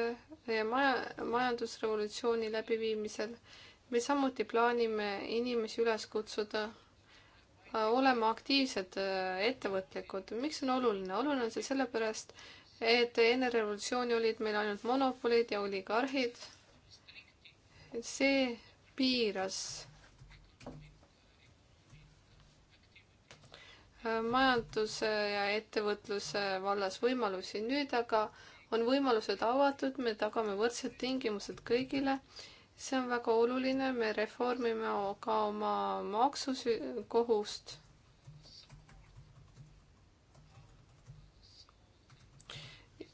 ja maja, majandusrevolutsiooni läbiviimisel me samuti plaanime inimesi üles kutsuda äh, olema aktiivsed, äh, ettevõtlikud. miks see on oluline? oluline on see sellepärast, et enne revolutsiooni olid meil ainult monopolid ja oligarhid. see piiras majanduse ja ettevõtluse vallas võimalusi. nüüd aga on võimalused avatud, me tagame võrdsed tingimused kõigile. see on väga oluline, me reformime ka oma maksukohust.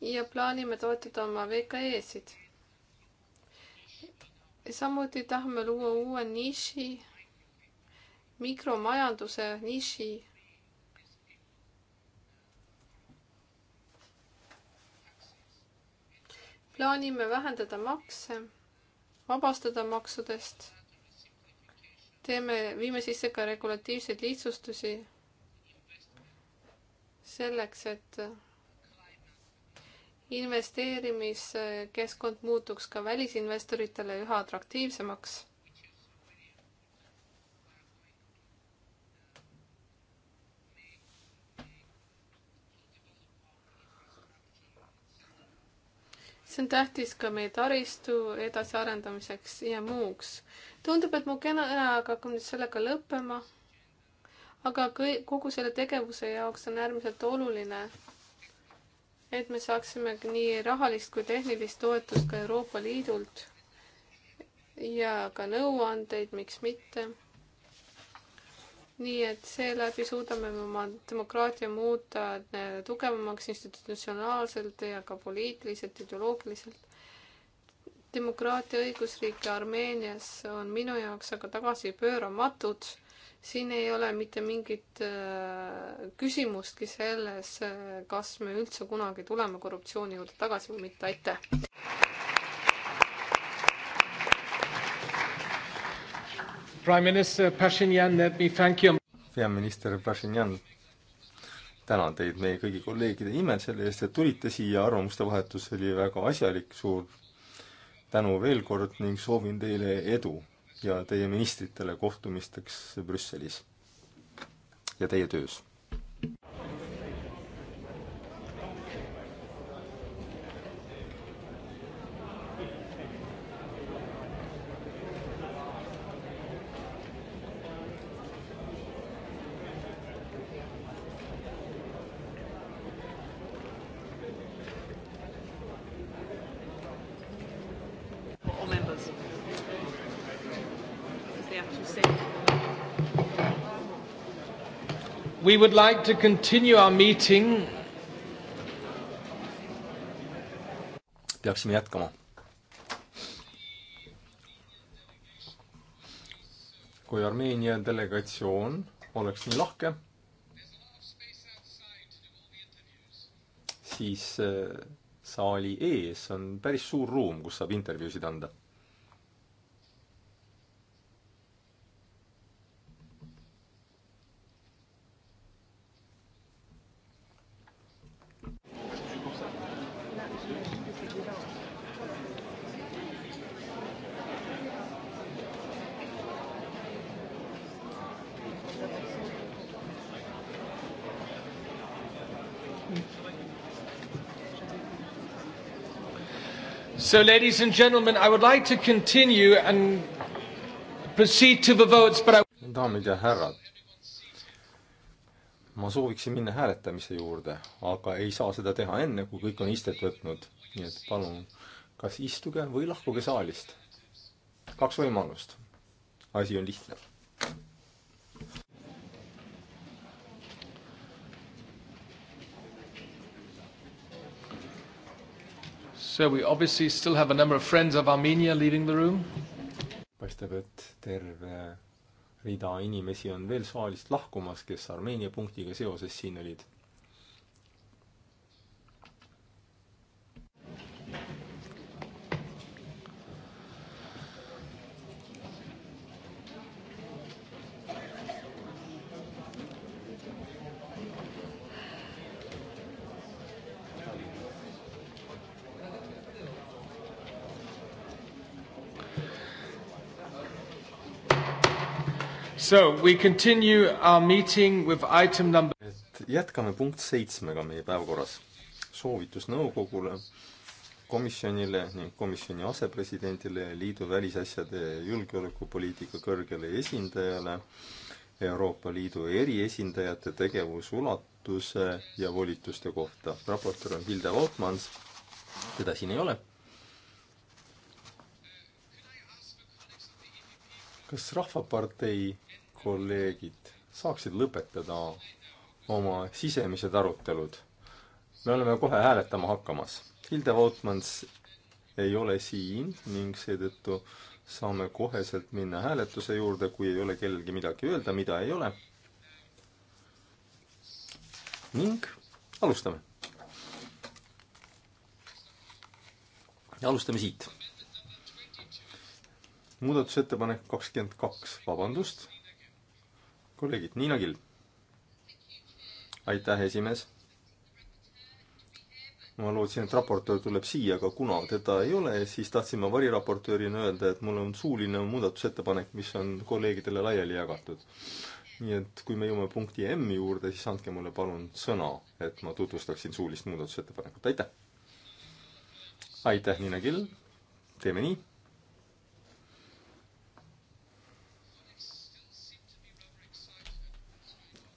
ja plaanime toetada oma VKE-sid. samuti tahame luua uue niši, mikromajanduse niši plaanime vähendada makse, vabastada maksudest, teeme, viime sisse ka regulatiivseid lihtsustusi selleks, et investeerimiskeskkond muutuks ka välisinvestoritele üha atraktiivsemaks see on tähtis ka meie taristu edasiarendamiseks ja muuks. tundub, et mu kena ajaga hakkab nüüd sellega lõppema. aga kõi-, kogu selle tegevuse jaoks on äärmiselt oluline, et me saaksime nii rahalist kui tehnilist toetust ka Euroopa Liidult ja ka nõuandeid, miks mitte nii et seeläbi suudame me oma demokraatia muuta tugevamaks institutsionaalselt ja ka poliitiliselt, ideoloogiliselt. demokraatia õigusriik Armeenias on minu jaoks aga tagasipööramatud. siin ei ole mitte mingit äh, küsimustki selles, äh, kas me üldse kunagi tuleme korruptsiooni juurde tagasi või mitte, aitäh! peaminister Pašinjan, tänan teid meie kõigi kolleegide nimel selle eest, et tulite siia, arvamuste vahetus oli väga asjalik, suur tänu veel kord ning soovin teile edu ja teie ministritele kohtumisteks Brüsselis ja teie töös! We would like to continue our meeting. peaksime jätkama. kui Armeenia delegatsioon oleks nii lahke, siis eh, saali ees on päris suur ruum, kus saab intervjuusid anda So, ladies and gentlemen, I would like to continue and proceed to the votes, but I... daamid ja härrad, ma sooviksin minna hääletamise juurde, aga ei saa seda teha enne, kui kõik on istet võtnud. nii et palun, kas istuge või lahkuge saalist. kaks võimalust. asi on lihtne So we obviously still have a number of friends of Armenia leaving the room. paistab, et terve rida inimesi on veel saalist lahkumas, kes Armeenia punktiga seoses siin olid So we continue our meeting with item number. et jätkame punkt seitsmega meie päevakorras. soovitus nõukogule, komisjonile ning komisjoni asepresidendile ja liidu välisasjade ja julgeolekupoliitika kõrgele esindajale Euroopa Liidu eriesindajate tegevusulatuse ja volituste kohta. raportöör on Hilde Vautmans, teda siin ei ole kas Rahvapartei kolleegid saaksid lõpetada oma sisemised arutelud. me oleme kohe hääletama hakkamas. Hilde Vautmans ei ole siin ning seetõttu saame koheselt minna hääletuse juurde, kui ei ole kellelgi midagi öelda, mida ei ole. ning alustame. alustame siit muudatusettepanek kakskümmend kaks, vabandust, kolleegid, Niina Kill. aitäh, esimees. ma lootsin, et raportöör tuleb siia, aga kuna teda ei ole, siis tahtsin ma variraportöörina öelda, et mul on suuline muudatusettepanek, mis on kolleegidele laiali jagatud nii et kui me jõuame punkti M juurde, siis andke mulle palun sõna, et ma tutvustaksin suulist muudatusettepanekut, aitäh! aitäh, Niina Kill, teeme nii!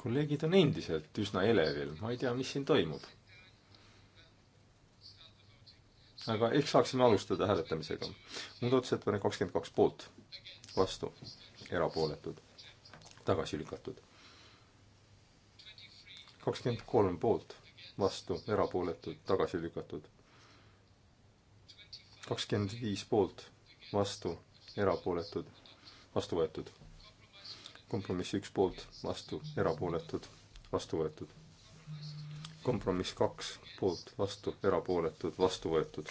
kolleegid on endiselt üsna elevil, ma ei tea, mis siin toimub. aga eks saaksime alustada hääletamisega. muudatusettepanek kakskümmend kaks poolt, vastu, erapooletud, tagasi lükatud. kakskümmend kolm poolt, vastu, erapooletud, tagasi lükatud. kakskümmend viis poolt, vastu, erapooletud, vastu võetud kompromiss üks poolt, vastu, erapooletud, vastu võetud. kompromiss kaks poolt, vastu, erapooletud, vastu võetud.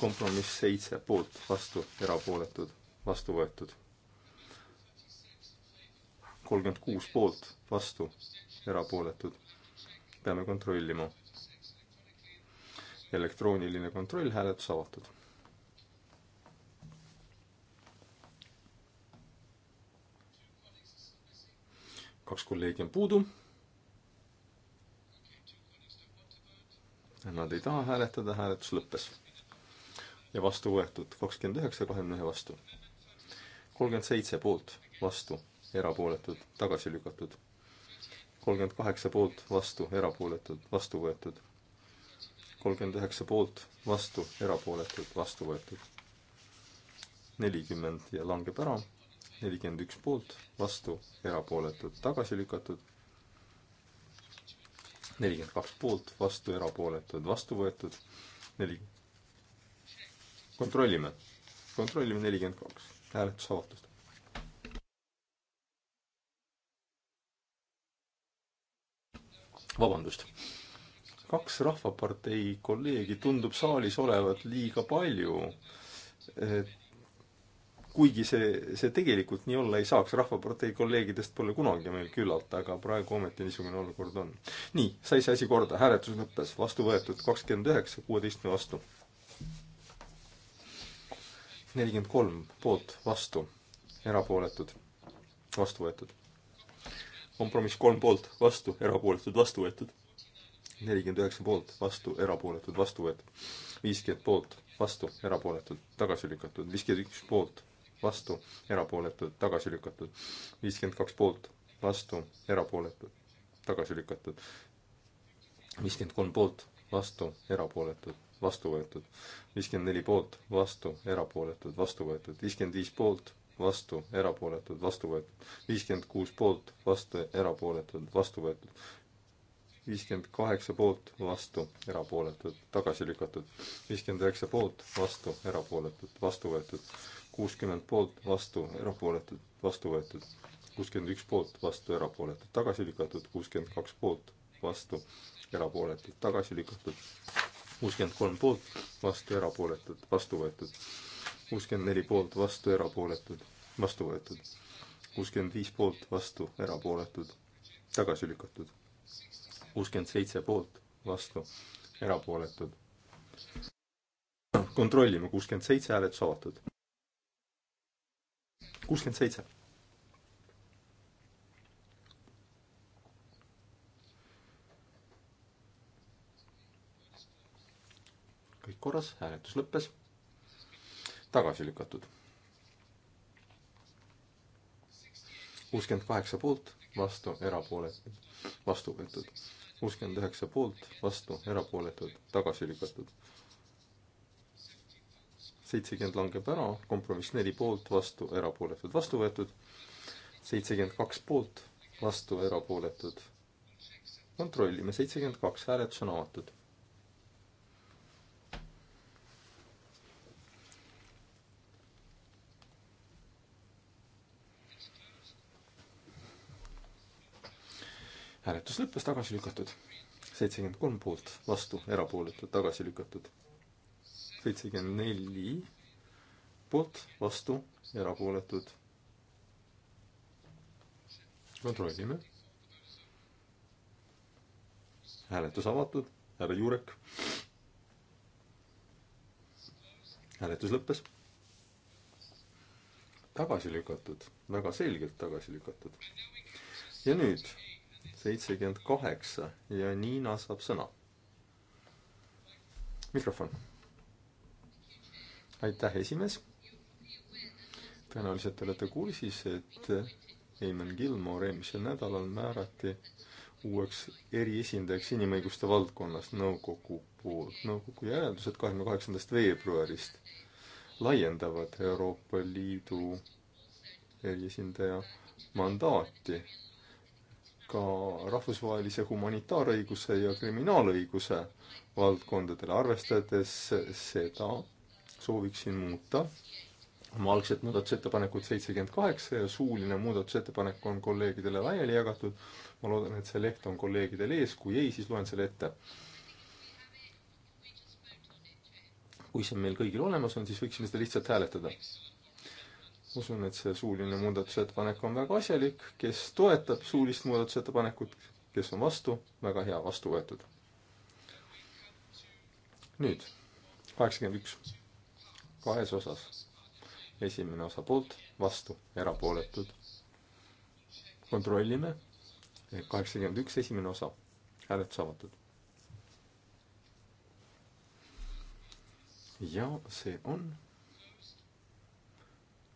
kompromiss seitse poolt, vastu, erapooletud, vastu võetud. kolmkümmend kuus poolt, vastu, erapooletud. peame kontrollima elektrooniline kontrollhääletus avatud kaks kolleegi on puudu. Nad ei taha hääletada, hääletus lõppes. ja vastu võetud kakskümmend üheksa, kahekümne ühe vastu. kolmkümmend seitse poolt, vastu, erapooletud, tagasi lükatud. kolmkümmend kaheksa poolt, vastu, erapooletud, vastu võetud. kolmkümmend üheksa poolt, vastu, erapooletud, vastu võetud. nelikümmend ja langeb ära nelikümmend üks poolt, vastu, erapooletud, tagasi lükatud. nelikümmend kaks poolt, vastu, erapooletud, vastu võetud. neli, kontrollime, kontrollime nelikümmend kaks, hääletus avatud. vabandust, kaks Rahvapartei kolleegi tundub saalis olevat liiga palju. et kuigi see, see tegelikult nii olla ei saaks, Rahvapartei kolleegidest pole kunagi meil küllalt, aga praegu ometi niisugune olukord on. nii, sai see asi korda, hääletus lõppes, vastu võetud kakskümmend üheksa, kuueteistkümne vastu. nelikümmend kolm poolt, vastu, erapooletud, vastu võetud. kompromiss kolm poolt, vastu, erapooletud, vastu võetud. nelikümmend üheksa poolt, vastu, erapooletud, vastu võetud. viiskümmend poolt, vastu, erapooletud, tagasi lükatud, viiskümmend üks poolt vastu, erapooletud, tagasi lükatud. viiskümmend kaks poolt, vastu, erapooletud, tagasi lükatud. viiskümmend kolm poolt, vastu, erapooletud, vastu võetud. viiskümmend neli poolt, vastu, erapooletud, vastu võetud. viiskümmend viis poolt, vastu, erapooletud, vastu võetud. viiskümmend kuus poolt, vastu, erapooletud, vastu võetud viiskümmend kaheksa poolt, vastu, erapooletud, tagasi lükatud. viiskümmend üheksa poolt, vastu, erapooletud, vastu võetud kuuskümmend poolt, vastu, erapooletud, vastu võetud. kuuskümmend üks poolt, vastu, erapooletud, tagasi lükatud. kuuskümmend kaks poolt, vastu, erapooletud, tagasi lükatud. kuuskümmend kolm poolt, vastu, erapooletud, vastu võetud. kuuskümmend neli poolt, vastu, erapooletud, vastu võetud. kuuskümmend viis poolt, vastu, erapooletud, tagasi lükatud. kuuskümmend seitse poolt, vastu, erapooletud kontrollime, kuuskümmend seitse hääletus avatud kuuskümmend seitse. kõik korras, hääletus lõppes. tagasi lükatud. kuuskümmend kaheksa poolt, vastu, erapooletud, vastu võetud. kuuskümmend üheksa poolt, vastu, erapooletud, tagasi lükatud seitsekümmend langeb ära, kompromiss neli poolt, vastu, erapooletud, vastu võetud. seitsekümmend kaks poolt, vastu, erapooletud. kontrollime, seitsekümmend kaks, hääletus on avatud. hääletus lõppes, tagasi lükatud. seitsekümmend kolm poolt, vastu, erapooletud, tagasi lükatud seitsekümmend neli poolt, vastu, erapooletud. kontrollime. hääletus avatud, härra Jurek. hääletus lõppes. tagasi lükatud, väga selgelt tagasi lükatud. ja nüüd seitsekümmend kaheksa ja Niina saab sõna. mikrofon aitäh, esimees! tõenäoliselt te olete kursis, et Eamon Gilmore eelmisel nädalal määrati uueks eriesindajaks inimõiguste valdkonnas nõukogu poolt. nõukogu järeldused kahekümne kaheksandast veebruarist laiendavad Euroopa Liidu eriesindaja mandaati ka rahvusvahelise humanitaarõiguse ja kriminaalõiguse valdkondadele, arvestades seda, sooviksin muuta oma algset muudatusettepanekut seitsekümmend kaheksa ja suuline muudatusettepanek on kolleegidele laiali jagatud. ma loodan, et see leht on kolleegidel ees, kui ei, siis loen selle ette. kui see meil kõigil olemas on, siis võiksime seda lihtsalt hääletada. usun, et see suuline muudatusettepanek on väga asjalik, kes toetab suulist muudatusettepanekut, kes on vastu, väga hea, vastu võetud. nüüd kaheksakümmend üks kahes osas. esimene osa poolt, vastu, erapooletud. kontrollime. kaheksakümmend üks, esimene osa. hääletus avatud. ja see on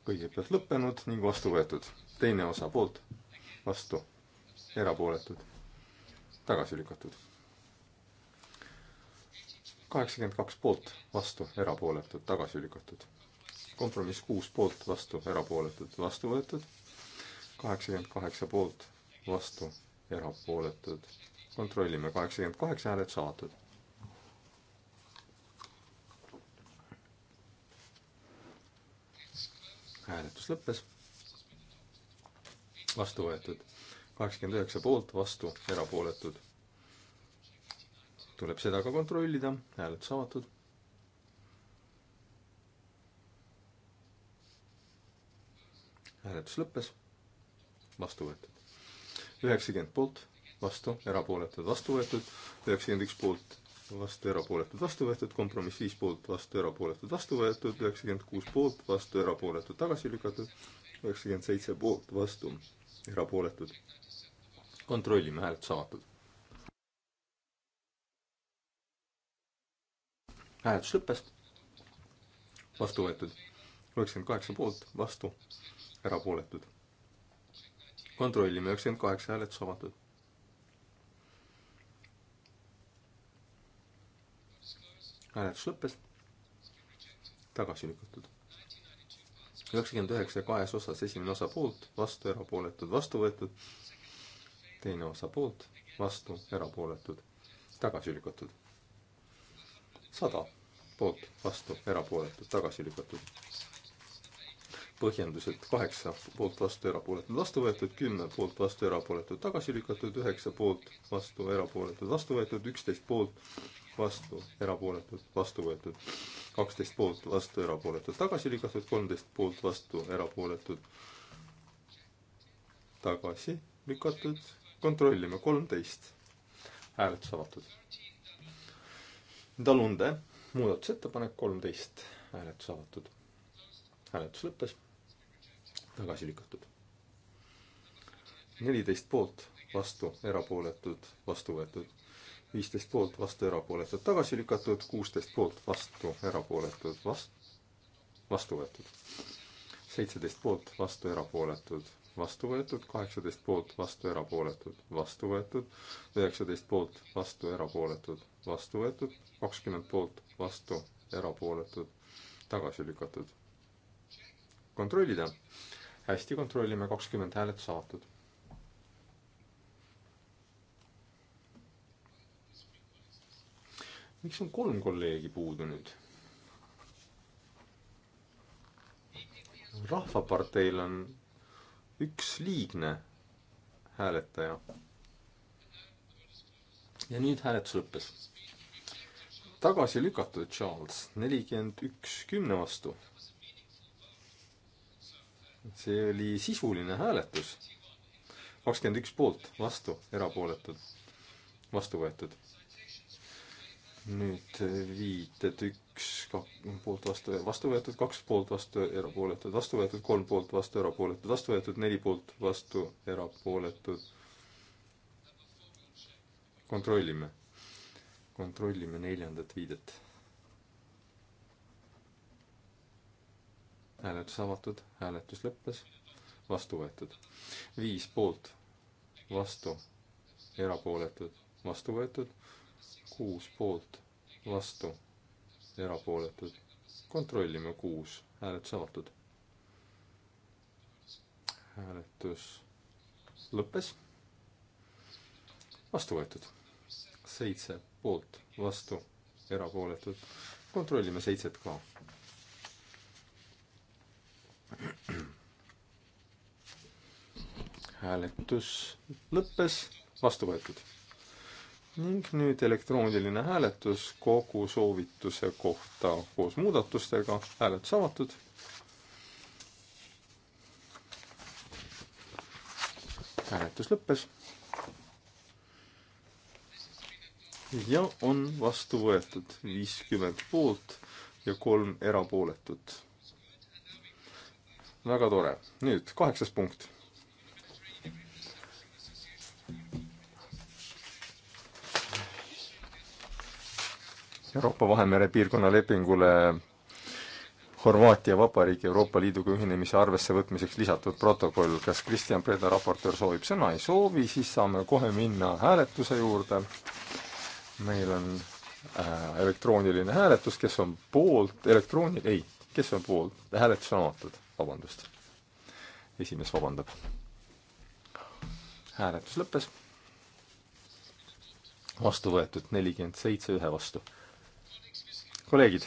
kõigepealt lõppenud ning vastu võetud. teine osa poolt, vastu, erapooletud, tagasi lükatud kaheksakümmend kaks poolt, vastu, erapooletud, tagasi lükatud. kompromiss kuus poolt, vastu, erapooletud, vastu võetud. kaheksakümmend kaheksa poolt, vastu, erapooletud. kontrollime, kaheksakümmend kaheksa hääled saadud. hääletus lõppes. vastu võetud. kaheksakümmend üheksa poolt, vastu, erapooletud tuleb seda ka kontrollida, hääletus avatud. hääletus lõppes, vastu võetud. üheksakümmend poolt, vastu, erapooletud, vastu võetud, üheksakümmend üks poolt, vastu, erapooletud, vastu võetud, kompromiss viis poolt, vastu, erapooletud, vastu võetud, üheksakümmend kuus poolt, vastu, erapooletud, tagasi lükatud, üheksakümmend seitse poolt, vastu, erapooletud. kontrollime hääletus avatud hääletus lõppes, vastu võetud üheksakümmend kaheksa poolt, vastu, erapooletud. kontrollime, üheksakümmend kaheksa hääletus avatud hääletus lõppes, tagasi lükatud. üheksakümmend üheksa kahes osas, esimene osa poolt, vastu, erapooletud, vastu võetud, teine osa poolt, vastu, erapooletud, tagasi lükatud sada poolt, vastu, erapooletud, tagasi lükatud. põhjendused kaheksa poolt, vastu, erapooletud, vastu võetud, kümme poolt, vastu, erapooletud, tagasi lükatud, üheksa poolt, vastu, erapooletud, vastu võetud, üksteist poolt, vastu, erapooletud, vastu võetud. kaksteist poolt, vastu, erapooletud, tagasi lükatud, kolmteist poolt, vastu, erapooletud, tagasi lükatud, kontrollime, kolmteist. hääletus avatud Talunde muudatusettepanek kolmteist, hääletus avatud. hääletus lõppes, tagasi lükatud. neliteist poolt, vastu, erapooletud, vastu võetud. viisteist poolt, vastu, erapooletud, tagasi lükatud. kuusteist poolt, vastu, erapooletud, vastu, vastu võetud. seitseteist poolt, vastu, erapooletud, vastu võetud, kaheksateist poolt, vastu, erapooletud, vastu võetud. üheksateist poolt, vastu, erapooletud vastu võetud, kakskümmend poolt, vastu, erapooletud, tagasi lükatud. kontrollida. hästi, kontrollime, kakskümmend häälet saadud. miks on kolm kolleegi puudu nüüd? rahvaparteil on üks liigne hääletaja. ja nüüd hääletus lõppes tagasi lükatud, Charles, nelikümmend üks kümne vastu. see oli sisuline hääletus. kakskümmend üks poolt, vastu, erapooletud, vastu võetud. nüüd viited üks, poolt vastu, vastu võetud, kaks poolt vastu, erapooletud, vastu võetud, kolm poolt vastu, erapooletud, vastu võetud, neli poolt vastu, erapooletud. kontrollime kontrollime neljandat viidet. hääletus avatud, hääletus lõppes, vastu võetud. viis poolt, vastu, erapooletud, vastu võetud. kuus poolt, vastu, erapooletud. kontrollime kuus, hääletus avatud. hääletus lõppes, vastu võetud seitse poolt, vastu, erapooletud. kontrollime seitset ka. hääletus lõppes, vastu võetud. ning nüüd elektrooniline hääletus kogu soovituse kohta koos muudatustega. hääletus avatud. hääletus lõppes ja on vastu võetud viiskümmend poolt ja kolm erapooletut. väga tore. nüüd kaheksas punkt. Euroopa Vahemere piirkonna lepingule Horvaatia Vabariigi Euroopa Liiduga ühinemise arvessevõtmiseks lisatud protokoll. kas Kristjan Preda raportöör soovib sõna? ei soovi, siis saame kohe minna hääletuse juurde meil on äh, elektrooniline hääletus, kes on poolt, elektrooni-, ei, kes on poolt, hääletus on avatud, vabandust. esimees vabandab. hääletus lõppes. vastu võetud nelikümmend seitse ühe vastu. kolleegid,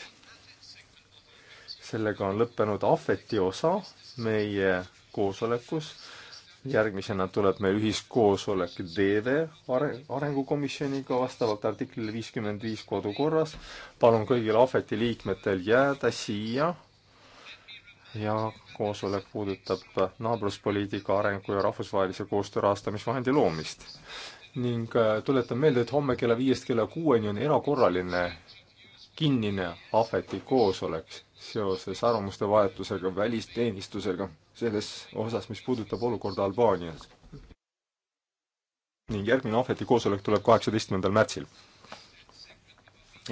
sellega on lõppenud ahveti osa meie koosolekus järgmisena tuleb meil ühiskoosolek DV arengukomisjoniga vastavalt artiklile viiskümmend viis kodukorras. palun kõigil ahveti liikmetel jääda siia ja koosolek puudutab naabruspoliitika arengu ja rahvusvahelise koostöö rahastamisvahendi loomist. ning äh, tuletan meelde, et homme kella viiest kella kuueni on erakorraline kinnine ahveti koosolek seoses arvamuste vahetusega välisteenistusega selles osas, mis puudutab olukorda Albaanias. ning järgmine Ahveti koosolek tuleb kaheksateistkümnendal märtsil.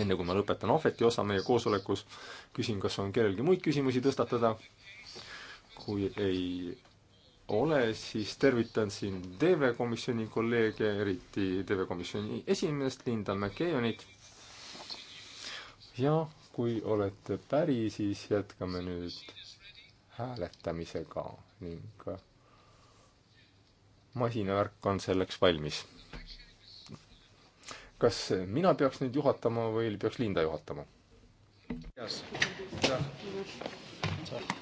enne kui ma lõpetan Ahveti osa meie koosolekus, küsin, kas on kellelgi muid küsimusi tõstatada. kui ei ole, siis tervitan siin TV Komisjoni kolleege, eriti TV Komisjoni esimeest Linda McKeonit. ja kui olete päri, siis jätkame nüüd hääletamisega ning äh, masinavärk on selleks valmis. kas mina peaks nüüd juhatama või peaks Linda juhatama? jah.